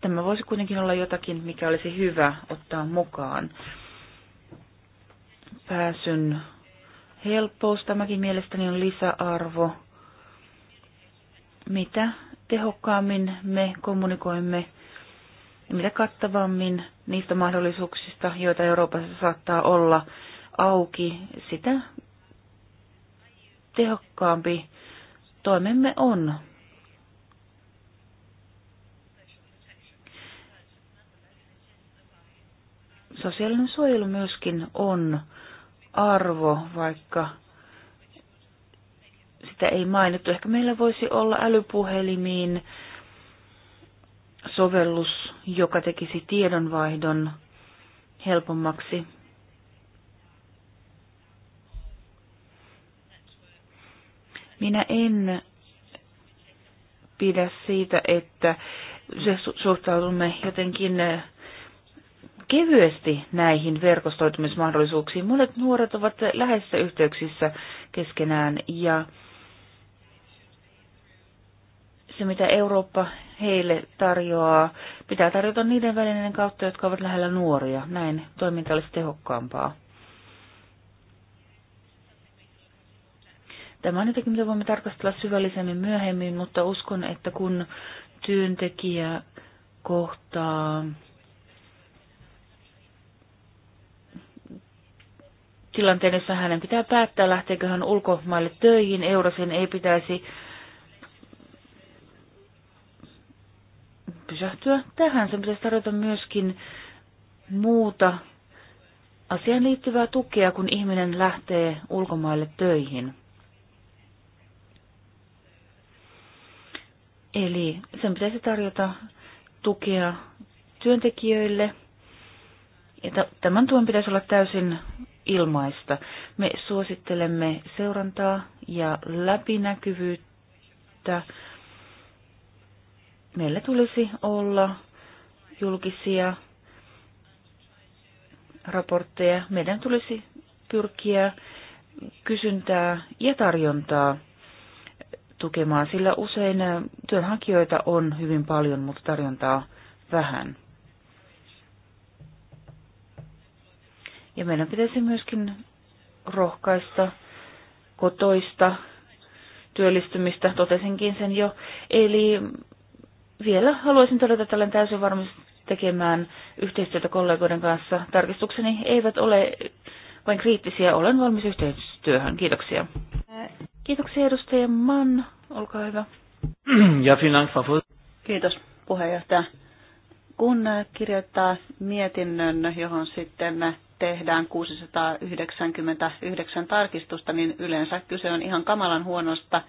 tämä voisi kuitenkin olla jotakin, mikä olisi hyvä ottaa mukaan. Pääsyn helppous. Tämäkin mielestäni on lisäarvo. Mitä tehokkaammin me kommunikoimme ja mitä kattavammin niistä mahdollisuuksista, joita Euroopassa saattaa olla auki, sitä tehokkaampi toimemme on. Sosiaalinen suojelu myöskin on arvo, vaikka sitä ei mainittu. Ehkä meillä voisi olla älypuhelimiin sovellus, joka tekisi tiedonvaihdon helpommaksi. Minä en pidä siitä, että se suhtaudumme jotenkin kevyesti näihin verkostoitumismahdollisuuksiin. Monet nuoret ovat läheisissä yhteyksissä keskenään ja se, mitä Eurooppa heille tarjoaa, pitää tarjota niiden välineiden kautta, jotka ovat lähellä nuoria. Näin toiminta olisi tehokkaampaa. Tämä on jotakin, mitä voimme tarkastella syvällisemmin myöhemmin, mutta uskon, että kun työntekijä kohtaa tilanteen, jossa hänen pitää päättää, lähteekö hän ulkomaille töihin. Eurosen ei pitäisi pysähtyä tähän. Sen pitäisi tarjota myöskin muuta asiaan liittyvää tukea, kun ihminen lähtee ulkomaille töihin. Eli sen pitäisi tarjota tukea työntekijöille. Ja tämän tuen pitäisi olla täysin ilmaista. Me suosittelemme seurantaa ja läpinäkyvyyttä. Meillä tulisi olla julkisia raportteja. Meidän tulisi pyrkiä kysyntää ja tarjontaa tukemaan, sillä usein työnhakijoita on hyvin paljon, mutta tarjontaa vähän. Ja meidän pitäisi myöskin rohkaista kotoista työllistymistä, totesinkin sen jo. Eli vielä haluaisin todeta, että olen täysin varmasti tekemään yhteistyötä kollegoiden kanssa. Tarkistukseni eivät ole vain kriittisiä, olen valmis yhteistyöhön. Kiitoksia. Kiitoksia edustaja Mann, olkaa hyvä. Ja Kiitos puheenjohtaja. Kun kirjoittaa mietinnön, johon sitten tehdään 699 tarkistusta, niin yleensä kyse on ihan kamalan huonosta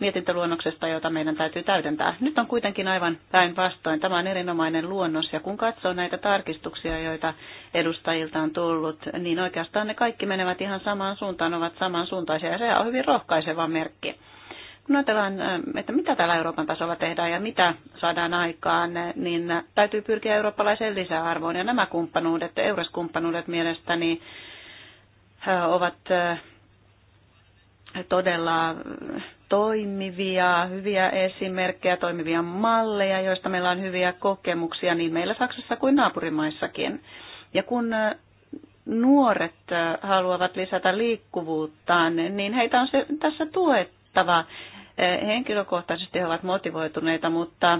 mietintöluonnoksesta, jota meidän täytyy täydentää. Nyt on kuitenkin aivan päinvastoin. Tämä on erinomainen luonnos, ja kun katsoo näitä tarkistuksia, joita edustajilta on tullut, niin oikeastaan ne kaikki menevät ihan samaan suuntaan, ovat samansuuntaisia, ja se on hyvin rohkaiseva merkki. Kun ajatellaan, eh, että mitä täällä Euroopan tasolla tehdään ja mitä saadaan aikaan, eh, niin täytyy pyrkiä eurooppalaiseen lisäarvoon. Ja nämä kumppanuudet, euroskumppanuudet mielestäni eh, ovat todella toimivia, hyviä esimerkkejä, toimivia malleja, joista meillä on hyviä kokemuksia niin meillä Saksassa kuin naapurimaissakin. Ja kun nuoret haluavat lisätä liikkuvuuttaan, niin heitä on se, tässä tuettu kannattava. Henkilökohtaisesti he ovat motivoituneita, mutta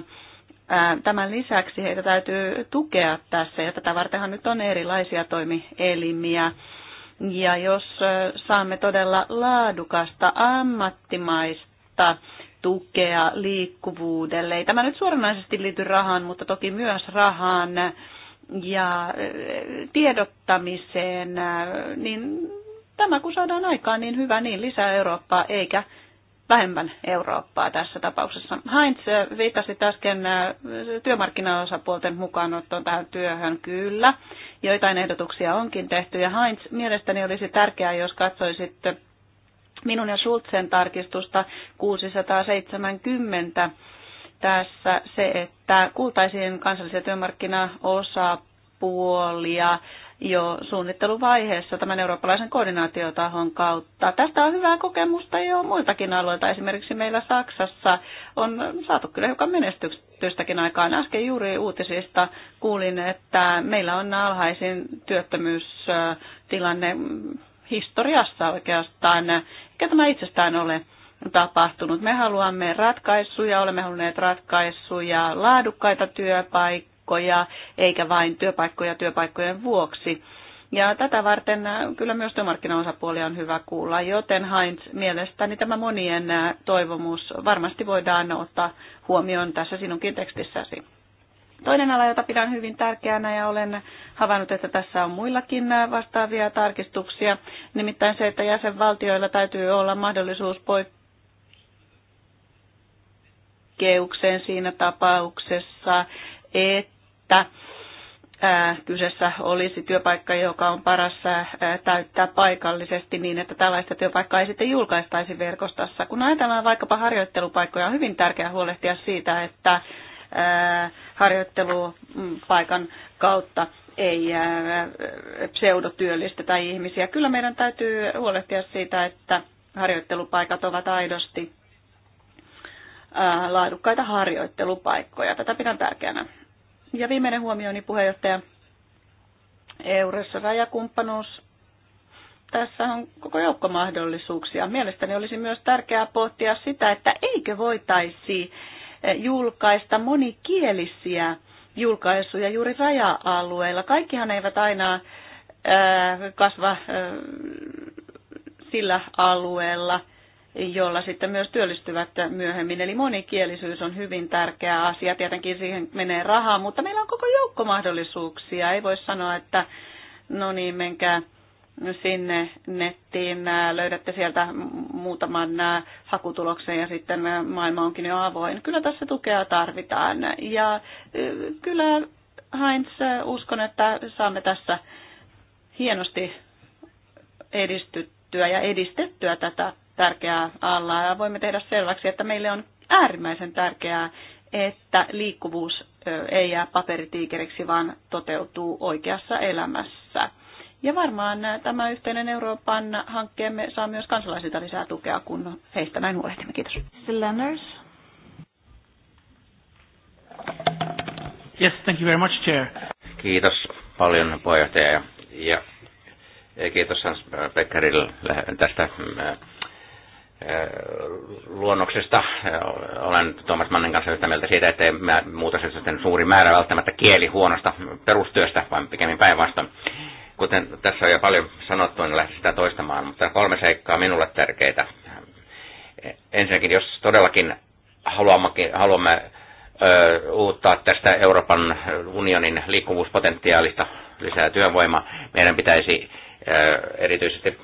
Tämän lisäksi heitä täytyy tukea tässä ja tätä vartenhan nyt on erilaisia toimielimiä. Ja jos saamme todella laadukasta ammattimaista tukea liikkuvuudelle, ei tämä nyt suoranaisesti liity rahaan, mutta toki myös rahaan ja tiedottamiseen, niin tämä kun saadaan aikaan, niin hyvä niin, lisää Eurooppaa eikä vähemmän Eurooppaa tässä tapauksessa. Heinz viittasi äsken äh, työmarkkinaosapuolten mukaanottoon tähän työhön, kyllä. Joitain ehdotuksia onkin tehty ja Heinz mielestäni olisi tärkeää, jos katsoisit minun ja Schulzen tarkistusta 670 tässä se, että kuultaisiin kansallisia työmarkkinaosapuolia jo suunnitteluvaiheessa tämän eurooppalaisen koordinaatiotahon kautta. Tästä on hyvää kokemusta jo muiltakin alueilta. Esimerkiksi meillä Saksassa on saatu kyllä hiukan menestystäkin aikaan. Äsken juuri uutisista kuulin, että meillä on alhaisin työttömyystilanne historiassa oikeastaan, eikä tämä itsestään ole tapahtunut. Me haluamme ratkaisuja, olemme halunneet ratkaisuja, laadukkaita työpaikkoja, työpaikkoja, eikä vain työpaikkoja työpaikkojen vuoksi. Ja tätä varten äh, kyllä myös työmarkkinaosapuolia on hyvä kuulla, joten Heinz mielestäni tämä monien äh, toivomus varmasti voidaan ottaa huomioon tässä sinunkin tekstissäsi. Toinen ala, jota pidän hyvin tärkeänä ja olen havainnut, että tässä on muillakin äh, vastaavia tarkistuksia, nimittäin se, että jäsenvaltioilla täytyy olla mahdollisuus poikkeukseen siinä tapauksessa, että että kyseessä olisi työpaikka, joka on paras täyttää paikallisesti niin, että tällaista työpaikkaa ei sitten julkaistaisi verkostossa. Kun ajatellaan vaikkapa harjoittelupaikkoja, on hyvin tärkeää huolehtia siitä, että harjoittelupaikan kautta ei pseudotyöllistetä ihmisiä. Kyllä meidän täytyy huolehtia siitä, että harjoittelupaikat ovat aidosti laadukkaita harjoittelupaikkoja. Tätä pidän tärkeänä. Ja viimeinen huomioni puheenjohtaja Eurossa rajakumppanuus. Tässä on koko joukko mahdollisuuksia. Mielestäni olisi myös tärkeää pohtia sitä, että eikö voitaisi eh, julkaista monikielisiä julkaisuja juuri raja-alueilla. Kaikkihan eivät aina eh, kasva eh, sillä alueella jolla sitten myös työllistyvät myöhemmin. Eli monikielisyys on hyvin tärkeä asia. Tietenkin siihen menee rahaa, mutta meillä on koko joukko mahdollisuuksia. Ei voi sanoa, että no niin, menkää sinne nettiin, löydätte sieltä muutaman hakutuloksen ja sitten maailma onkin jo avoin. Kyllä tässä tukea tarvitaan ja kyllä Heinz, uskon, että saamme tässä hienosti edistyttyä ja edistettyä tätä tärkeää alla. Ja voimme tehdä selväksi, että meille on äärimmäisen tärkeää, että liikkuvuus ei jää paperitiikeriksi, vaan toteutuu oikeassa elämässä. Ja varmaan tämä yhteinen Euroopan hankkeemme saa myös kansalaisilta lisää tukea, kun heistä näin huolehtimme. Kiitos. Lenners. Yes, thank you very much, Chair. Kiitos paljon puheenjohtaja ja, ja kiitos Hans Beckerille tästä luonnoksesta. Olen Thomas Mannen kanssa yhtä mieltä siitä, että muutosesitysten suuri määrä välttämättä kieli huonosta perustyöstä, vaan pikemmin päinvastoin. Kuten tässä on jo paljon sanottu, en lähde sitä toistamaan, mutta kolme seikkaa minulle tärkeitä. Ensinnäkin, jos todellakin haluamme, haluamme ö, uuttaa tästä Euroopan unionin liikkuvuuspotentiaalista lisää työvoimaa, meidän pitäisi erityisesti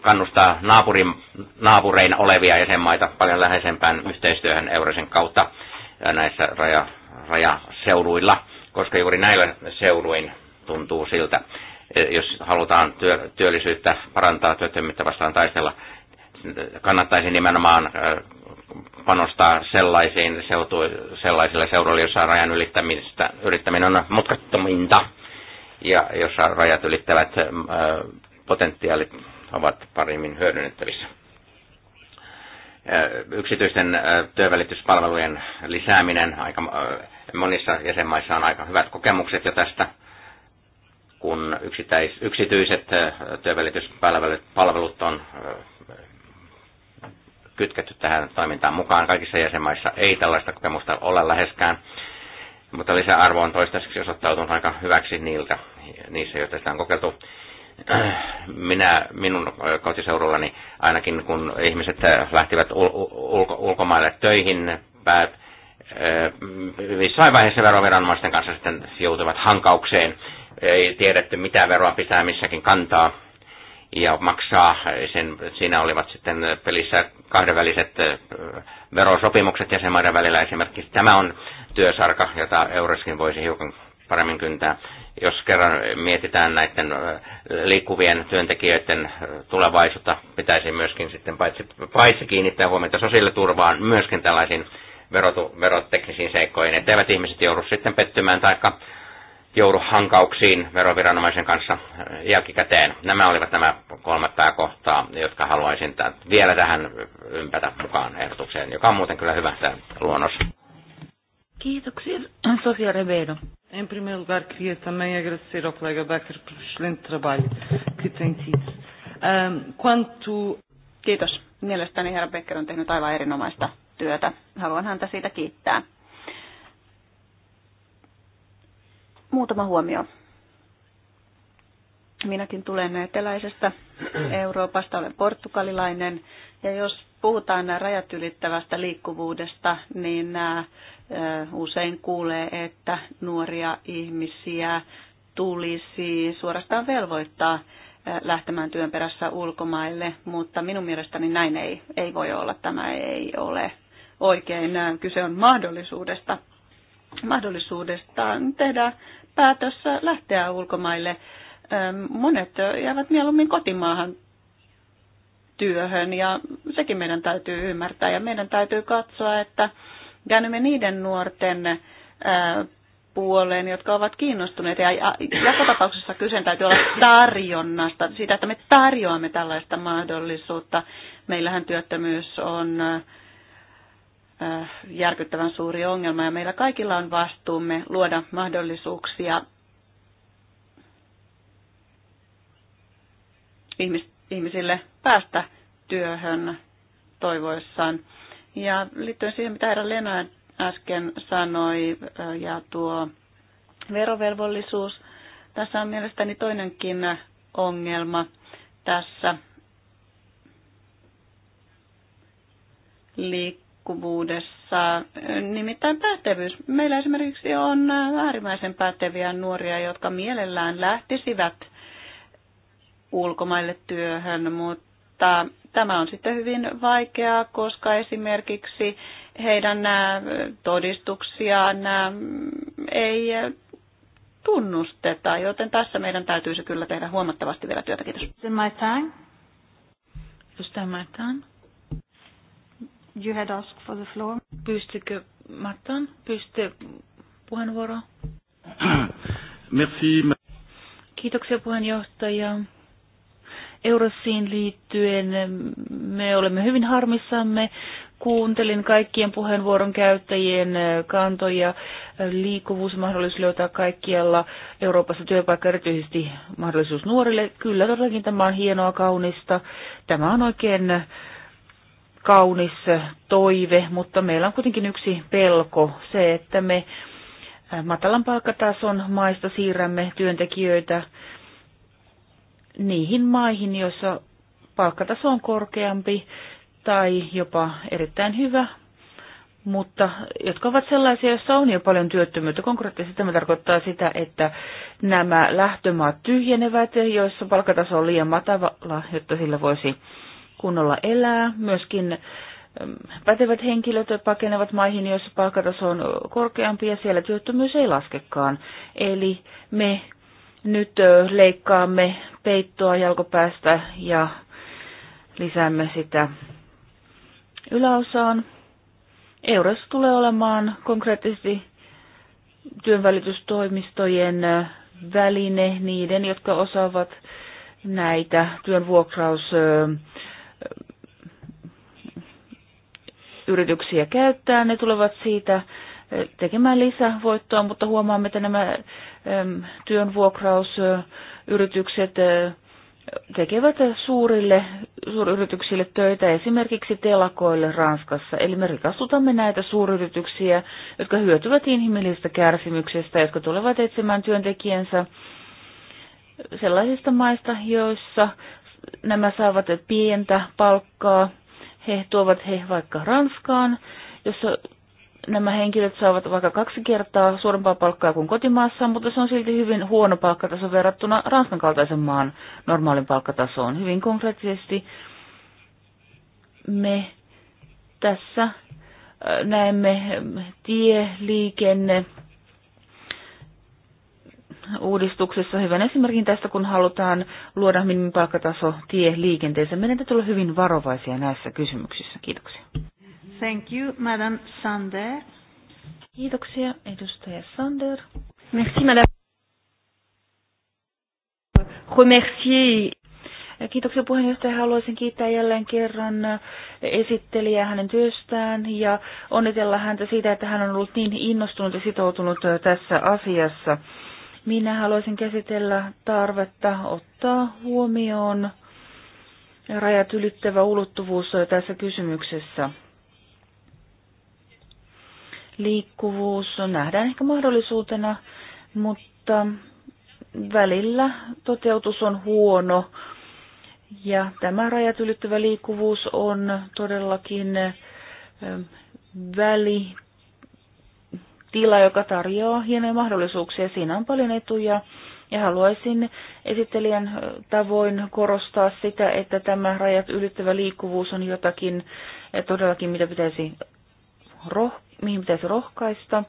kannustaa naapurin, naapurein olevia jäsenmaita paljon läheisempään yhteistyöhön eurosen kautta näissä raja, rajaseuduilla, koska juuri näillä seuduin tuntuu siltä, jos halutaan työ, työllisyyttä parantaa, työttömyyttä vastaan taistella, kannattaisi nimenomaan panostaa sellaisiin seutu, sellaisille seuduille, joissa rajan ylittämistä, ylittäminen on mutkattominta ja jossa rajat ylittävät potentiaalit ovat paremmin hyödynnettävissä. Yksityisten työvälityspalvelujen lisääminen aika monissa jäsenmaissa on aika hyvät kokemukset jo tästä, kun yksityiset työvälityspalvelut on kytketty tähän toimintaan mukaan. Kaikissa jäsenmaissa ei tällaista kokemusta ole läheskään mutta lisäarvo on toistaiseksi osoittautunut aika hyväksi niiltä, niissä, joita sitä on kokeiltu. *clears throat* Minä, minun kotiseudullani, ainakin kun ihmiset lähtivät ulko, ulkomaille töihin, päät, eh, jossain vaiheessa veroviranomaisten kanssa sitten joutuvat hankaukseen. Ei tiedetty, mitä veroa pitää missäkin kantaa ja maksaa. Sen, siinä olivat sitten pelissä kahdenväliset eh, verosopimukset jäsenmaiden välillä esimerkiksi. Tämä on työsarka, jota Euroskin voisi hiukan paremmin kyntää. Jos kerran mietitään näiden liikkuvien työntekijöiden tulevaisuutta, pitäisi myöskin sitten paitsi, paitsi kiinnittää huomiota sosiaaliturvaan, myöskin tällaisiin verot, verotteknisiin seikkoihin, etteivät ihmiset joudu sitten pettymään taikka joudu hankauksiin veroviranomaisen kanssa äh, jälkikäteen. Nämä olivat nämä kolme pääkohtaa, jotka haluaisin t- vielä tähän ympätä mukaan ehdotukseen, joka on muuten kyllä hyvä tämä luonnos. Kiitoksia. *clears throat* Sofia Rebeiro. En primer lugar, queria também agradecer ao colega Becker por excelente trabalho que tem tido. Um, quanto... Kiitos. Mielestäni herra Becker on tehnyt aivan erinomaista työtä. Haluan häntä siitä kiittää. Muutama huomio. Minäkin tulen eteläisestä Euroopasta, olen portugalilainen, ja jos puhutaan rajat ylittävästä liikkuvuudesta, niin usein kuulee, että nuoria ihmisiä tulisi suorastaan velvoittaa lähtemään työn perässä ulkomaille, mutta minun mielestäni näin ei, ei voi olla. Tämä ei ole oikein. Kyse on mahdollisuudesta, mahdollisuudesta tehdä päätös lähteä ulkomaille. Ähm, monet jäävät mieluummin kotimaahan työhön ja sekin meidän täytyy ymmärtää ja meidän täytyy katsoa, että käännymme niiden nuorten äh, puoleen, jotka ovat kiinnostuneita. Ja joka tapauksessa kyse täytyy olla tarjonnasta, siitä, että me tarjoamme tällaista mahdollisuutta. Meillähän työttömyys on Äh, järkyttävän suuri ongelma ja meillä kaikilla on vastuumme luoda mahdollisuuksia ihmisille päästä työhön toivoissaan. Ja liittyen siihen, mitä herra Lena äsken sanoi, äh, ja tuo verovelvollisuus, tässä on mielestäni toinenkin ongelma tässä liikkeessä jatkuvuudessa, nimittäin pätevyys. Meillä esimerkiksi on äärimmäisen päteviä nuoria, jotka mielellään lähtisivät ulkomaille työhön, mutta tämä on sitten hyvin vaikeaa, koska esimerkiksi heidän todistuksiaan ei tunnusteta, joten tässä meidän täytyisi kyllä tehdä huomattavasti vielä työtä. Kiitos. Edustaja Maitaan. You had asked for the floor. Pystykö Mattan, pysty puheenvuoro? *clears throat* Merci. Kiitoksia puheenjohtaja. Eurosiin liittyen me olemme hyvin harmissamme. Kuuntelin kaikkien puheenvuoron käyttäjien eh, kantoja. Eh, Liikkuvuus mahdollisuus löytää kaikkialla Euroopassa työpaikka, erityisesti mahdollisuus nuorille. Kyllä todellakin tämä on hienoa, kaunista. Tämä on oikein eh, kaunis toive, mutta meillä on kuitenkin yksi pelko, se, että me äh, matalan palkkatason maista siirrämme työntekijöitä niihin maihin, joissa palkkataso on korkeampi tai jopa erittäin hyvä, mutta jotka ovat sellaisia, joissa on jo paljon työttömyyttä. Konkreettisesti tämä tarkoittaa sitä, että nämä lähtömaat tyhjenevät, joissa palkkataso on liian matala, jotta sillä voisi kunnolla elää. Myöskin ähm, pätevät henkilöt pakenevat maihin, joissa palkkataso on korkeampi ja siellä työttömyys ei laskekaan. Eli me nyt äh, leikkaamme peittoa jalkopäästä ja lisäämme sitä yläosaan. Eurossa tulee olemaan konkreettisesti työnvälitystoimistojen äh, väline niiden, jotka osaavat näitä työn vuokraus- äh, yrityksiä käyttää. Ne tulevat siitä eh, tekemään lisävoittoa, mutta huomaamme, että nämä työnvuokrausyritykset eh, eh, tekevät suurille suuryrityksille töitä, esimerkiksi telakoille Ranskassa. Eli me rikastutamme näitä suuryrityksiä, jotka hyötyvät inhimillisestä kärsimyksestä, jotka tulevat etsimään työntekijänsä sellaisista maista, joissa nämä saavat pientä palkkaa, he tuovat he vaikka Ranskaan, jossa nämä henkilöt saavat vaikka kaksi kertaa suurempaa palkkaa kuin kotimaassa, mutta se on silti hyvin huono palkkataso verrattuna Ranskan kaltaisen maan normaalin palkkatasoon. Hyvin konkreettisesti me tässä äh, näemme tie, liikenne, uudistuksessa hyvän esimerkin tästä, kun halutaan luoda minimipalkkataso tie liikenteeseen. Meidän täytyy olla hyvin varovaisia näissä kysymyksissä. Kiitoksia. Thank you, Madam Sander. Kiitoksia, edustaja Sander. Merci, Madame. Kiitoksia puheenjohtaja. Haluaisin kiittää jälleen kerran esittelijää hänen työstään ja onnitella häntä siitä, että hän on ollut niin innostunut ja sitoutunut tässä asiassa. Minä haluaisin käsitellä tarvetta ottaa huomioon rajat ylittävä ulottuvuus tässä kysymyksessä. Liikkuvuus nähdään ehkä mahdollisuutena, mutta välillä toteutus on huono. Ja tämä rajat ylittävä liikkuvuus on todellakin väli tila, joka tarjoaa hienoja mahdollisuuksia. Siinä on paljon etuja ja haluaisin esittelijän tavoin korostaa sitä, että tämä rajat ylittävä liikkuvuus on jotakin eh, todellakin, mitä pitäisi roh, mihin pitäisi rohkaista.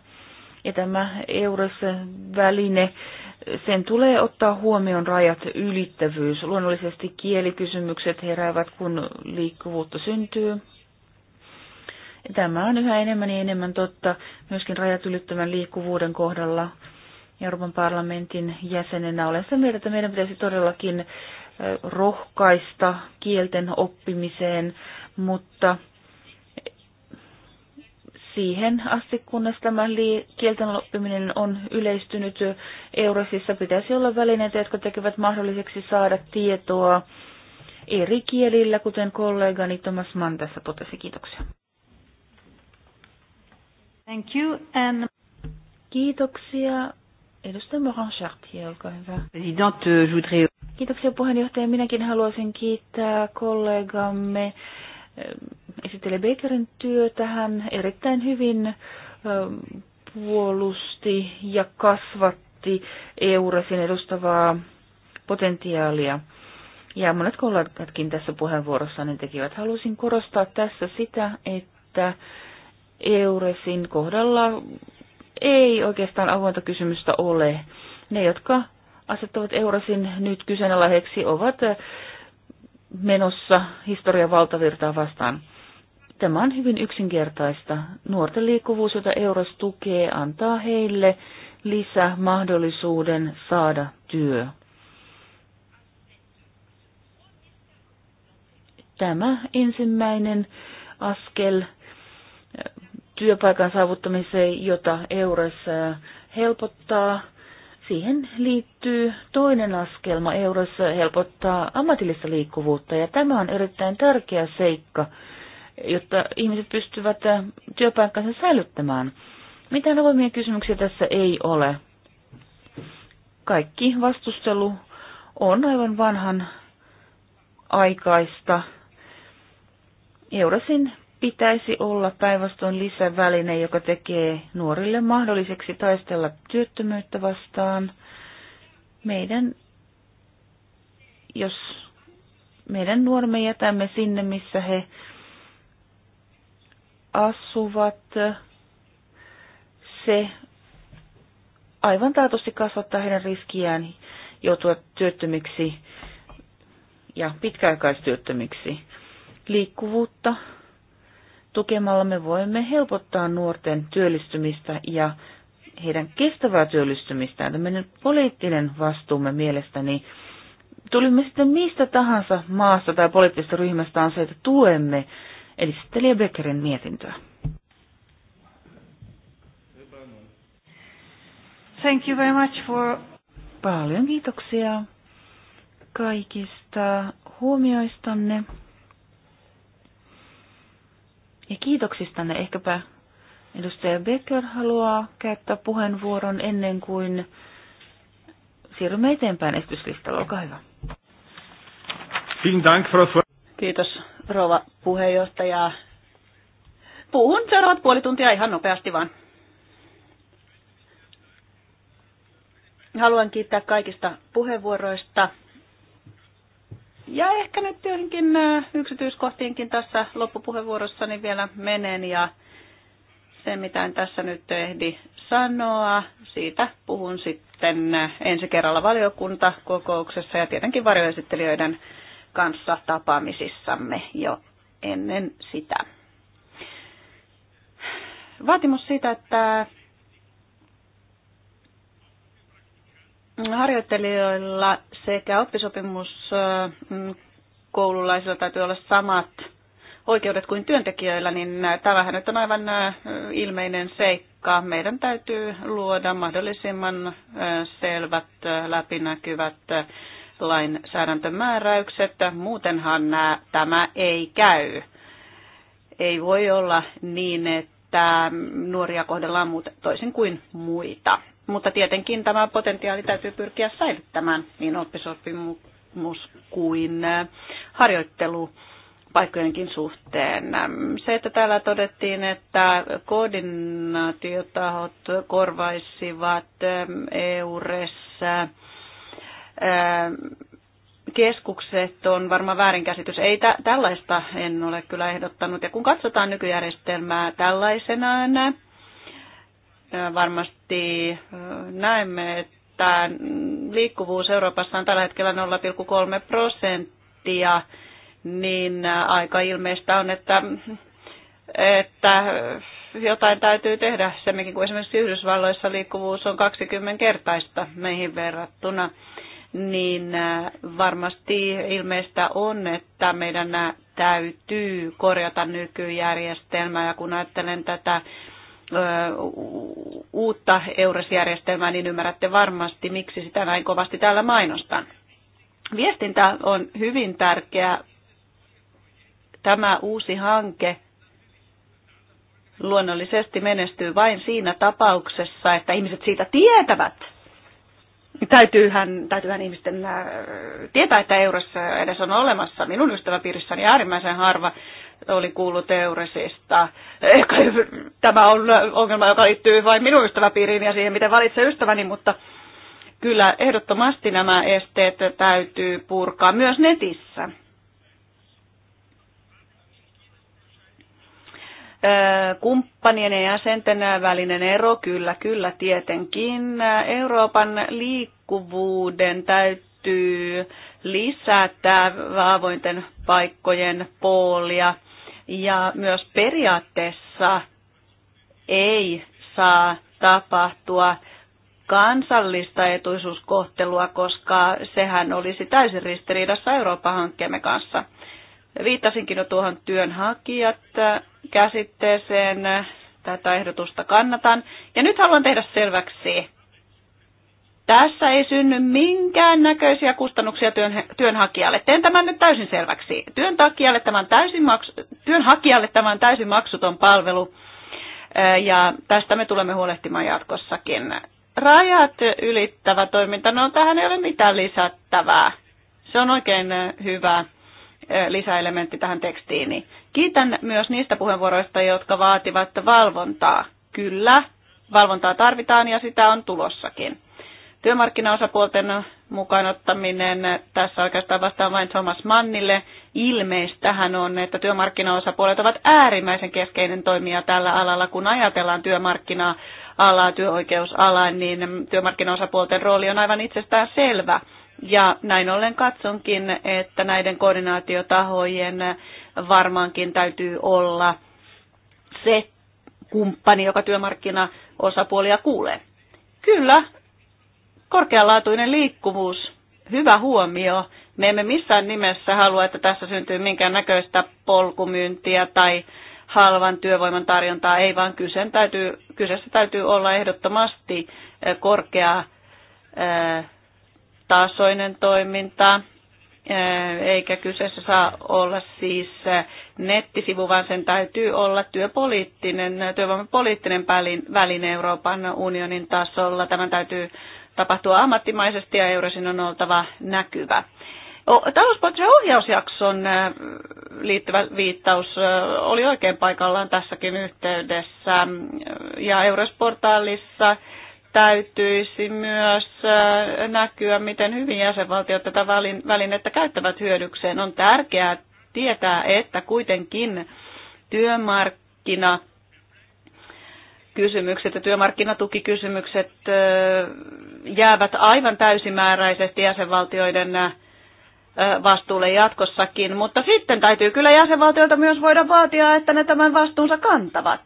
Ja tämä EURES-väline, sen tulee ottaa huomioon rajat ylittävyys. Luonnollisesti kielikysymykset heräävät, kun liikkuvuutta syntyy. Tämä on yhä enemmän ja enemmän totta myöskin rajat ylittävän liikkuvuuden kohdalla. Euroopan parlamentin jäsenenä olen sitä mieltä, että meidän pitäisi todellakin rohkaista kielten oppimiseen, mutta siihen asti, kunnes tämä kielten oppiminen on yleistynyt Eurosissa, pitäisi olla välineitä, jotka tekevät mahdolliseksi saada tietoa eri kielillä, kuten kollegani Thomas Mann tässä totesi. Kiitoksia. Thank you. And... Kiitoksia. Edustaja Moran Chartier, olkaa hyvä. Presidente, je voudrais... Kiitoksia puheenjohtaja. Minäkin haluaisin kiittää kollegamme eh, esitteli Bakerin työ tähän erittäin hyvin eh, puolusti ja kasvatti Eurasin edustavaa potentiaalia. Ja monet kollegatkin tässä puheenvuorossa ne tekivät. Haluaisin korostaa tässä sitä, että Euresin kohdalla ei oikeastaan avointa kysymystä ole. Ne, jotka asettavat Euresin nyt kyseenalaiseksi, ovat menossa historian valtavirtaa vastaan. Tämä on hyvin yksinkertaista. Nuorten liikkuvuus, jota Euros tukee, antaa heille lisämahdollisuuden saada työ. Tämä ensimmäinen askel työpaikan saavuttamiseen, jota EURES helpottaa. Siihen liittyy toinen askelma. EURES helpottaa ammatillista liikkuvuutta ja tämä on erittäin tärkeä seikka, jotta ihmiset pystyvät työpaikkansa säilyttämään. Mitään avoimia kysymyksiä tässä ei ole. Kaikki vastustelu on aivan vanhan aikaista. Eurasin pitäisi olla päinvastoin lisäväline, joka tekee nuorille mahdolliseksi taistella työttömyyttä vastaan. Meidän, jos meidän nuorme jätämme sinne, missä he asuvat, se aivan taatusti kasvattaa heidän riskiään joutua työttömiksi ja pitkäaikaistyöttömiksi. Liikkuvuutta tukemalla me voimme helpottaa nuorten työllistymistä ja heidän kestävää työllistymistään. Tämmöinen poliittinen vastuumme mielestäni, tulimme sitten mistä tahansa maasta tai poliittisesta ryhmästä, on se, että tuemme edistettelijä Beckerin mietintöä. Thank you very much for... Paljon kiitoksia kaikista huomioistanne ja kiitoksistanne. Ehkäpä edustaja Becker haluaa käyttää puheenvuoron ennen kuin siirrymme eteenpäin esityslistalla. Olkaa hyvä. Kiitos rouva puheenjohtaja. Puhun seuraavat puoli tuntia ihan nopeasti vaan. Haluan kiittää kaikista puheenvuoroista ja ehkä nyt joihinkin yksityiskohtiinkin tässä loppupuheenvuorossani vielä menen ja se mitä en tässä nyt ehdi sanoa, siitä puhun sitten ensi kerralla valiokuntakokouksessa ja tietenkin varjoesittelijöiden kanssa tapaamisissamme jo ennen sitä. Vaatimus siitä, että harjoittelijoilla sekä oppisopimuskoululaisilla mm, täytyy olla samat oikeudet kuin työntekijöillä, niin tämähän nyt on aivan ilmeinen seikka. Meidän täytyy luoda mahdollisimman selvät, läpinäkyvät lainsäädäntömääräykset. Muutenhan nämä, tämä ei käy. Ei voi olla niin, että nuoria kohdellaan muuten toisin kuin muita mutta tietenkin tämä potentiaali täytyy pyrkiä säilyttämään niin oppisopimus kuin harjoittelu paikkojenkin suhteen. Se, että täällä todettiin, että koordinaatiotahot korvaisivat EURessa keskukset on varmaan väärinkäsitys. Ei tä- tällaista en ole kyllä ehdottanut. Ja kun katsotaan nykyjärjestelmää tällaisenaan, varmasti näemme, että liikkuvuus Euroopassa on tällä hetkellä 0,3 prosenttia, niin aika ilmeistä on, että, että jotain täytyy tehdä. Semmekin kun esimerkiksi Yhdysvalloissa liikkuvuus on 20-kertaista meihin verrattuna, niin varmasti ilmeistä on, että meidän täytyy korjata nykyjärjestelmää. Ja kun ajattelen tätä uutta EURES-järjestelmää, niin ymmärrätte varmasti, miksi sitä näin kovasti täällä mainostan. Viestintä on hyvin tärkeä. Tämä uusi hanke luonnollisesti menestyy vain siinä tapauksessa, että ihmiset siitä tietävät. Täytyyhän, täytyyhän ihmisten tietää, että eurossa edes on olemassa. Minun ystäväpiirissäni äärimmäisen harva oli kuullut Euresista. Ehkä tämä on ongelma, joka liittyy vain minun ystäväpiiriin ja siihen, miten valitse ystäväni, mutta kyllä ehdottomasti nämä esteet täytyy purkaa myös netissä. kumppanien ja jäsenten välinen ero, kyllä, kyllä tietenkin. Euroopan liikkuvuuden täytyy lisätä avointen paikkojen poolia. Ja myös periaatteessa ei saa tapahtua kansallista etuisuuskohtelua, koska sehän olisi täysin ristiriidassa Euroopan hankkeemme kanssa. Viittasinkin jo tuohon työnhakijat käsitteeseen, tätä ehdotusta kannatan. Ja nyt haluan tehdä selväksi, tässä ei synny minkään näköisiä kustannuksia työn, työnhakijalle. Teen tämän nyt täysin selväksi. Työnhakijalle tämän täysin, maksu, työnhakijalle tämän täysin maksuton palvelu. Ja tästä me tulemme huolehtimaan jatkossakin. Rajat ylittävä toiminta, no tähän ei ole mitään lisättävää. Se on oikein hyvä lisäelementti tähän tekstiin. Kiitän myös niistä puheenvuoroista, jotka vaativat valvontaa. Kyllä, valvontaa tarvitaan ja sitä on tulossakin työmarkkinaosapuolten mukaan ottaminen. Tässä oikeastaan vastaan vain Thomas Mannille. Ilmeistähän on, että työmarkkinaosapuolet ovat äärimmäisen keskeinen toimija tällä alalla. Kun ajatellaan työmarkkina-alaa, työoikeusalaa, niin työmarkkinaosapuolten rooli on aivan itsestään selvä. Ja näin ollen katsonkin, että näiden koordinaatiotahojen varmaankin täytyy olla se kumppani, joka työmarkkinaosapuolia kuulee. Kyllä, Korkealaatuinen liikkuvuus, hyvä huomio. Me emme missään nimessä halua, että tässä syntyy minkään näköistä polkumyyntiä tai halvan työvoiman tarjontaa, ei vaan kyse täytyy, kyseessä täytyy olla ehdottomasti eh, korkea eh, tasoinen toiminta, eh, eikä kyseessä saa olla siis nettisivu, vaan sen täytyy olla työpoliittinen, työvoimapoliittinen väline Euroopan unionin tasolla. Tämän täytyy tapahtua ammattimaisesti ja Eurosin on oltava näkyvä. Talouspoliittisen ohjausjakson liittyvä viittaus oli oikein paikallaan tässäkin yhteydessä. Ja Eurosportaalissa täytyisi myös näkyä, miten hyvin jäsenvaltiot tätä välinettä käyttävät hyödykseen. On tärkeää tietää, että kuitenkin työmarkkinat kysymykset ja työmarkkinatukikysymykset jäävät aivan täysimääräisesti jäsenvaltioiden vastuulle jatkossakin, mutta sitten täytyy kyllä jäsenvaltioilta myös voida vaatia, että ne tämän vastuunsa kantavat.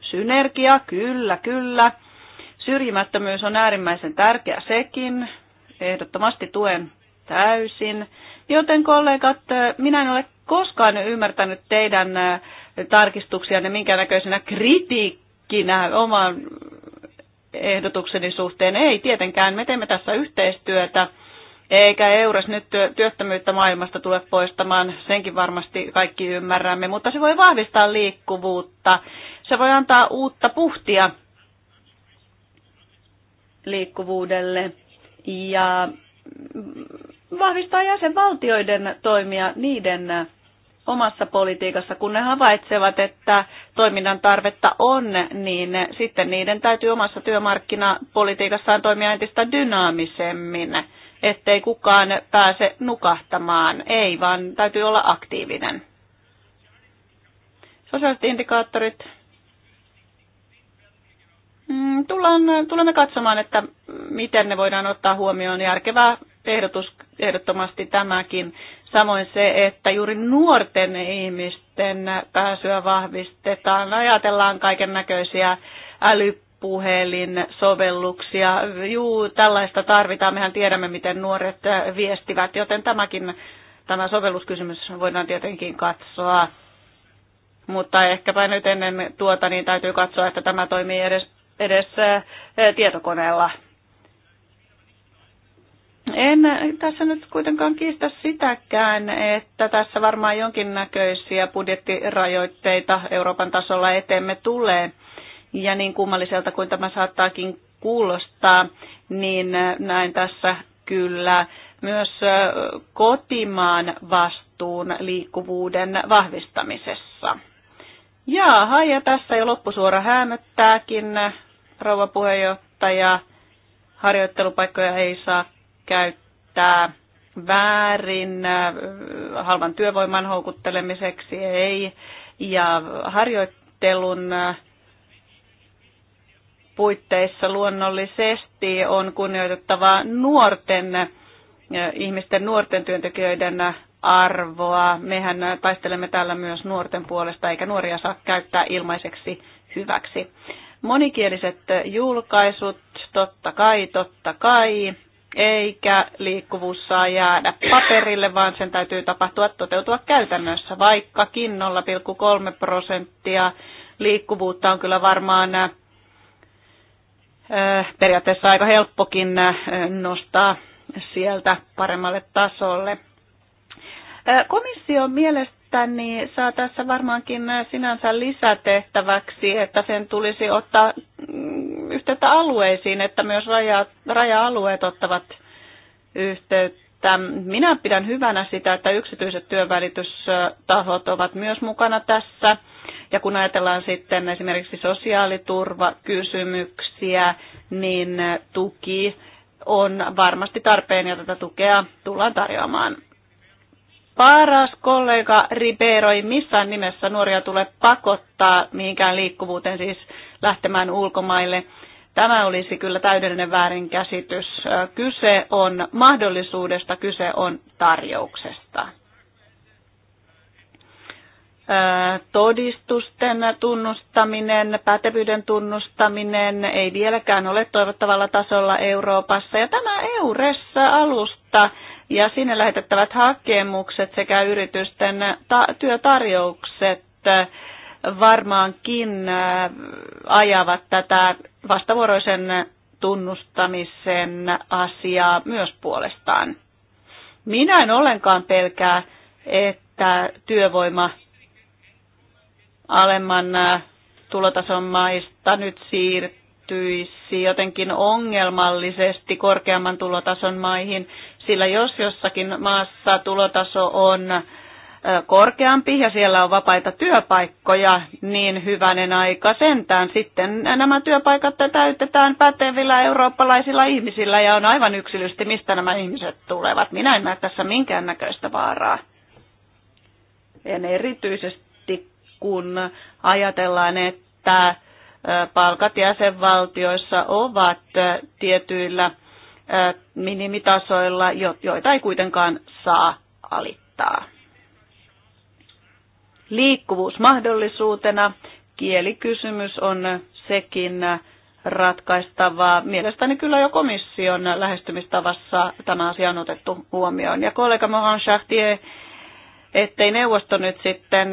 Synergia, kyllä, kyllä. Syrjimättömyys on äärimmäisen tärkeä sekin. Ehdottomasti tuen täysin. Joten kollegat, minä en ole koskaan ymmärtänyt teidän tarkistuksianne minkäännäköisenä kritiikkiä ikinä oman ehdotukseni suhteen. Ei tietenkään, me teemme tässä yhteistyötä, eikä EURES nyt työttömyyttä maailmasta tule poistamaan, senkin varmasti kaikki ymmärrämme, mutta se voi vahvistaa liikkuvuutta, se voi antaa uutta puhtia liikkuvuudelle ja vahvistaa jäsenvaltioiden toimia niiden omassa politiikassa, kun ne havaitsevat, että toiminnan tarvetta on, niin sitten niiden täytyy omassa työmarkkinapolitiikassaan toimia entistä dynaamisemmin, ettei kukaan pääse nukahtamaan, ei, vaan täytyy olla aktiivinen. Sosiaaliset indikaattorit. Mm, tullaan, tulemme katsomaan, että miten ne voidaan ottaa huomioon. Järkevää ehdotus, ehdottomasti tämäkin. Samoin se, että juuri nuorten ihmisten pääsyä vahvistetaan. Ajatellaan kaiken näköisiä älypuhelin sovelluksia. Juu, tällaista tarvitaan. Mehän tiedämme, miten nuoret viestivät, joten tämäkin tämä sovelluskysymys voidaan tietenkin katsoa. Mutta ehkäpä nyt ennen tuota niin täytyy katsoa, että tämä toimii edes, edes tietokoneella en tässä nyt kuitenkaan kiistä sitäkään, että tässä varmaan jonkinnäköisiä budjettirajoitteita Euroopan tasolla eteemme tulee. Ja niin kummalliselta kuin tämä saattaakin kuulostaa, niin näin tässä kyllä myös kotimaan vastuun liikkuvuuden vahvistamisessa. Jaaha, ja tässä jo loppusuora häämöttääkin, rouva puheenjohtaja. Harjoittelupaikkoja ei saa käyttää väärin äh, halvan työvoiman houkuttelemiseksi, ei. Ja harjoittelun äh, puitteissa luonnollisesti on kunnioitettava nuorten äh, ihmisten, nuorten työntekijöiden arvoa. Mehän taistelemme täällä myös nuorten puolesta, eikä nuoria saa käyttää ilmaiseksi hyväksi. Monikieliset julkaisut, totta kai, totta kai eikä liikkuvuus saa jäädä paperille, vaan sen täytyy tapahtua toteutua käytännössä, vaikkakin 0,3 prosenttia liikkuvuutta on kyllä varmaan äh, periaatteessa aika helppokin äh, nostaa sieltä paremmalle tasolle. Äh, komission mielestä esittää, niin saa tässä varmaankin sinänsä lisätehtäväksi, että sen tulisi ottaa mm, yhteyttä alueisiin, että myös raja, raja-alueet ottavat yhteyttä. Minä pidän hyvänä sitä, että yksityiset työvälitystahot ovat myös mukana tässä. Ja kun ajatellaan sitten esimerkiksi sosiaaliturvakysymyksiä, niin tuki on varmasti tarpeen ja tätä tukea tullaan tarjoamaan paras kollega Ribeiro ei missään nimessä nuoria tule pakottaa mihinkään liikkuvuuteen, siis lähtemään ulkomaille. Tämä olisi kyllä täydellinen väärinkäsitys. Kyse on mahdollisuudesta, kyse on tarjouksesta. Todistusten tunnustaminen, pätevyyden tunnustaminen ei vieläkään ole toivottavalla tasolla Euroopassa. Ja tämä EURES-alusta ja sinne lähetettävät hakemukset sekä yritysten työtarjoukset varmaankin äh, ajavat tätä vastavuoroisen tunnustamisen asiaa myös puolestaan. Minä en ollenkaan pelkää, että työvoima alemman äh, tulotason maista nyt siirtyisi jotenkin ongelmallisesti korkeamman tulotason maihin, sillä jos jossakin maassa tulotaso on korkeampi ja siellä on vapaita työpaikkoja, niin hyvänen aika sentään sitten nämä työpaikat täytetään pätevillä eurooppalaisilla ihmisillä ja on aivan yksilösti, mistä nämä ihmiset tulevat. Minä en näe tässä minkäännäköistä vaaraa. En erityisesti kun ajatellaan, että palkat jäsenvaltioissa ovat tietyillä – minimitasoilla, joita ei kuitenkaan saa alittaa. Liikkuvuusmahdollisuutena Kielikysymys on sekin ratkaistavaa. Mielestäni kyllä jo komission lähestymistavassa tämä asia on otettu huomioon. Ja kollega Mohan Chartier, ettei neuvosto nyt sitten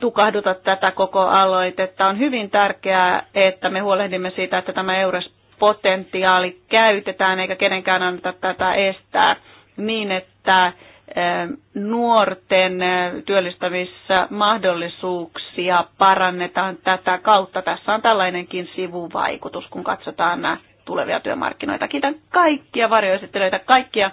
tukahduta tätä koko aloitetta. On hyvin tärkeää, että me huolehdimme siitä, että tämä EURES potentiaali käytetään eikä kenenkään anneta tätä estää niin, että eh, nuorten eh, työllistävissä mahdollisuuksia parannetaan tätä kautta. Tässä on tällainenkin sivuvaikutus, kun katsotaan nämä tulevia työmarkkinoita. Kiitän kaikkia varjoesittelyitä, kaikkia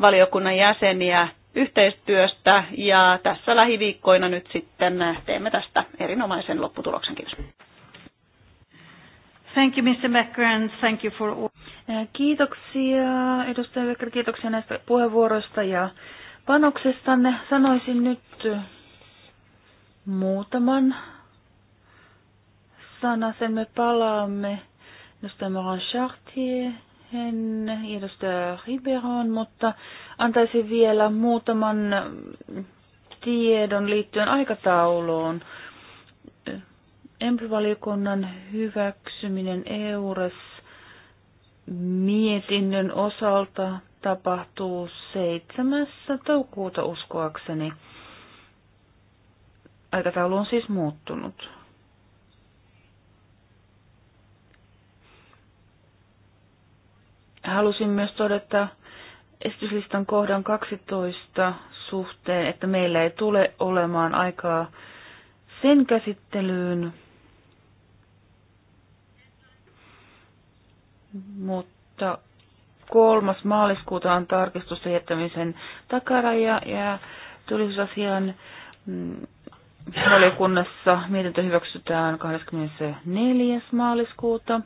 valiokunnan jäseniä yhteistyöstä ja tässä lähiviikkoina nyt sitten teemme tästä erinomaisen lopputuloksen. Kiitos. Thank you, Mr. Becker, and thank you for all. Kiitoksia, edustaja Becker, kiitoksia näistä puheenvuoroista ja panoksestanne. Sanoisin nyt muutaman sanasen. Me palaamme edustaja Moran Chartierhen, edustaja Riberon, mutta antaisin vielä muutaman tiedon liittyen aikatauluun. EMP-valiokunnan hyväksyminen EURES mietinnön osalta tapahtuu 7. toukokuuta uskoakseni. Aikataulu on siis muuttunut. Halusin myös todeta esityslistan kohdan 12 suhteen, että meillä ei tule olemaan aikaa sen käsittelyyn, mutta kolmas maaliskuuta on tarkistusten jättämisen takaraja ja mm, valiokunnassa mietintö hyväksytään 24. maaliskuuta.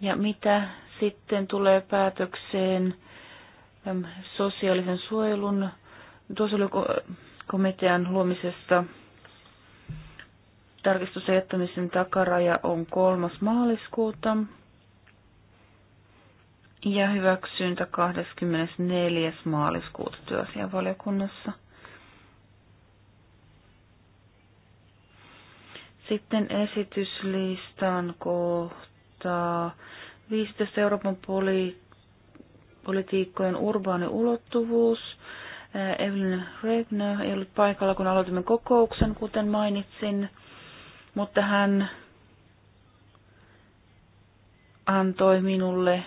Ja mitä sitten tulee päätökseen sosiaalisen suojelun komitean luomisesta tarkistusten jättämisen takaraja on 3. maaliskuuta ja hyväksyntä 24. maaliskuuta työasianvaliokunnassa. Sitten esityslistan kohtaa 15 Euroopan poli- politiikkojen urbaani ulottuvuus. Evelyn Regner ei ollut paikalla, kun aloitimme kokouksen, kuten mainitsin, mutta hän antoi minulle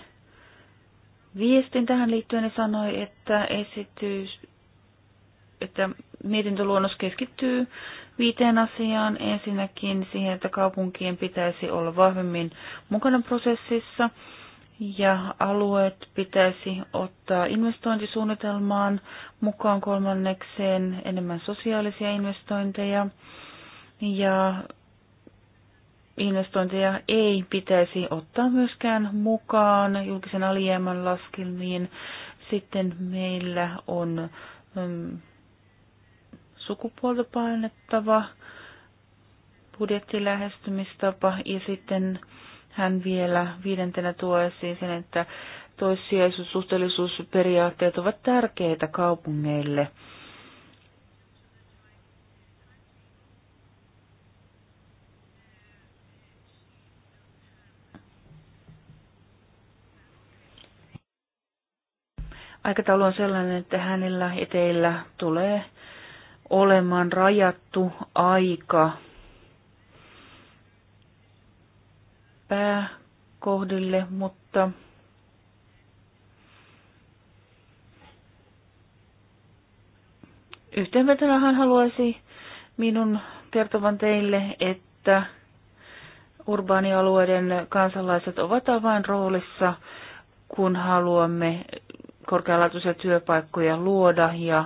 viestin tähän liittyen ja sanoi, että esitys, että mietintöluonnos keskittyy viiteen asiaan. Ensinnäkin siihen, että kaupunkien pitäisi olla vahvemmin mukana prosessissa ja alueet pitäisi ottaa investointisuunnitelmaan mukaan kolmannekseen enemmän sosiaalisia investointeja ja investointeja ei pitäisi ottaa myöskään mukaan julkisen alijäämän laskelmiin. Sitten meillä on mm, sukupuolta painettava budjettilähestymistapa ja sitten hän vielä viidentenä tuo esiin sen, että toissijaisuus- suhteellisuusperiaatteet ovat tärkeitä kaupungeille – Aikataulu on sellainen, että hänellä ja teillä tulee olemaan rajattu aika pääkohdille, mutta yhteenvetona hän haluaisi minun kertovan teille, että urbaanialueiden kansalaiset ovat avainroolissa, kun haluamme korkealaatuisia työpaikkoja luoda ja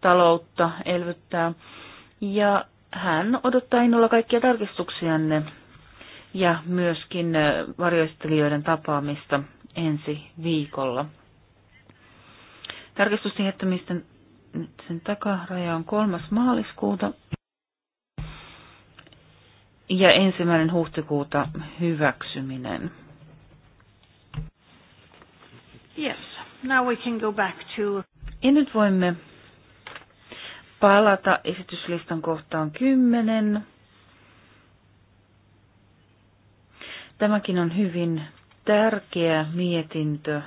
taloutta elvyttää. Ja hän odottaa innolla kaikkia tarkistuksianne ja myöskin varjoistelijoiden tapaamista ensi viikolla. Tarkistusten jättämisten sen takaraja on kolmas maaliskuuta ja ensimmäinen huhtikuuta hyväksyminen. Yes. Now we can go back to... Ja nyt voimme palata esityslistan kohtaan 10. Tämäkin on hyvin tärkeä mietintö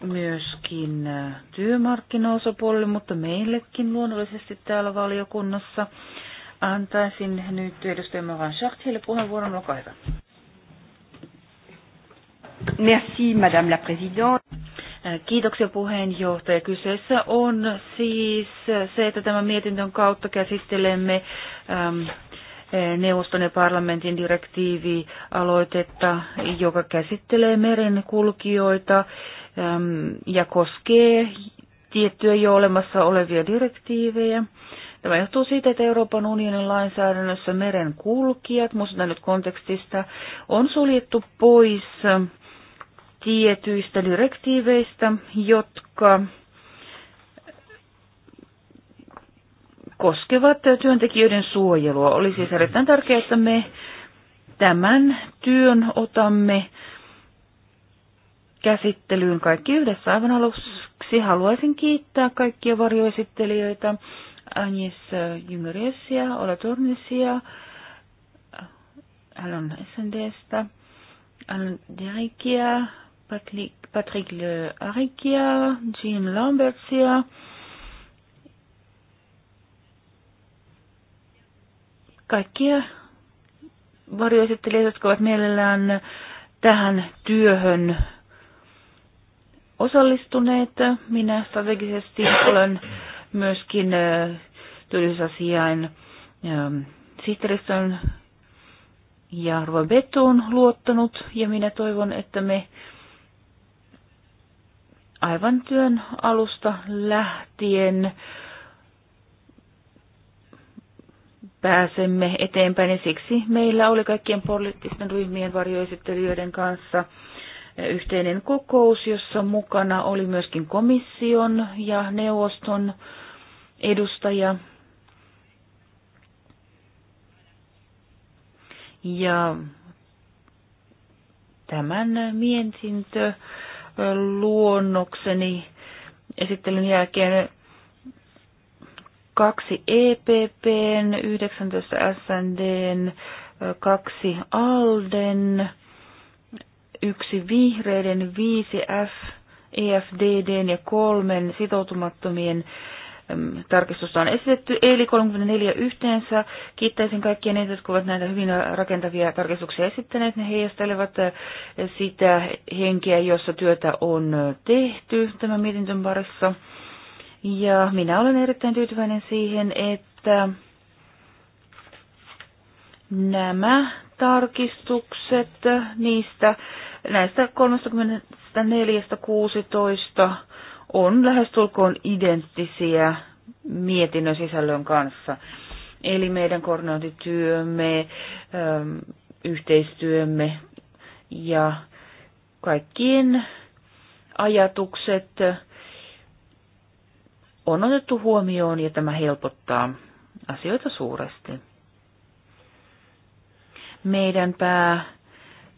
myöskin äh, työmarkkinaosapuolelle, mutta meillekin luonnollisesti täällä valiokunnassa. Antaisin nyt edustaja Mavan Schachtille puheenvuoron, olkaa hyvä. Merci, Madame la Présidente. Kiitoksia puheenjohtaja. Kyseessä on siis se, että tämän mietinnön kautta käsittelemme ähm, neuvoston ja parlamentin direktiivialoitetta, joka käsittelee merenkulkijoita ähm, ja koskee tiettyjä jo olemassa olevia direktiivejä. Tämä johtuu siitä, että Euroopan unionin lainsäädännössä merenkulkijat, muistutan nyt kontekstista, on suljettu pois tietyistä direktiiveistä, jotka koskevat työntekijöiden suojelua. Oli siis erittäin tärkeää, että me tämän työn otamme käsittelyyn kaikki yhdessä. Aivan aluksi haluaisin kiittää kaikkia varjoesittelijöitä, Agnes Jüngeresia, Ola Tornisia, Alan Essendestä, Alan Däikiä, Patrick Le Harikia, Jean Lambertia, kaikkia varjoesittelijät, jotka ovat mielellään tähän työhön osallistuneet. Minä strategisesti olen myöskin äh, työllisyysasiain ähm, sihteeristön ja Ruobetuun luottanut ja minä toivon, että me aivan työn alusta lähtien pääsemme eteenpäin ja siksi meillä oli kaikkien poliittisten ryhmien varjoesittelijöiden kanssa yhteinen kokous, jossa mukana oli myöskin komission ja neuvoston edustaja. Ja tämän mietintö luonnokseni esittelyn jälkeen kaksi EPPn, 19 SND, kaksi ALDEN, yksi vihreiden, viisi F, EFDD ja kolmen sitoutumattomien tarkistusta on esitetty, eli 34 yhteensä. Kiittäisin kaikkia niitä, jotka ovat näitä hyvin rakentavia tarkistuksia esittäneet. Ne heijastelevat äh, sitä henkeä, jossa työtä on tehty tämän mietintön parissa. Ja minä olen erittäin tyytyväinen siihen, että nämä tarkistukset äh, niistä näistä 34 16 on lähestulkoon identtisiä mietinnön sisällön kanssa. Eli meidän koordinointityömme, ähm, yhteistyömme ja kaikkien ajatukset on otettu huomioon ja tämä helpottaa asioita suuresti. Meidän pää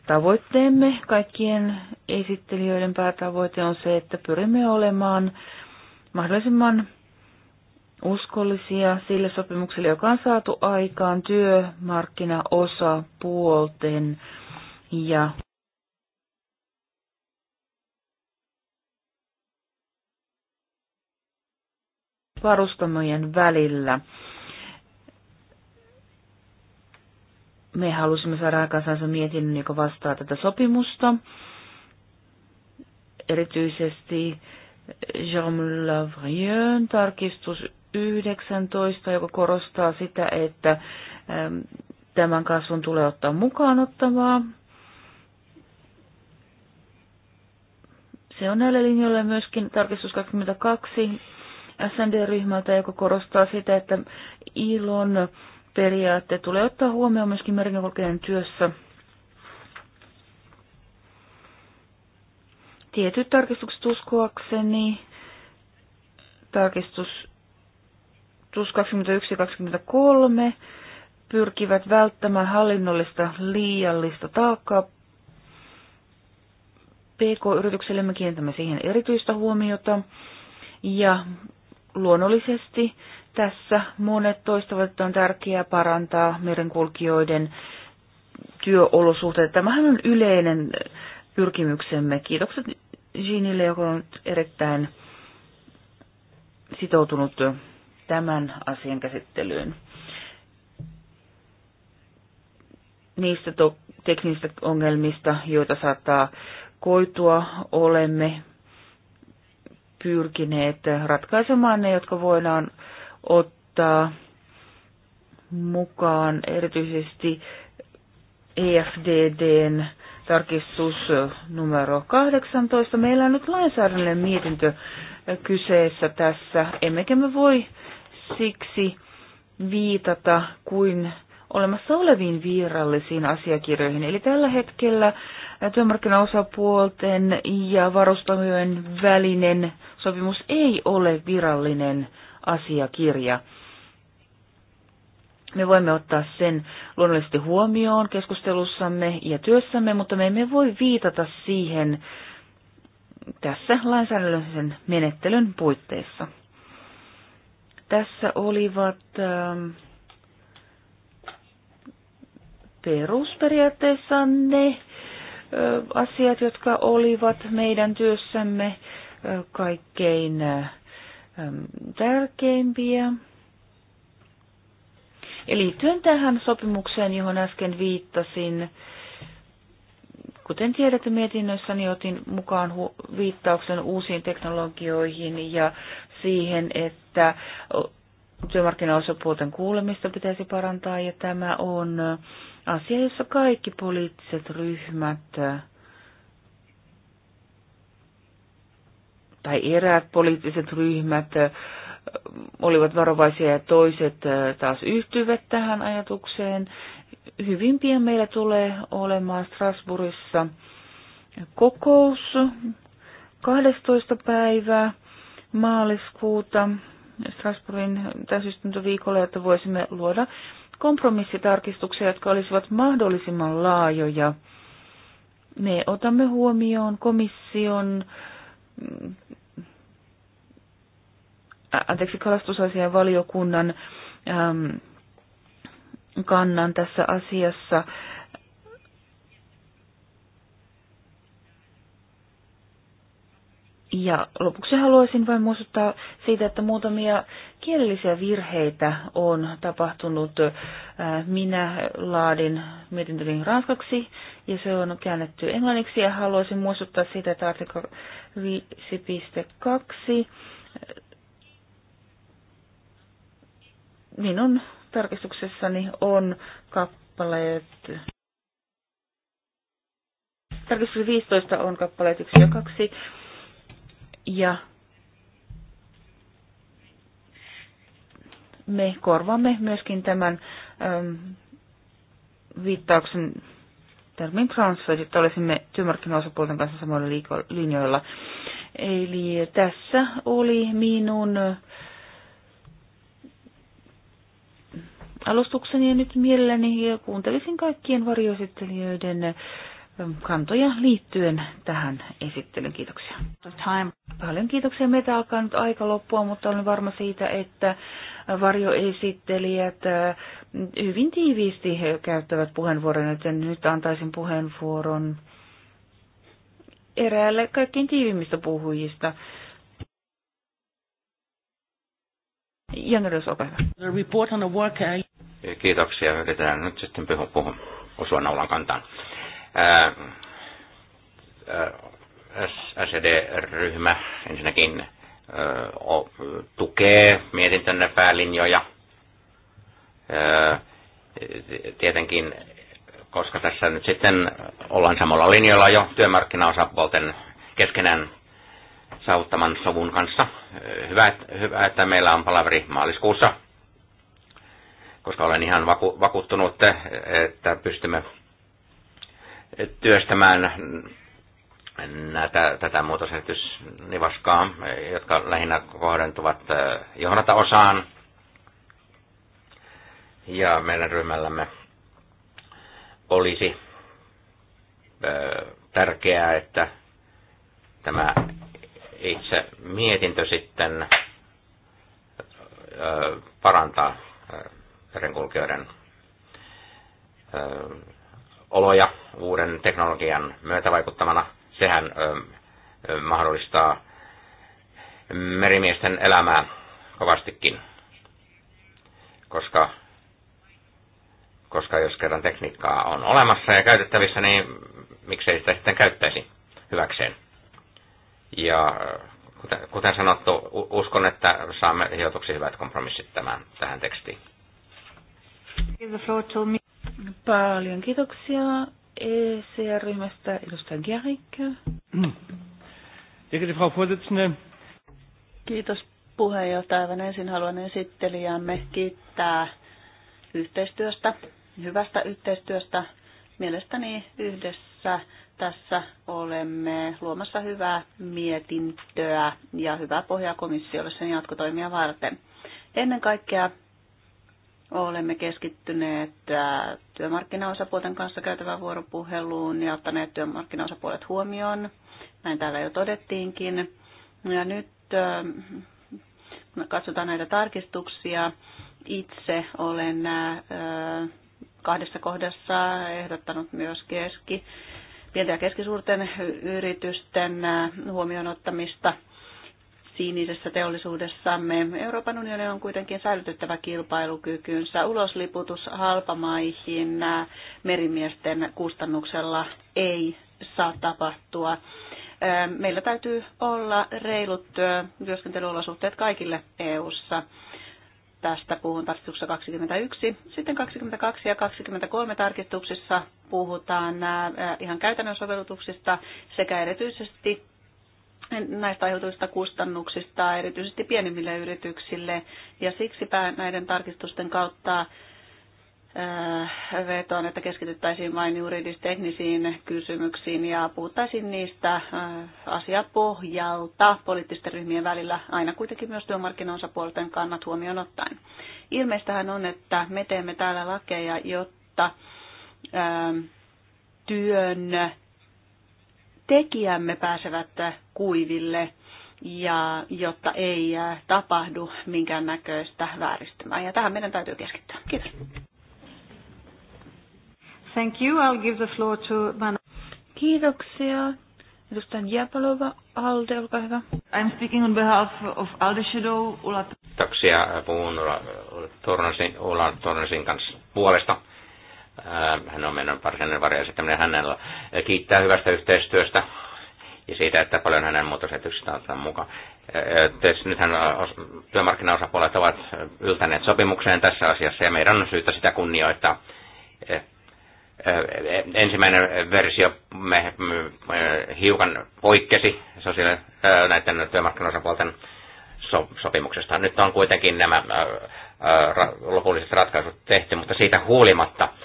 tavoitteemme, kaikkien esittelijöiden päätavoite on se, että pyrimme olemaan mahdollisimman uskollisia sille sopimukselle, joka on saatu aikaan työmarkkinaosapuolten ja varustamojen välillä. Me halusimme saada aikaansa mietinnön, joka vastaa tätä sopimusta. Erityisesti Jean Lavrien tarkistus 19, joka korostaa sitä, että ähm, tämän kasvun tulee ottaa mukaan ottavaa. Se on näillä linjoilla myöskin tarkistus 22 SND-ryhmältä, joka korostaa sitä, että ilon periaatteet tulee ottaa huomioon myöskin merinologian työssä. Tietyt tarkistukset uskoakseni, tarkistus 21 ja 23, pyrkivät välttämään hallinnollista liiallista taakkaa. PK-yritykselle me kiinnitämme siihen erityistä huomiota ja luonnollisesti tässä monet toistavat, että on tärkeää parantaa merenkulkijoiden työolosuhteita. Tämähän on yleinen pyrkimyksemme. Kiitokset Jeanille, joka on erittäin sitoutunut tämän asian käsittelyyn. Niistä to- teknisistä ongelmista, joita saattaa koitua, olemme pyrkineet ratkaisemaan ne, jotka voidaan ottaa mukaan erityisesti EFDDn tarkistus numero 18. Meillä on nyt lainsäädännön mietintö kyseessä tässä, emmekä me voi siksi viitata kuin olemassa oleviin virallisiin asiakirjoihin. Eli tällä hetkellä työmarkkinaosapuolten ja varustamojen välinen sopimus ei ole virallinen asiakirja. Me voimme ottaa sen luonnollisesti huomioon keskustelussamme ja työssämme, mutta me emme voi viitata siihen tässä lainsäädännöllisen menettelyn puitteissa. Tässä olivat ähm, perusperiaatteissa ne äh, asiat, jotka olivat meidän työssämme äh, kaikkein äh, tärkeimpiä. Ja liittyen tähän sopimukseen, johon äsken viittasin, kuten tiedätte mietinnössäni, niin otin mukaan viittauksen uusiin teknologioihin ja siihen, että työmarkkinaosapuolten kuulemista pitäisi parantaa ja tämä on asia, jossa kaikki poliittiset ryhmät tai eräät poliittiset ryhmät olivat varovaisia ja toiset taas yhtyivät tähän ajatukseen. Hyvin pian meillä tulee olemaan Strasbourgissa kokous 12. päivää maaliskuuta Strasbourgin täysistuntoviikolla, jotta voisimme luoda kompromissitarkistuksia, jotka olisivat mahdollisimman laajoja. Me otamme huomioon komission äh, anteeksi, kalastusasian valiokunnan kannan tässä asiassa. Ja lopuksi haluaisin vain muistuttaa siitä, että muutamia kielellisiä virheitä on tapahtunut. Äh, minä laadin mietintöni ranskaksi ja se on käännetty englanniksi ja haluaisin muistuttaa siitä, että artikla 5.2 minun tarkistuksessani on kappaleet tarkistus 15 on kappaleet 1 ja 2 ja me korvamme myöskin tämän äm, viittauksen termin transfer, että olisimme työmarkkinaosapuolten kanssa samoilla linjoilla. Eli tässä oli minun äh, alustukseni ja nyt mielelläni ja kuuntelisin kaikkien varjoesittelijöiden ähm, kantoja liittyen tähän esittelyn. Kiitoksia. Time. Paljon kiitoksia. Meitä alkaa nyt aika loppua, mutta olen varma siitä, että varjoesittelijät hyvin tiiviisti käyttävät puheenvuoron, joten nyt antaisin puheenvuoron eräälle kaikkein tiivimmistä puhujista. Janneros, olkaa hyvä. Uh, Kiitoksia. Yritetään nyt sitten puhua, puhua osua naulan kantaan. SED-ryhmä ensinnäkin tukee mietintönne päälinjoja. Tietenkin, koska tässä nyt sitten ollaan samalla linjalla jo työmarkkinaosapuolten keskenään saavuttaman sovun kanssa. Hyvä, hyvä, että meillä on palaveri maaliskuussa, koska olen ihan vaku, vakuuttunut, että pystymme työstämään näitä, tätä muutosesitysnivaskaa, jotka lähinnä kohdentuvat johdata osaan. Ja meidän ryhmällämme olisi tärkeää, että tämä itse mietintö sitten parantaa merenkulkijoiden oloja uuden teknologian myötävaikuttamana – Sehän mahdollistaa merimiesten elämää kovastikin, koska, koska jos kerran tekniikkaa on olemassa ja käytettävissä, niin miksei sitä sitten käyttäisi hyväkseen. Ja kuten, kuten sanottu, uskon, että saamme hiotuksi hyvät kompromissit tämän, tähän tekstiin. Paljon kiitoksia. ECR-ryhmästä edustaja Gerikö. Kiitos puheenjohtaja. Aivan ensin haluan esittelijämme kiittää yhteistyöstä, hyvästä yhteistyöstä. Mielestäni yhdessä tässä olemme luomassa hyvää mietintöä ja hyvää pohjaa komissiolle sen jatkotoimia varten. Ennen kaikkea Olemme keskittyneet äh, työmarkkinaosapuolten kanssa käytävään vuoropuheluun ja ottaneet työmarkkinaosapuolet huomioon. Näin täällä jo todettiinkin. Ja nyt äh, kun katsotaan näitä tarkistuksia, itse olen äh, kahdessa kohdassa ehdottanut myös keski, pienten ja keskisuurten yritysten huomioon ottamista – sinisessä teollisuudessamme. Euroopan unionin on kuitenkin säilytettävä kilpailukykynsä. Ulosliputus halpamaihin merimiesten kustannuksella ei saa tapahtua. Meillä täytyy olla reilut työskentelyolosuhteet kaikille EU-ssa. Tästä puhun tarkistuksessa 21. Sitten 22 ja 23 tarkistuksissa puhutaan ihan käytännön sovellutuksista sekä erityisesti niin näistä aiheutuvista kustannuksista erityisesti pienimmille yrityksille ja siksipä näiden tarkistusten kautta äh, vetoon, että keskityttäisiin vain juridisteknisiin kysymyksiin ja puhuttaisiin niistä äh, asiapohjalta poliittisten ryhmien välillä aina kuitenkin myös työmarkkinoosapuolten kannat huomioon ottaen. Ilmeistähän on, että me teemme täällä lakeja, jotta äh, työn tekijämme pääsevät kuiville ja jotta ei tapahdu minkäännäköistä vääristymää. Ja tähän meidän täytyy keskittyä. Kiitos. Thank you. I'll give the floor to Van. Kiitoksia. Edustan Jäpalova, Alde, olkaa hyvä. I'm speaking on behalf of Alde Shadow, Ulla. Kiitoksia. Puhun Ulla Tornasin, Ulla Tornasin kanssa puolesta hän on meidän varsinainen varjoesittäminen, hänellä kiittää hyvästä yhteistyöstä ja siitä, että paljon hänen on ottanut mukaan. Tässä nythän työmarkkinaosapuolet ovat yltäneet sopimukseen tässä asiassa ja meidän on syytä sitä kunnioittaa. Ensimmäinen versio me, hiukan poikkesi sosiaali- näiden työmarkkinaosapuolten sopimuksesta. Nyt on kuitenkin nämä lopulliset ratkaisut tehty, mutta siitä huolimatta –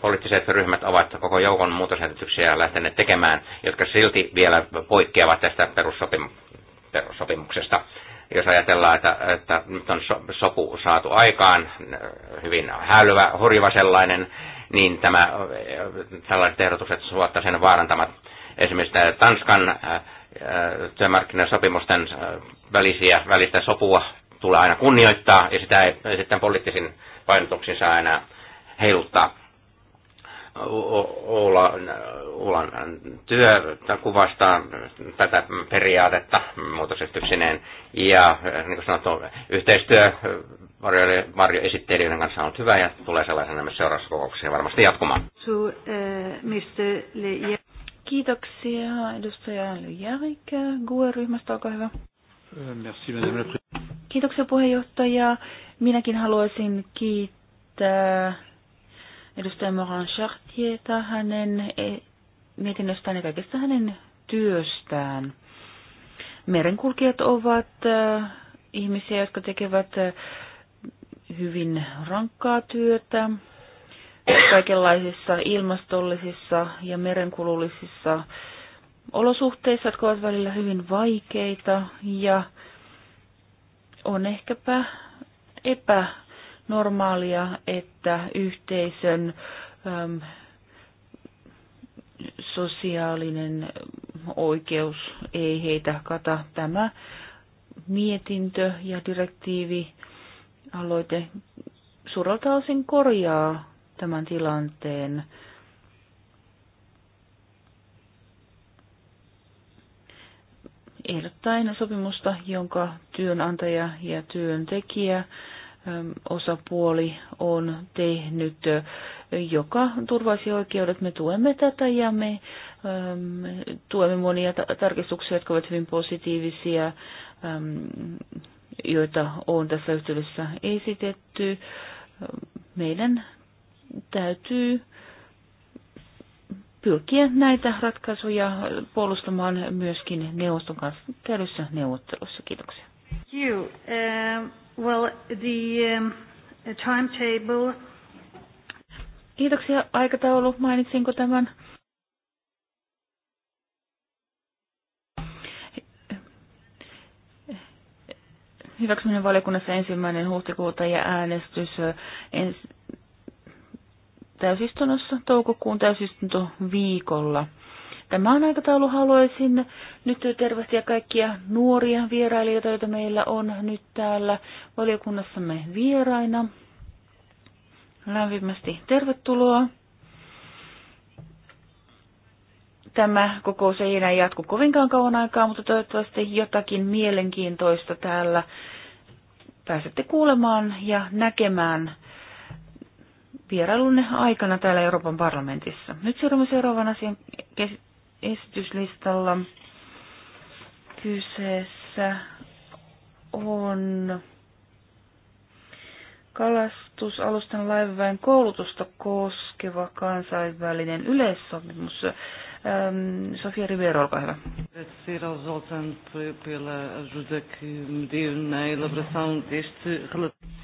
poliittiset ryhmät ovat koko joukon muutosesityksiä lähteneet tekemään, jotka silti vielä poikkeavat tästä perussopim- perussopimuksesta. Jos ajatellaan, että, että nyt on sopu saatu aikaan, hyvin häilyvä, horjuva sellainen, niin tämä, tällaiset ehdotukset suottaa sen vaarantamat. Esimerkiksi Tanskan työmarkkinasopimusten välisiä, välistä sopua tulee aina kunnioittaa, ja sitä ei sitten poliittisin painotuksin saa enää heiluttaa. Oula, Oulan työ kuvastaa tätä periaatetta muutosestyksineen. Ja niin kuin sanottu, yhteistyö varjoesittelijöiden kanssa on hyvä ja tulee sellaisena myös seuraavassa kokouksessa varmasti jatkumaan. So, uh, Mr. Le- Kiitoksia edustaja Lyjärik. GUE-ryhmästä, olkaa hyvä. Eh, merci, Kiitoksia puheenjohtaja. Minäkin haluaisin kiittää edustaja Moran Chartierta hänen e, mietinnöstään ja kaikesta hänen työstään. Merenkulkijat ovat e, ihmisiä, jotka tekevät e, hyvin rankkaa työtä kaikenlaisissa ilmastollisissa ja merenkulullisissa olosuhteissa, jotka ovat välillä hyvin vaikeita ja on ehkäpä epä normaalia, että yhteisön äm, sosiaalinen oikeus ei heitä kata. Tämä mietintö ja direktiivi aloite suurelta osin korjaa tämän tilanteen. Ehdottaen sopimusta, jonka työnantaja ja työntekijä osapuoli on tehnyt, joka turvaisi oikeudet. Me tuemme tätä ja me tuemme monia tarkistuksia, jotka ovat hyvin positiivisia, joita on tässä yhteydessä esitetty. Meidän täytyy pyrkiä näitä ratkaisuja puolustamaan myöskin neuvoston kanssa käydyssä neuvottelussa. Kiitoksia you. Um, well, um, the timetable. Kiitoksia. Aikataulu, mainitsinko tämän? Hyväksyminen valiokunnassa ensimmäinen huhtikuuta ja äänestys täysistunnossa toukokuun täysistunto viikolla. Tämä on aikataulu. Haluaisin nyt tervehtiä kaikkia nuoria vierailijoita, joita meillä on nyt täällä valiokunnassamme vieraina. Lämpimästi tervetuloa. Tämä kokous ei enää jatku kovinkaan kauan aikaa, mutta toivottavasti jotakin mielenkiintoista täällä pääsette kuulemaan ja näkemään vierailunne aikana täällä Euroopan parlamentissa. Nyt siirrymme seuraavan asian esityslistalla. Kyseessä on kalastusalustan laivaväen koulutusta koskeva kansainvälinen yleissopimus. Ähm, Sofia Rivero, olkaa hyvä. Agradecer ao Zoltante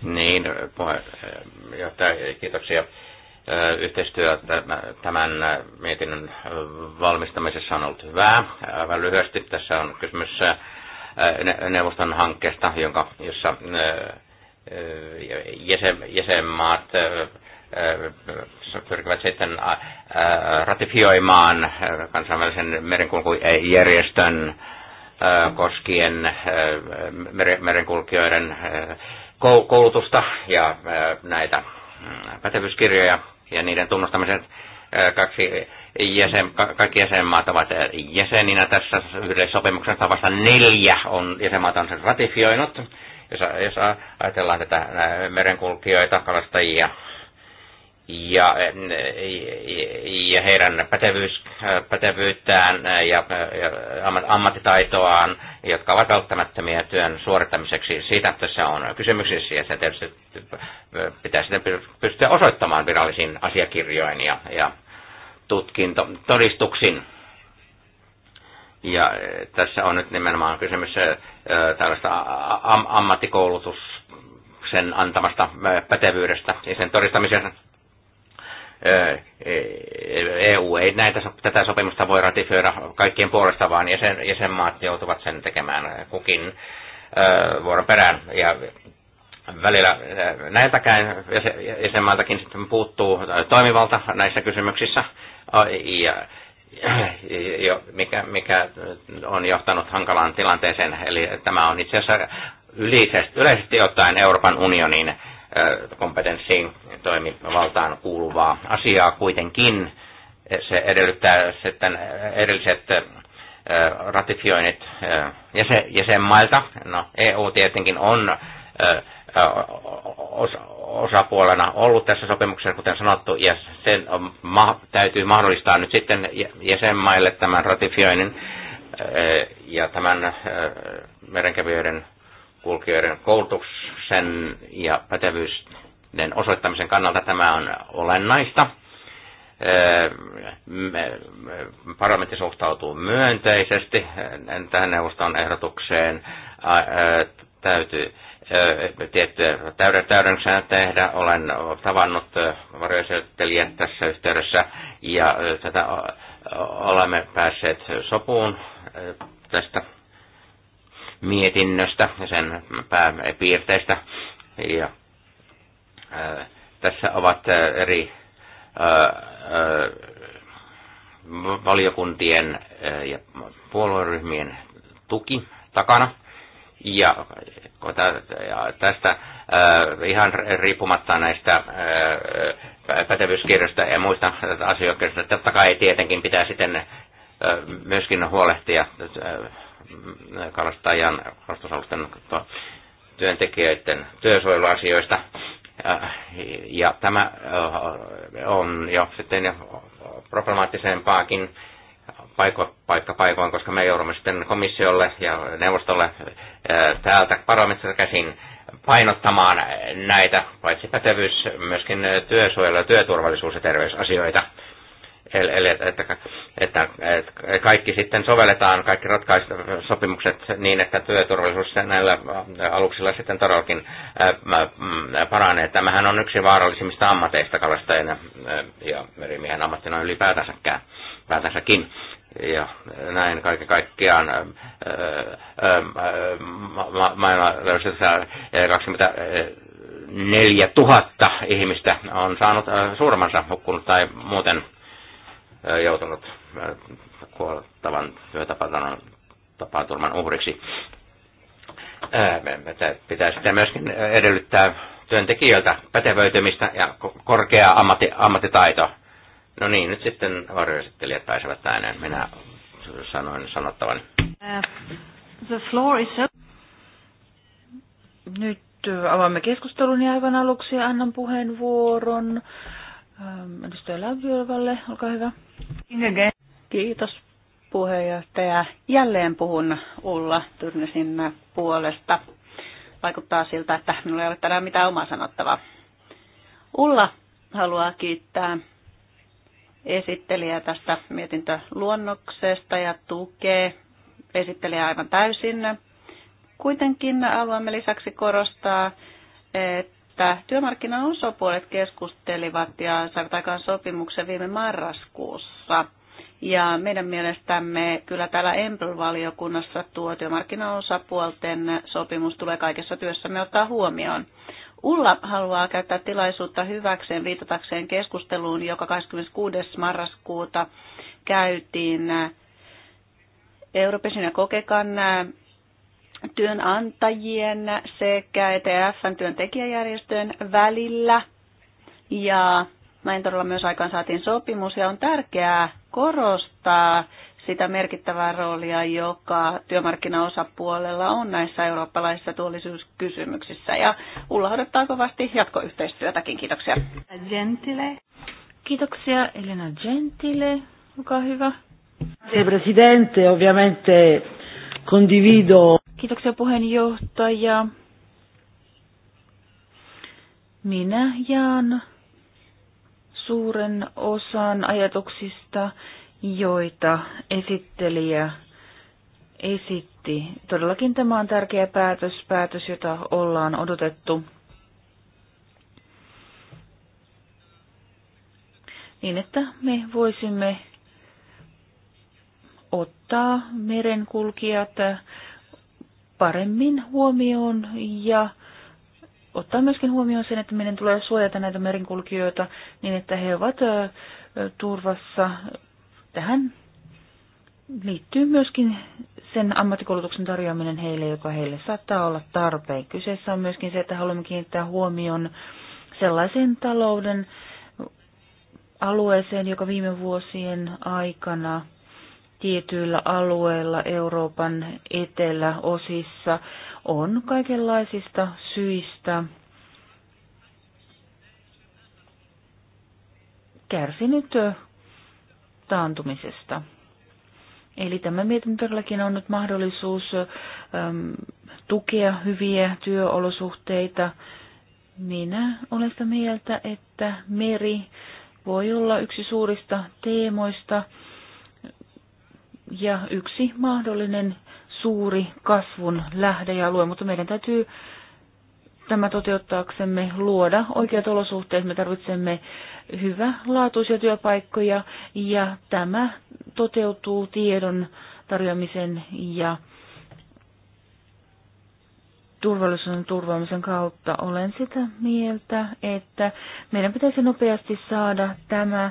Niin, e, kiitoksia yhteistyö tämän mietinnön valmistamisessa on ollut hyvää. Aivan lyhyesti tässä on kysymys neuvoston hankkeesta, jonka, jossa jäsen, jäsenmaat pyrkivät sitten ratifioimaan kansainvälisen merenkulkujärjestön koskien merenkulkijoiden koulutusta ja näitä mm, pätevyyskirjoja ja niiden tunnustamiset kaksi jäsen, kaikki jäsenmaat ovat jäseninä tässä sopimuksessa vasta neljä on jäsenmaat on sen ratifioinut. Jos, jos ajatellaan tätä merenkulkijoita, kalastajia, ja, ja heidän pätevyys, äh, pätevyyttään äh, ja, ja ammattitaitoaan, jotka ovat välttämättömiä työn suorittamiseksi. Siitä tässä on kysymyksissä ja se tietysti äh, pitää sitten pystyä osoittamaan virallisiin asiakirjoin ja, ja tutkintotodistuksiin. Ja tässä on nyt nimenomaan kysymys tällaista ammattikoulutuksen ammattikoulutus sen antamasta pätevyydestä ja sen todistamisesta EU e, e ei näitä, tätä sopimusta voi ratifioida kaikkien puolesta, vaan jäsen, jäsenmaat joutuvat sen tekemään kukin vuoron perään. Ja välillä näiltäkään jäsenmaaltakin sitten puuttuu toimivalta näissä kysymyksissä, ja, ja, mikä, mikä on johtanut hankalaan tilanteeseen. Eli tämä on itse asiassa yleisesti, yleisesti ottaen Euroopan unionin kompetenssiin toimivaltaan kuuluvaa asiaa kuitenkin. Se edellyttää sitten erilliset ratifioinnit jäsenmailta. No, EU tietenkin on osapuolena ollut tässä sopimuksessa, kuten sanottu, ja sen on, ma, täytyy mahdollistaa nyt sitten jäsenmaille tämän ratifioinnin ja tämän merenkävijöiden kulkijoiden koulutuksen ja pätevyyden osoittamisen kannalta tämä on olennaista. Öö, parlamentti suhtautuu myönteisesti tähän neuvoston ehdotukseen. Täytyy tiettyä täydennyksenä tehdä. Olen tavannut varjoesittelijät tässä yhteydessä ja tätä olemme päässeet sopuun tästä mietinnöstä ja sen pääpiirteistä. Ja, ää, äh, tässä ovat äh, eri ää, äh, ää, valiokuntien ja puolueryhmien tuki takana. Ja, ja tästä ää, ihan riippumatta näistä äh, pätevyyskirjoista ja muista asioista, totta kai tietenkin pitää sitten myöskin huolehtia kalastajan, kalastusalusten työntekijöiden työsuojeluasioista. Ja tämä on jo sitten problemaattisempaakin paikko, paikka paikoin, koska me joudumme sitten komissiolle ja neuvostolle täältä parlamentista käsin painottamaan näitä, paitsi pätevyys, myöskin työsuojelu, työturvallisuus ja terveysasioita Eli että, että, että, että kaikki sitten sovelletaan, kaikki ratkaisut, sopimukset niin, että työturvallisuus näillä aluksilla sitten todellakin paranee. Tämähän on yksi vaarallisimmista ammateista kalastajina ja merimiehen ammattina ylipäätänsäkään, päätänsäkin ja näin kaiken kaikkiaan maailmanlaajuisessa 24 000 ihmistä on saanut surmansa hukkunut tai muuten joutunut kuoltavan työtapaturman uhriksi. Pitää sitten myöskin edellyttää työntekijöiltä pätevöitymistä ja korkea ammatti, ammattitaito. No niin, nyt sitten varjoesittelijät pääsevät ääneen. Minä sanoin sanottavan. Uh, the floor is up. Nyt uh, avaamme keskustelun ja aivan aluksi annan puheenvuoron Ähm, edustaja Läviorvalle, olkaa hyvä. Kiitos puheenjohtaja. Jälleen puhun Ulla Tyrnesin puolesta. Vaikuttaa siltä, että minulla ei ole tänään mitään omaa sanottavaa. Ulla haluaa kiittää esittelijää tästä mietintöluonnoksesta ja tukee esittelijää aivan täysin. Kuitenkin haluamme lisäksi korostaa, että että työmarkkinaosapuolet keskustelivat ja saivat aikaan sopimuksen viime marraskuussa. Ja meidän mielestämme kyllä täällä Empl-valiokunnassa tuo työmarkkinaosapuolten sopimus tulee kaikessa työssämme ottaa huomioon. Ulla haluaa käyttää tilaisuutta hyväkseen viitatakseen keskusteluun, joka 26. marraskuuta käytiin Euroopan ja Kokekan työnantajien sekä ETFn työntekijäjärjestöjen välillä. Ja näin todella myös aikaan saatiin sopimus ja on tärkeää korostaa sitä merkittävää roolia, joka työmarkkinaosapuolella on näissä eurooppalaisissa tuollisuuskysymyksissä. Ja Ulla odottaa kovasti jatkoyhteistyötäkin. Kiitoksia. Gentile. Kiitoksia Elena Gentile. Olkaa hyvä. Presidente, ovviamente condivido. Kiitoksia puheenjohtaja. Minä jaan suuren osan ajatuksista, joita esittelijä esitti. Todellakin tämä on tärkeä päätös, päätös, jota ollaan odotettu niin, että me voisimme ottaa merenkulkijat paremmin huomioon ja ottaa myöskin huomioon sen, että meidän tulee suojata näitä merinkulkijoita niin, että he ovat turvassa. Tähän liittyy myöskin sen ammattikoulutuksen tarjoaminen heille, joka heille saattaa olla tarpeen. Kyseessä on myöskin se, että haluamme kiinnittää huomion sellaisen talouden alueeseen, joka viime vuosien aikana tietyillä alueilla Euroopan eteläosissa on kaikenlaisista syistä kärsinyt taantumisesta. Eli tämä mietintö todellakin on nyt mahdollisuus äm, tukea hyviä työolosuhteita. Minä olen sitä mieltä, että meri voi olla yksi suurista teemoista, ja yksi mahdollinen suuri kasvun lähde ja alue, mutta meidän täytyy tämä toteuttaaksemme luoda oikeat olosuhteet. Me tarvitsemme laatuisia työpaikkoja ja tämä toteutuu tiedon tarjoamisen ja turvallisuuden turvaamisen kautta. Olen sitä mieltä, että meidän pitäisi nopeasti saada tämä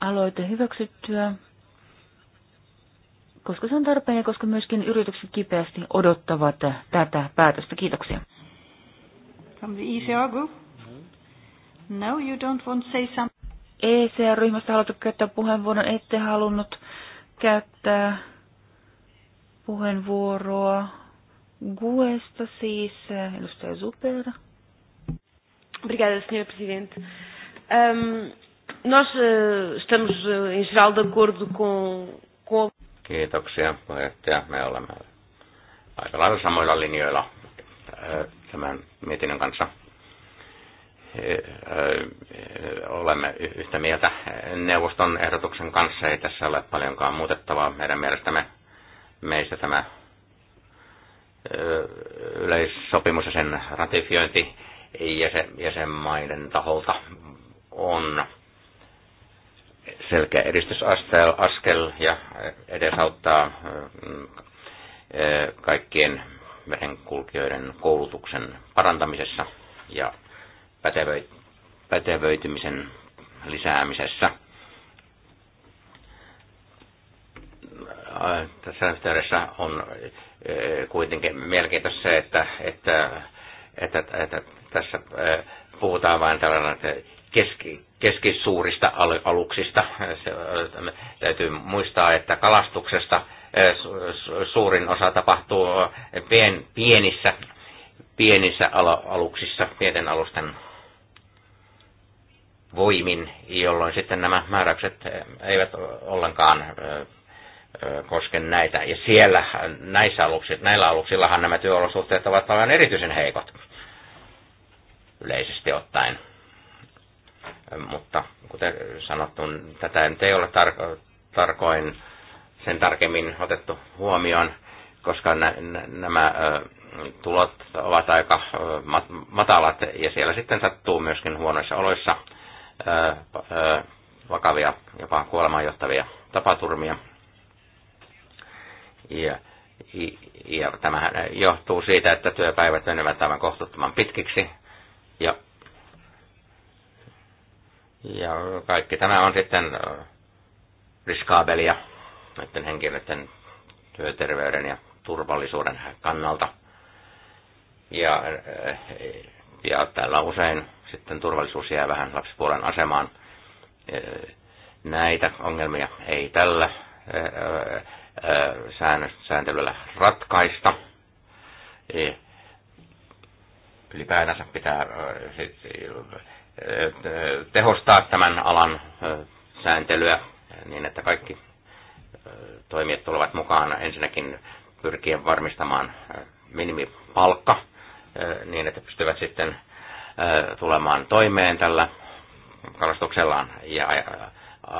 aloite hyväksyttyä koska se on tarpeen ja koska myöskin yritykset kipeästi odottavat tätä päätöstä. Kiitoksia. From the ECR group? No, you don't want to say some... ECR-ryhmästä haluttu käyttää puheenvuoron, ette halunnut käyttää puheenvuoroa. Guesta siis, äh, edustaja Zuper. Obrigada, senhor presidente. Um, nós uh, estamos uh, em geral de acordo com, com Kiitoksia puheenjohtaja. Me olemme aika lailla samoilla linjoilla tämän mietinnön kanssa. Olemme yhtä mieltä neuvoston ehdotuksen kanssa. Ei tässä ole paljonkaan muutettavaa meidän mielestämme. Meistä tämä yleissopimus ja sen ratifiointi jäsenmaiden taholta on selkeä edistysaskel askel ja edesauttaa mm, kaikkien merenkulkijoiden koulutuksen parantamisessa ja pätevöitymisen lisäämisessä. Tässä yhteydessä on kuitenkin mielenkiintoista se, että, että, että, että tässä puhutaan vain tällainen keski, keskisuurista aluksista. Se, täytyy muistaa, että kalastuksesta eh, suurin osa tapahtuu eh, pien, pienissä, pienissä aluksissa, pienten alusten voimin, jolloin sitten nämä määräykset eh, eivät ollenkaan koske näitä. Ja siellä näissä aluksissa, näillä aluksillahan nämä työolosuhteet ovat aivan erityisen heikot yleisesti ottaen. Mutta kuten sanottu, tätä nyt ei ole tarko- tarkoin sen tarkemmin otettu huomioon, koska nämä tulot ovat aika matalat ja siellä sitten sattuu myöskin huonoissa oloissa vakavia, jopa kuolemaan johtavia tapaturmia. Ja, ja tämähän johtuu siitä, että työpäivät menevät aivan kohtuuttoman pitkiksi ja ja kaikki tämä on sitten riskaabelia näiden henkilöiden työterveyden ja turvallisuuden kannalta. Ja, ja täällä usein sitten turvallisuus jää vähän lapsipuolen asemaan. Näitä ongelmia ei tällä sääntelyllä ratkaista. E, ylipäätänsä pitää tehostaa tämän alan sääntelyä niin, että kaikki toimijat tulevat mukaan ensinnäkin pyrkien varmistamaan minimipalkka niin, että pystyvät sitten tulemaan toimeen tällä kalastuksellaan ja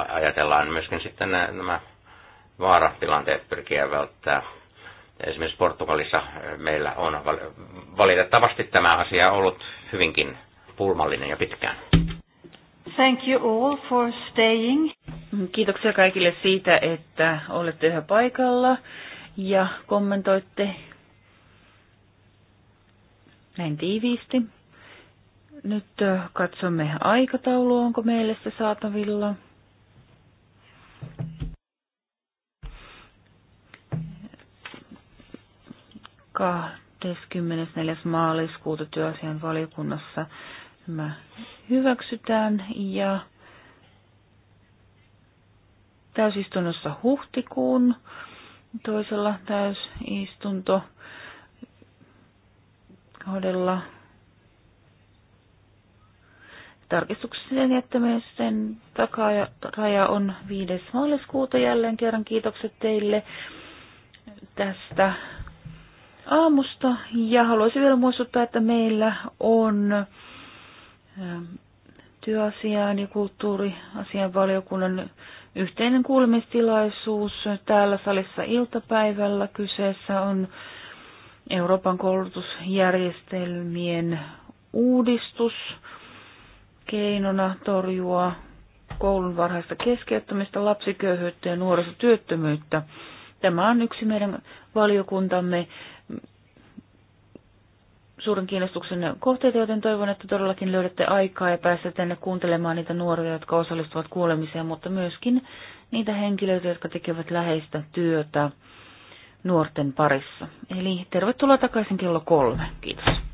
ajatellaan myöskin sitten nämä vaaratilanteet pyrkiä välttää. Esimerkiksi Portugalissa meillä on valitettavasti tämä asia ollut hyvinkin pulmallinen ja pitkään. Thank you all for staying. Kiitoksia kaikille siitä, että olette yhä paikalla ja kommentoitte näin tiiviisti. Nyt katsomme aikataulu, onko meille se saatavilla. Ka 24. maaliskuuta työasian valiokunnassa Tämä hyväksytään ja täysistunnossa huhtikuun toisella täysistunto kohdella tarkistuksen jättämisen takaraja on 5. maaliskuuta. Jälleen kerran kiitokset teille tästä aamusta. Ja haluaisin vielä muistuttaa, että meillä on Ähm, työasiaan ja kulttuuriasian valiokunnan yhteinen kuulemistilaisuus täällä salissa iltapäivällä. Kyseessä on Euroopan koulutusjärjestelmien uudistus keinona torjua koulun varhaista keskeyttämistä, lapsiköyhyyttä ja nuorisotyöttömyyttä. Tämä on yksi meidän valiokuntamme suuren kiinnostuksen kohteita, joten toivon, että todellakin löydätte aikaa ja pääsette tänne kuuntelemaan niitä nuoria, jotka osallistuvat kuulemiseen, mutta myöskin niitä henkilöitä, jotka tekevät läheistä työtä nuorten parissa. Eli tervetuloa takaisin kello kolme. Kiitos.